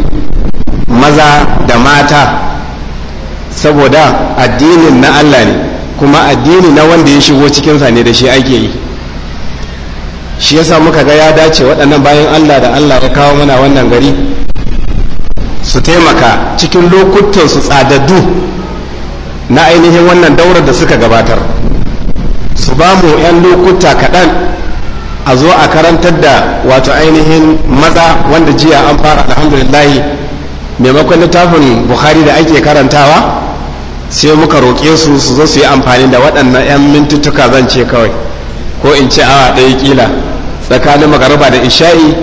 maza da mata saboda addinin na Allah ne kuma addini na wanda ya shigo cikinsa ne da shi ake yi shi yasa muka ga ya dace waɗannan bayan Allah da Allah ya kawo mana wannan gari su taimaka cikin lokutan su tsadaddu na ainihin wannan daurar da suka gabatar su ba mu 'yan lokuta kaɗan a zo a karantar da wato ainihin maza wanda jiya an fara alhamdulillahi maimakon littafin bukhari da ake karantawa sai muka roƙe su su zo su yi amfani da waɗannan 'yan mintuttuka zan ce kawai ko in ce awa ɗaya kila tsakanin magaraba da isha'i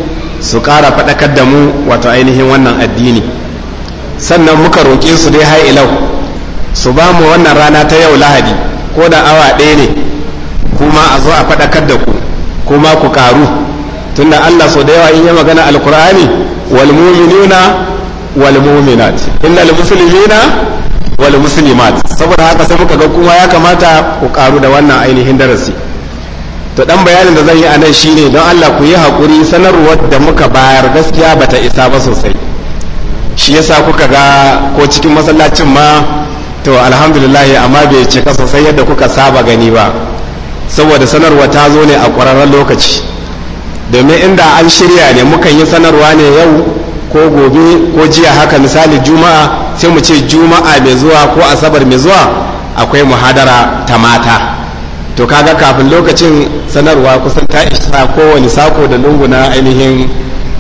su ƙara faɗakar da mu wato ainihin wannan addini sannan muka roƙe su dai har ilau su ba mu wannan rana ta yau lahadi ko da awa ɗaya ne kuma a zo a faɗakar da ku kuma ku ƙaru tunda allah sau da yawa in ya magana alkur'ani wal mu'minuna wal mu'minat innal muslimina saboda haka sai muka ga kuma ya kamata ku karu da wannan ainihin darasi to dan bayanin da zan yi anan shine don Allah ku yi hakuri sanarwar da muka bayar gaskiya bata isa ba sosai shi yasa kuka ga ko cikin masallacin ma to alhamdulillah amma bai cika sosai yadda kuka saba gani ba saboda sanarwa ta zo ne a ƙwararren lokaci domin inda an shirya ne mukan yi sanarwa ne yau ko gobe ko jiya haka misali juma'a sai mu ce juma'a mai zuwa ko asabar mai zuwa akwai muhadara ta mata to kaga kafin lokacin sanarwa kusan ta isa kowane sako da lungu na ainihin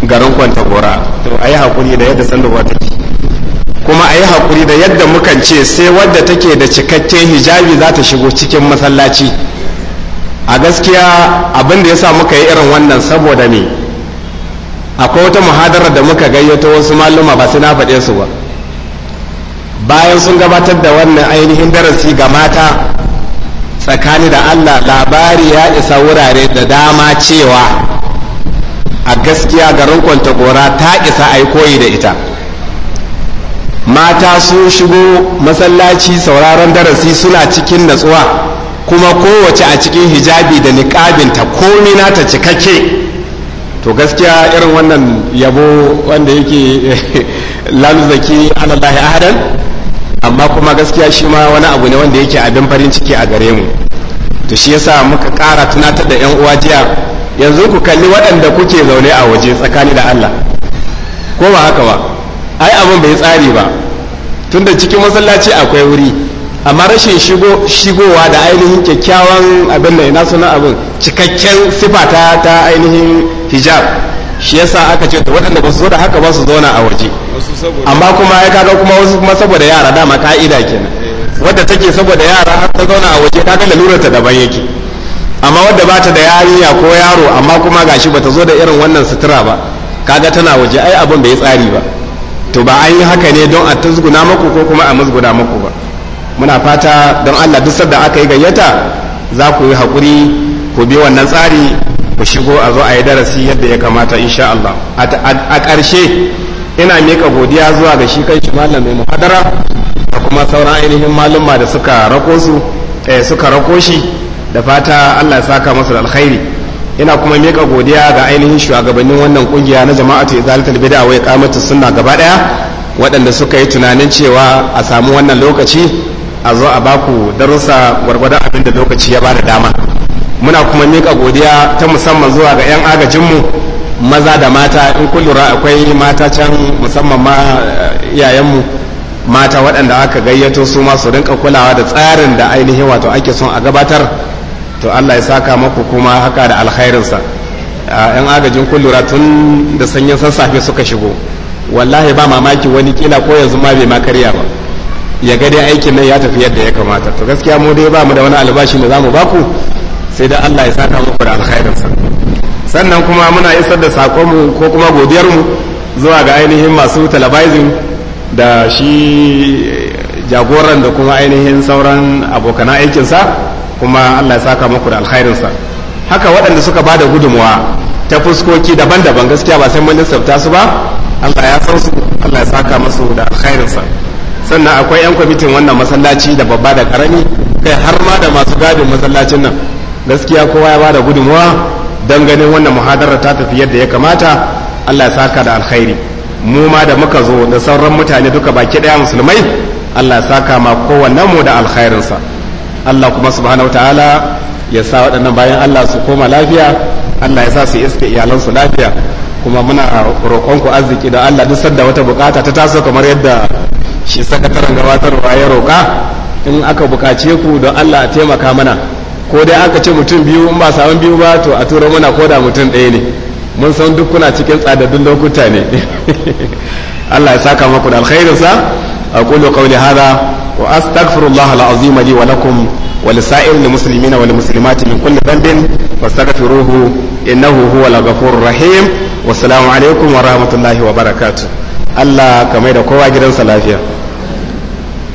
garin kwanta gora to a yi haƙuri da yadda sanarwa take kuma a yi haƙuri da yadda mukan ce sai wadda take da cikakken hijabi za ta shigo cikin masallaci a gaskiya abinda da ya sa muka yi irin wannan saboda ne. akwai wata muhadarar da muka gayyato wasu maluma ba sai na faɗe su ba bayan sun gabatar da wannan ainihin darasi ga mata tsakani da allah labari ya isa wurare da dama cewa a gaskiya garin kwantagora ta isa a koyi da ita mata su shigo masallaci sauraron darasi suna cikin natsuwa kuma kowace a cikin hijabi da niƙabinta komi ta cikakke to gaskiya irin wannan yabo wanda yake ana lahi ahadan amma kuma gaskiya shi ma wani abu ne wanda yake abin farin ciki a gare mu to shi yasa muka kara tunatar da 'yan uwa jiya yanzu ku kalli waɗanda kuke zaune a waje tsakani da Allah ko ba haka ba ai abin bai tsari ba tunda cikin masallaci akwai wuri amma rashin shigowa da ainihin kyakkyawan abin da ina suna abin cikakken sifa ta ainihin hijab shi yasa aka ce waɗanda ba su zo da haka ba su zauna a waje amma kuma ya kaga kuma wasu kuma saboda yara dama ka'ida kenan wadda take saboda yara har ta zauna a waje kaga lalurar ta daban yake amma wadda ba ta da yarinya ko yaro amma kuma gashi bata zo da irin wannan sutura ba kaga tana waje ai abin bai tsari ba to ba an yi haka ne don a tazguna muku ko kuma a musguna muku muna fata don allah duk sadda aka yi gayyata za ku yi haƙuri ku bi wannan tsari ku shigo a zo a yi darasi yadda ya kamata insha allah a ƙarshe ina mika godiya zuwa ga shi kai shi malamin muhadara da kuma sauran ainihin malumma da suka rako su eh, suka rako shi da fata allah ya saka masa da alkhairi ina kuma mika godiya ga ainihin shugabannin wannan kungiya na jama'atu izalatul bid'a wa iqamatu sunna gaba daya waɗanda suka yi tunanin cewa a samu wannan lokaci a zo a baku darussa gwargwadon abin da lokaci ya bada dama muna kuma mika godiya ta musamman zuwa ga 'yan agajinmu maza da mata in kullura akwai mata can musamman ma eh, iyayenmu mata waɗanda aka gayyato su ma su rinka kulawa da tsarin da ainihin wato ake son a gabatar to allah ya saka maku kuma haka da alkhairinsa 'yan agajin kullura tun da sanyin sassafe suka shigo wallahi ba mamaki wani kila ko yanzu ma bai ma karya ba ya ga dai aikin nan ya tafi yadda ya kamata to gaskiya mu dai ba mu da wani albashi da zamu baku sai da Allah ya saka muku da alkhairin sa sannan kuma muna isar da sakon mu ko kuma godiyar mu zuwa ga ainihin masu televising da shi jagoran da kuma ainihin sauran abokan aikin sa kuma Allah ya saka muku da alkhairin sa haka waɗanda suka ba da gudunmuwa ta fuskoki daban-daban gaskiya ba sai mun lissafta su ba Allah ya san su Allah ya saka musu da alkhairin sa sannan akwai 'yan kwamitin wannan masallaci da babba da karami kai har ma da masu gadin masallacin nan gaskiya kowa ya bada gudunmawa don ganin wannan muhadarar ta tafi yadda ya kamata allah ya saka da alkhairi mu ma da muka zo da sauran mutane duka baki daya musulmai allah ya saka ma kowannen mu da alkhairinsa allah kuma subhanahu ta'ala ya sa waɗannan bayan allah su koma lafiya allah ya sa su iske iyalansu lafiya kuma muna roƙonku arziki da allah duk sadda wata bukata ta taso kamar yadda shi sakataren gabatarwa ya roƙa in aka buƙace ku don allah a taimaka mana ko dai aka ce mutum biyu in ba saman biyu ba to a turo mana ko da mutum ɗaya ne mun san duk kuna cikin tsadadin lokuta ne allah ya saka maku da alkhairinsa aqulu qawli hada wa astaghfirullah alazim li wa lakum wa lisa'ir muslimina wal muslimati min kulli dhanbin fastaghfiruhu innahu huwal ghafurur rahim wassalamu alaikum wa rahmatullahi wa barakatuh Allah ka mai da kowa gidansa lafiya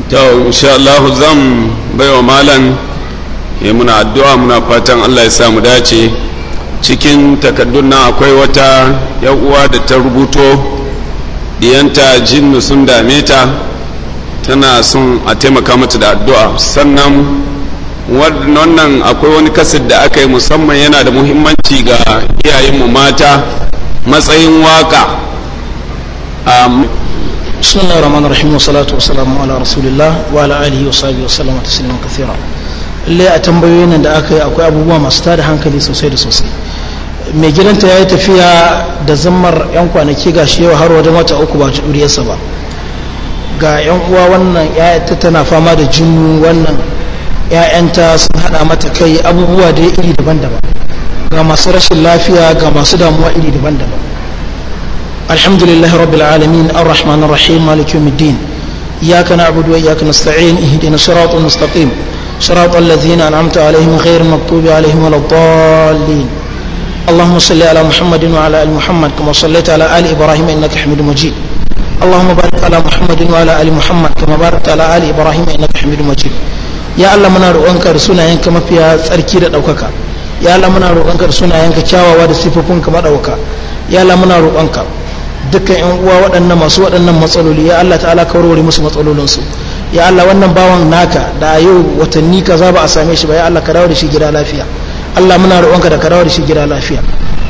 ta insha Allah zan baiwa malam ya muna addu'a muna fatan Allah ya samu dace cikin takaddun nan akwai wata yan uwa da ta rubuto diyanta jinnu sun dame ta tana sun a taimaka mata da addu'a sannan wannan akwai wani kasid da aka yi musamman yana da muhimmanci ga iyayenmu mata matsayin waka بسم الله الرحمن الرحيم والصلاة والسلام على رسول الله وعلى آله وصحبه وسلم تسليما كثيرا اللي أتنبوين da aka yi akwai abubuwa masu tada hankali sosai da sosai mai gidanta ya yi tafiya da zammar 'yan kwanaki ga shi yau har wajen wata uku ba ci ɗuriyarsa ba ga 'yan uwa wannan ta tana fama da jinnu wannan 'ya'yanta sun haɗa mata kai abubuwa da iri daban-daban ga masu rashin lafiya ga masu damuwa iri daban-daban الحمد لله رب العالمين الرحمن الرحيم مالك يوم الدين إياك نعبد وإياك نستعين اهدنا الصراط المستقيم صراط الذين أنعمت عليهم غير المغضوب عليهم ولا الضالين اللهم صل على محمد وعلى آل محمد كما صليت على آل إبراهيم إنك حميد مجيد اللهم بارك على محمد وعلى آل محمد كما باركت على آل إبراهيم إنك حميد مجيد يا الله منا روانك رسولنا ينك ما فيها تركيرة أوكاكا يا الله منا روانك رسولنا ينك شاوى ودسيفكم كما أوكا يا الله منا روانك dukkan yan uwa waɗannan masu waɗannan matsaloli ya Allah ta'ala ka warware musu matsalolinsu ya Allah wannan bawan naka da a yau watanni kaza ba a same shi ba ya Allah ka dawo da shi gida lafiya Allah muna roƙonka da ka dawo da shi gida lafiya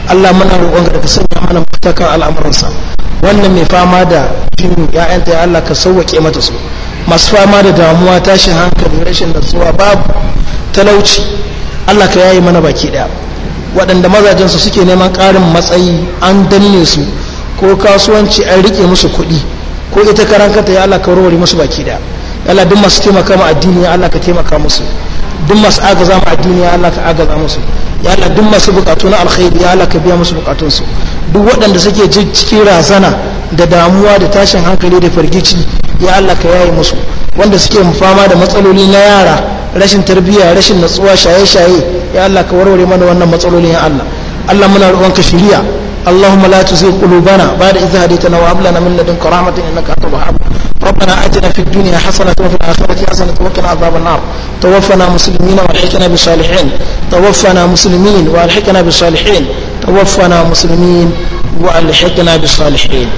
Allah muna roƙonka da ka sanya mana mutakan al'amuransa wannan mai fama da jin ya'yanta ya Allah ka sauwaƙe mata su masu fama da damuwa tashin hankali rashin natsuwa babu talauci Allah ka yaye mana baki ɗaya waɗanda mazajensu suke neman ƙarin matsayi an danne su ko kasuwanci an rike musu kuɗi ko ita karankata ya Allah ka warware musu baki da Allah duk masu taimaka ma addini ya Allah ka taimaka musu duk masu agaza ma addini ya Allah ka agaza musu ya Allah duk masu bukatu na alkhairi ya Allah ka biya musu bukatun su duk waɗanda suke cikin razana da damuwa da tashin hankali da firgici ya Allah ka yaye musu wanda suke fama da matsaloli na yara rashin tarbiyya rashin natsuwa shaye-shaye ya Allah ka warware mana wannan matsalolin ya Allah Allah muna roƙon ka shiriya اللهم لا تزغ قلوبنا بعد إذ هديتنا وهب لنا من لدنك رحمة إنك أنت الوهاب ربنا آتنا في الدنيا حسنة وفي الآخرة حسنة وقنا عذاب النار توفنا مسلمين والحقنا بالصالحين توفنا مسلمين والحقنا بالصالحين توفنا مسلمين والحقنا بالصالحين